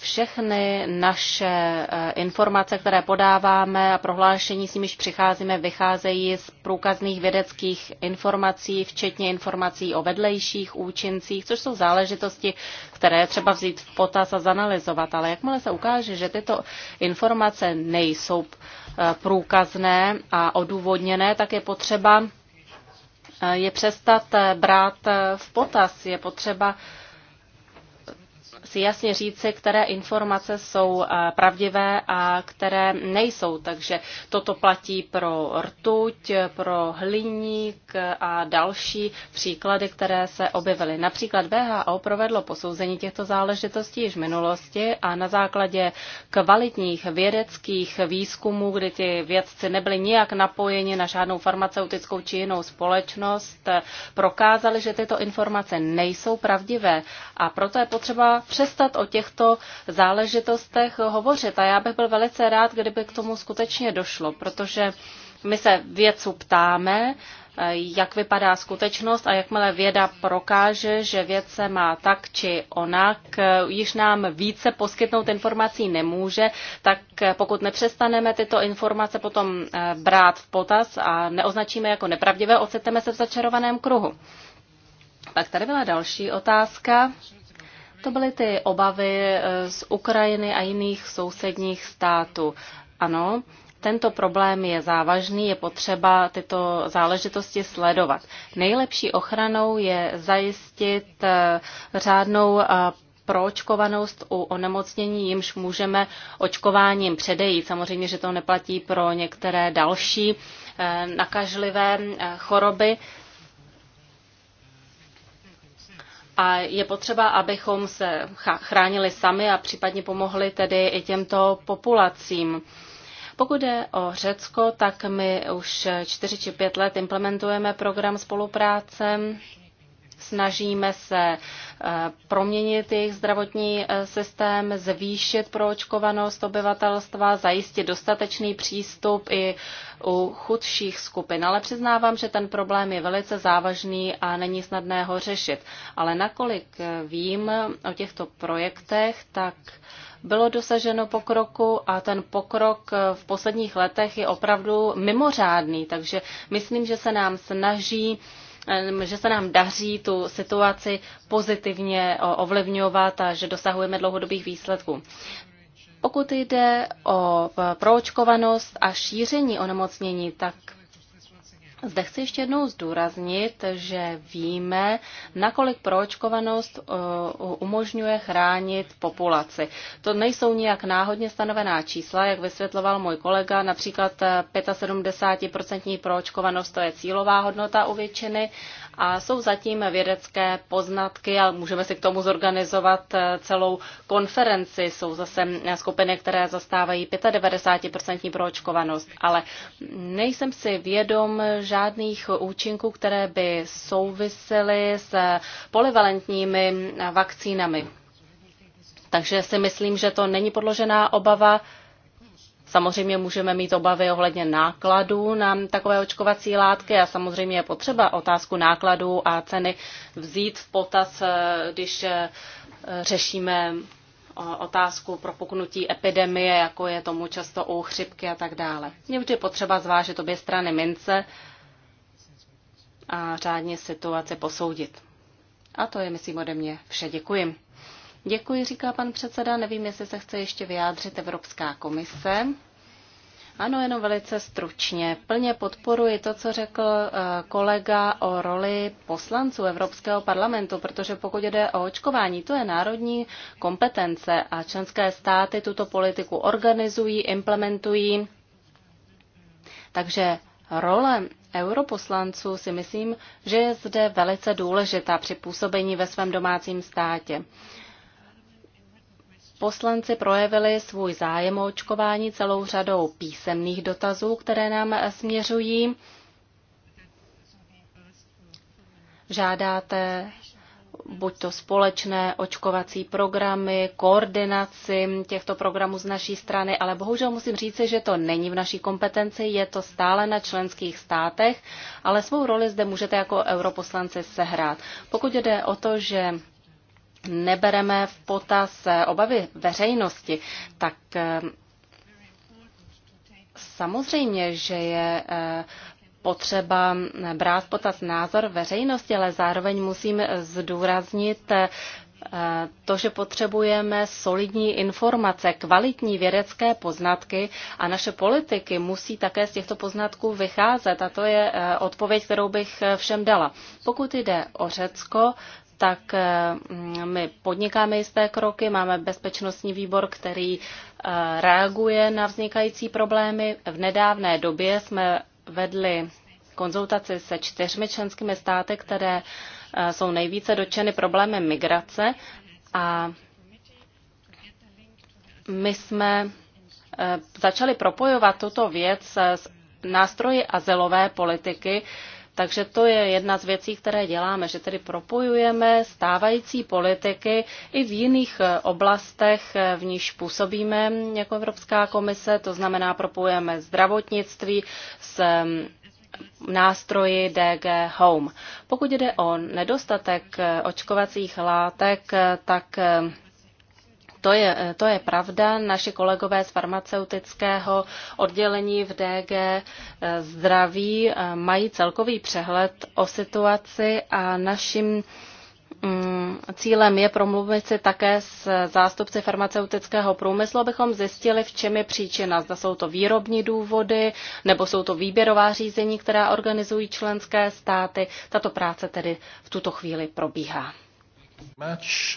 [SPEAKER 3] všechny naše eh, informace, které podáváme a prohlášení, s nimiž přicházíme, vycházejí z průkazných vědeckých informací, včetně informací o vedlejších účincích, což jsou záležitosti, které třeba vzít v potaz a zanalizovat. Ale jakmile se ukáže, že tyto informace nejsou eh, průkazné a odůvodněné, tak je potřeba eh, je přestat brát v potaz. Je potřeba si jasně říci, které informace jsou eh, pravdivé a které nejsou. Takže toto platí pro rtuť, pro hliník a další příklady, které se objevily. Například BHO provedlo posouzení těchto záležitostí již v minulosti a na základě kvalitních vědeckých výzkumů, kdy ti vědci nebyli nijak napojeni na žádnou farmaceutickou či jinou společnost, prokázali, že tyto informace nejsou pravdivé a proto je potřeba přestat o těchto záležitostech hovořit. A já bych byl velice rád, kdyby k tomu skutečně došlo, protože my se vědců ptáme, jak vypadá skutečnost a jakmile věda prokáže, že věc se má tak či onak, již nám více poskytnout informací nemůže, tak pokud nepřestaneme tyto informace potom eh, brát v potaz a neoznačíme jako nepravdivé, ocitneme se v začarovaném kruhu. Tak tady byla další otázka. To byly ty obavy eh, z Ukrajiny a jiných sousedních států. Ano, tento problém je závažný, je potřeba tyto záležitosti sledovat. Nejlepší ochranou je zajistit eh, řádnou proočkovanost u onemocnění, jimž můžeme očkováním předejít. Samozřejmě, že to neplatí pro některé další eh, nakažlivé choroby, a je potřeba, abychom se chránili sami a případně pomohli tedy i těmto populacím. Pokud je o Řecko, tak my už čtyři či pět let implementujeme program spolupráce Snažíme se eh, proměnit jejich zdravotní eh, systém, zvýšit proočkovanost obyvatelstva, zajistit dostatečný přístup i u chudších skupin. Ale přiznávám, že ten problém je velice závažný a není snadné ho řešit. Ale nakolik eh, vím o těchto projektech, tak bylo dosaženo pokroku a ten pokrok v posledních letech je opravdu mimořádný, takže myslím, že se nám snaží že se nám daří tu situaci pozitivně ovlivňovat a že dosahujeme dlouhodobých výsledků. Pokud jde o proočkovanost a šíření onemocnění, tak zde chci ještě jednou zdůraznit, že víme, nakolik proočkovanost eh, umožňuje chránit populaci. To nejsou nijak náhodně stanovená čísla, jak vysvětloval můj kolega, například 75% eh, proočkovanost to je cílová hodnota u většiny a jsou zatím vědecké poznatky a můžeme si k tomu zorganizovat eh, celou konferenci. Jsou zase eh, skupiny, které zastávají 95% proočkovanost, ale nejsem si vědom žádných účinků, které by souvisely s eh, polivalentními vakcínami. Takže si myslím, že to není podložená obava Samozřejmě můžeme mít obavy ohledně nákladů na takové očkovací látky a samozřejmě je potřeba otázku nákladů a ceny vzít v potaz, eh, když eh, řešíme eh, otázku propuknutí epidemie, jako je tomu často u chřipky a tak dále. Je vždy potřeba zvážit obě strany mince a řádně situaci posoudit. A to je, myslím, ode mě vše. Děkuji. Děkuji, říká pan předseda. Nevím, jestli se chce ještě vyjádřit Evropská komise. Ano, jenom velice stručně. Plně podporuji to, co řekl eh, kolega o roli poslanců Evropského parlamentu, protože pokud jde o očkování, to je národní kompetence a členské státy tuto politiku organizují, implementují. Takže role europoslanců si myslím, že je zde velice důležitá při působení ve svém domácím státě. Poslanci projevili svůj zájem o očkování celou řadou písemných dotazů, které nám směřují. Žádáte buď to společné očkovací programy, koordinaci těchto programů z naší strany, ale bohužel musím říci, že to není v naší kompetenci, je to stále na členských státech, ale svou roli zde můžete jako europoslanci sehrát. Pokud jde o to, že nebereme v potaz obavy veřejnosti, tak eh, samozřejmě, že je eh, potřeba brát v potaz názor veřejnosti, ale zároveň musím zdůraznit eh, to, že potřebujeme solidní informace, kvalitní vědecké poznatky a naše politiky musí také z těchto poznatků vycházet. A to je odpověď, kterou bych všem dala. Pokud jde o Řecko, tak eh, mm, my podnikáme jisté kroky. Máme bezpečnostní výbor, který eh, reaguje na vznikající problémy. V nedávné době jsme vedli konzultaci se čtyřmi členskými státy, které eh, jsou nejvíce dotčeny problémem migrace a my jsme začali propojovat tuto věc s nástroji azylové politiky, takže to je jedna z věcí, které děláme, že tedy propojujeme stávající politiky i v jiných eh, oblastech, eh, v níž působíme jako Evropská komise, to znamená propojujeme zdravotnictví s mm, nástroji DG Home. Pokud jde o nedostatek eh, očkovacích látek, tak to je, to je pravda. Naši kolegové z farmaceutického oddělení v DG eh, zdraví eh, mají celkový přehled o situaci a naším mm, Cílem je promluvit si také s zástupci farmaceutického průmyslu, abychom zjistili, v čem je příčina. Zda jsou to výrobní důvody, nebo jsou to výběrová řízení, která organizují členské státy. Tato práce tedy v tuto chvíli probíhá.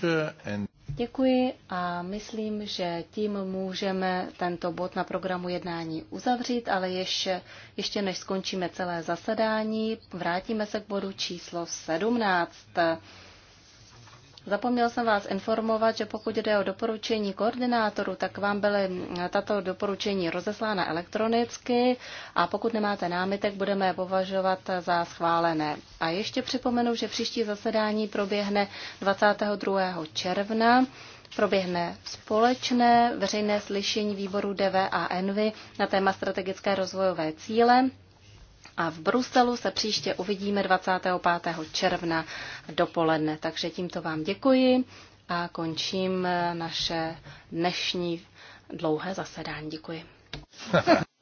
[SPEAKER 3] Eh, Děkuji a myslím, že tím můžeme tento bod na programu jednání uzavřít, ale ještě, ještě než skončíme celé zasedání, vrátíme se k bodu číslo 17. Zapomněl jsem vás informovat, že pokud jde o doporučení koordinátoru, tak vám byly tato doporučení rozeslána elektronicky a pokud nemáte námitek, budeme je považovat za schválené. A ještě připomenu, že příští zasedání proběhne 22. června proběhne společné veřejné slyšení výboru DV a ENVY na téma strategické rozvojové cíle a v Bruselu se příště uvidíme 25. června dopoledne. Takže tímto vám děkuji a končím naše dnešní dlouhé zasedání. Děkuji.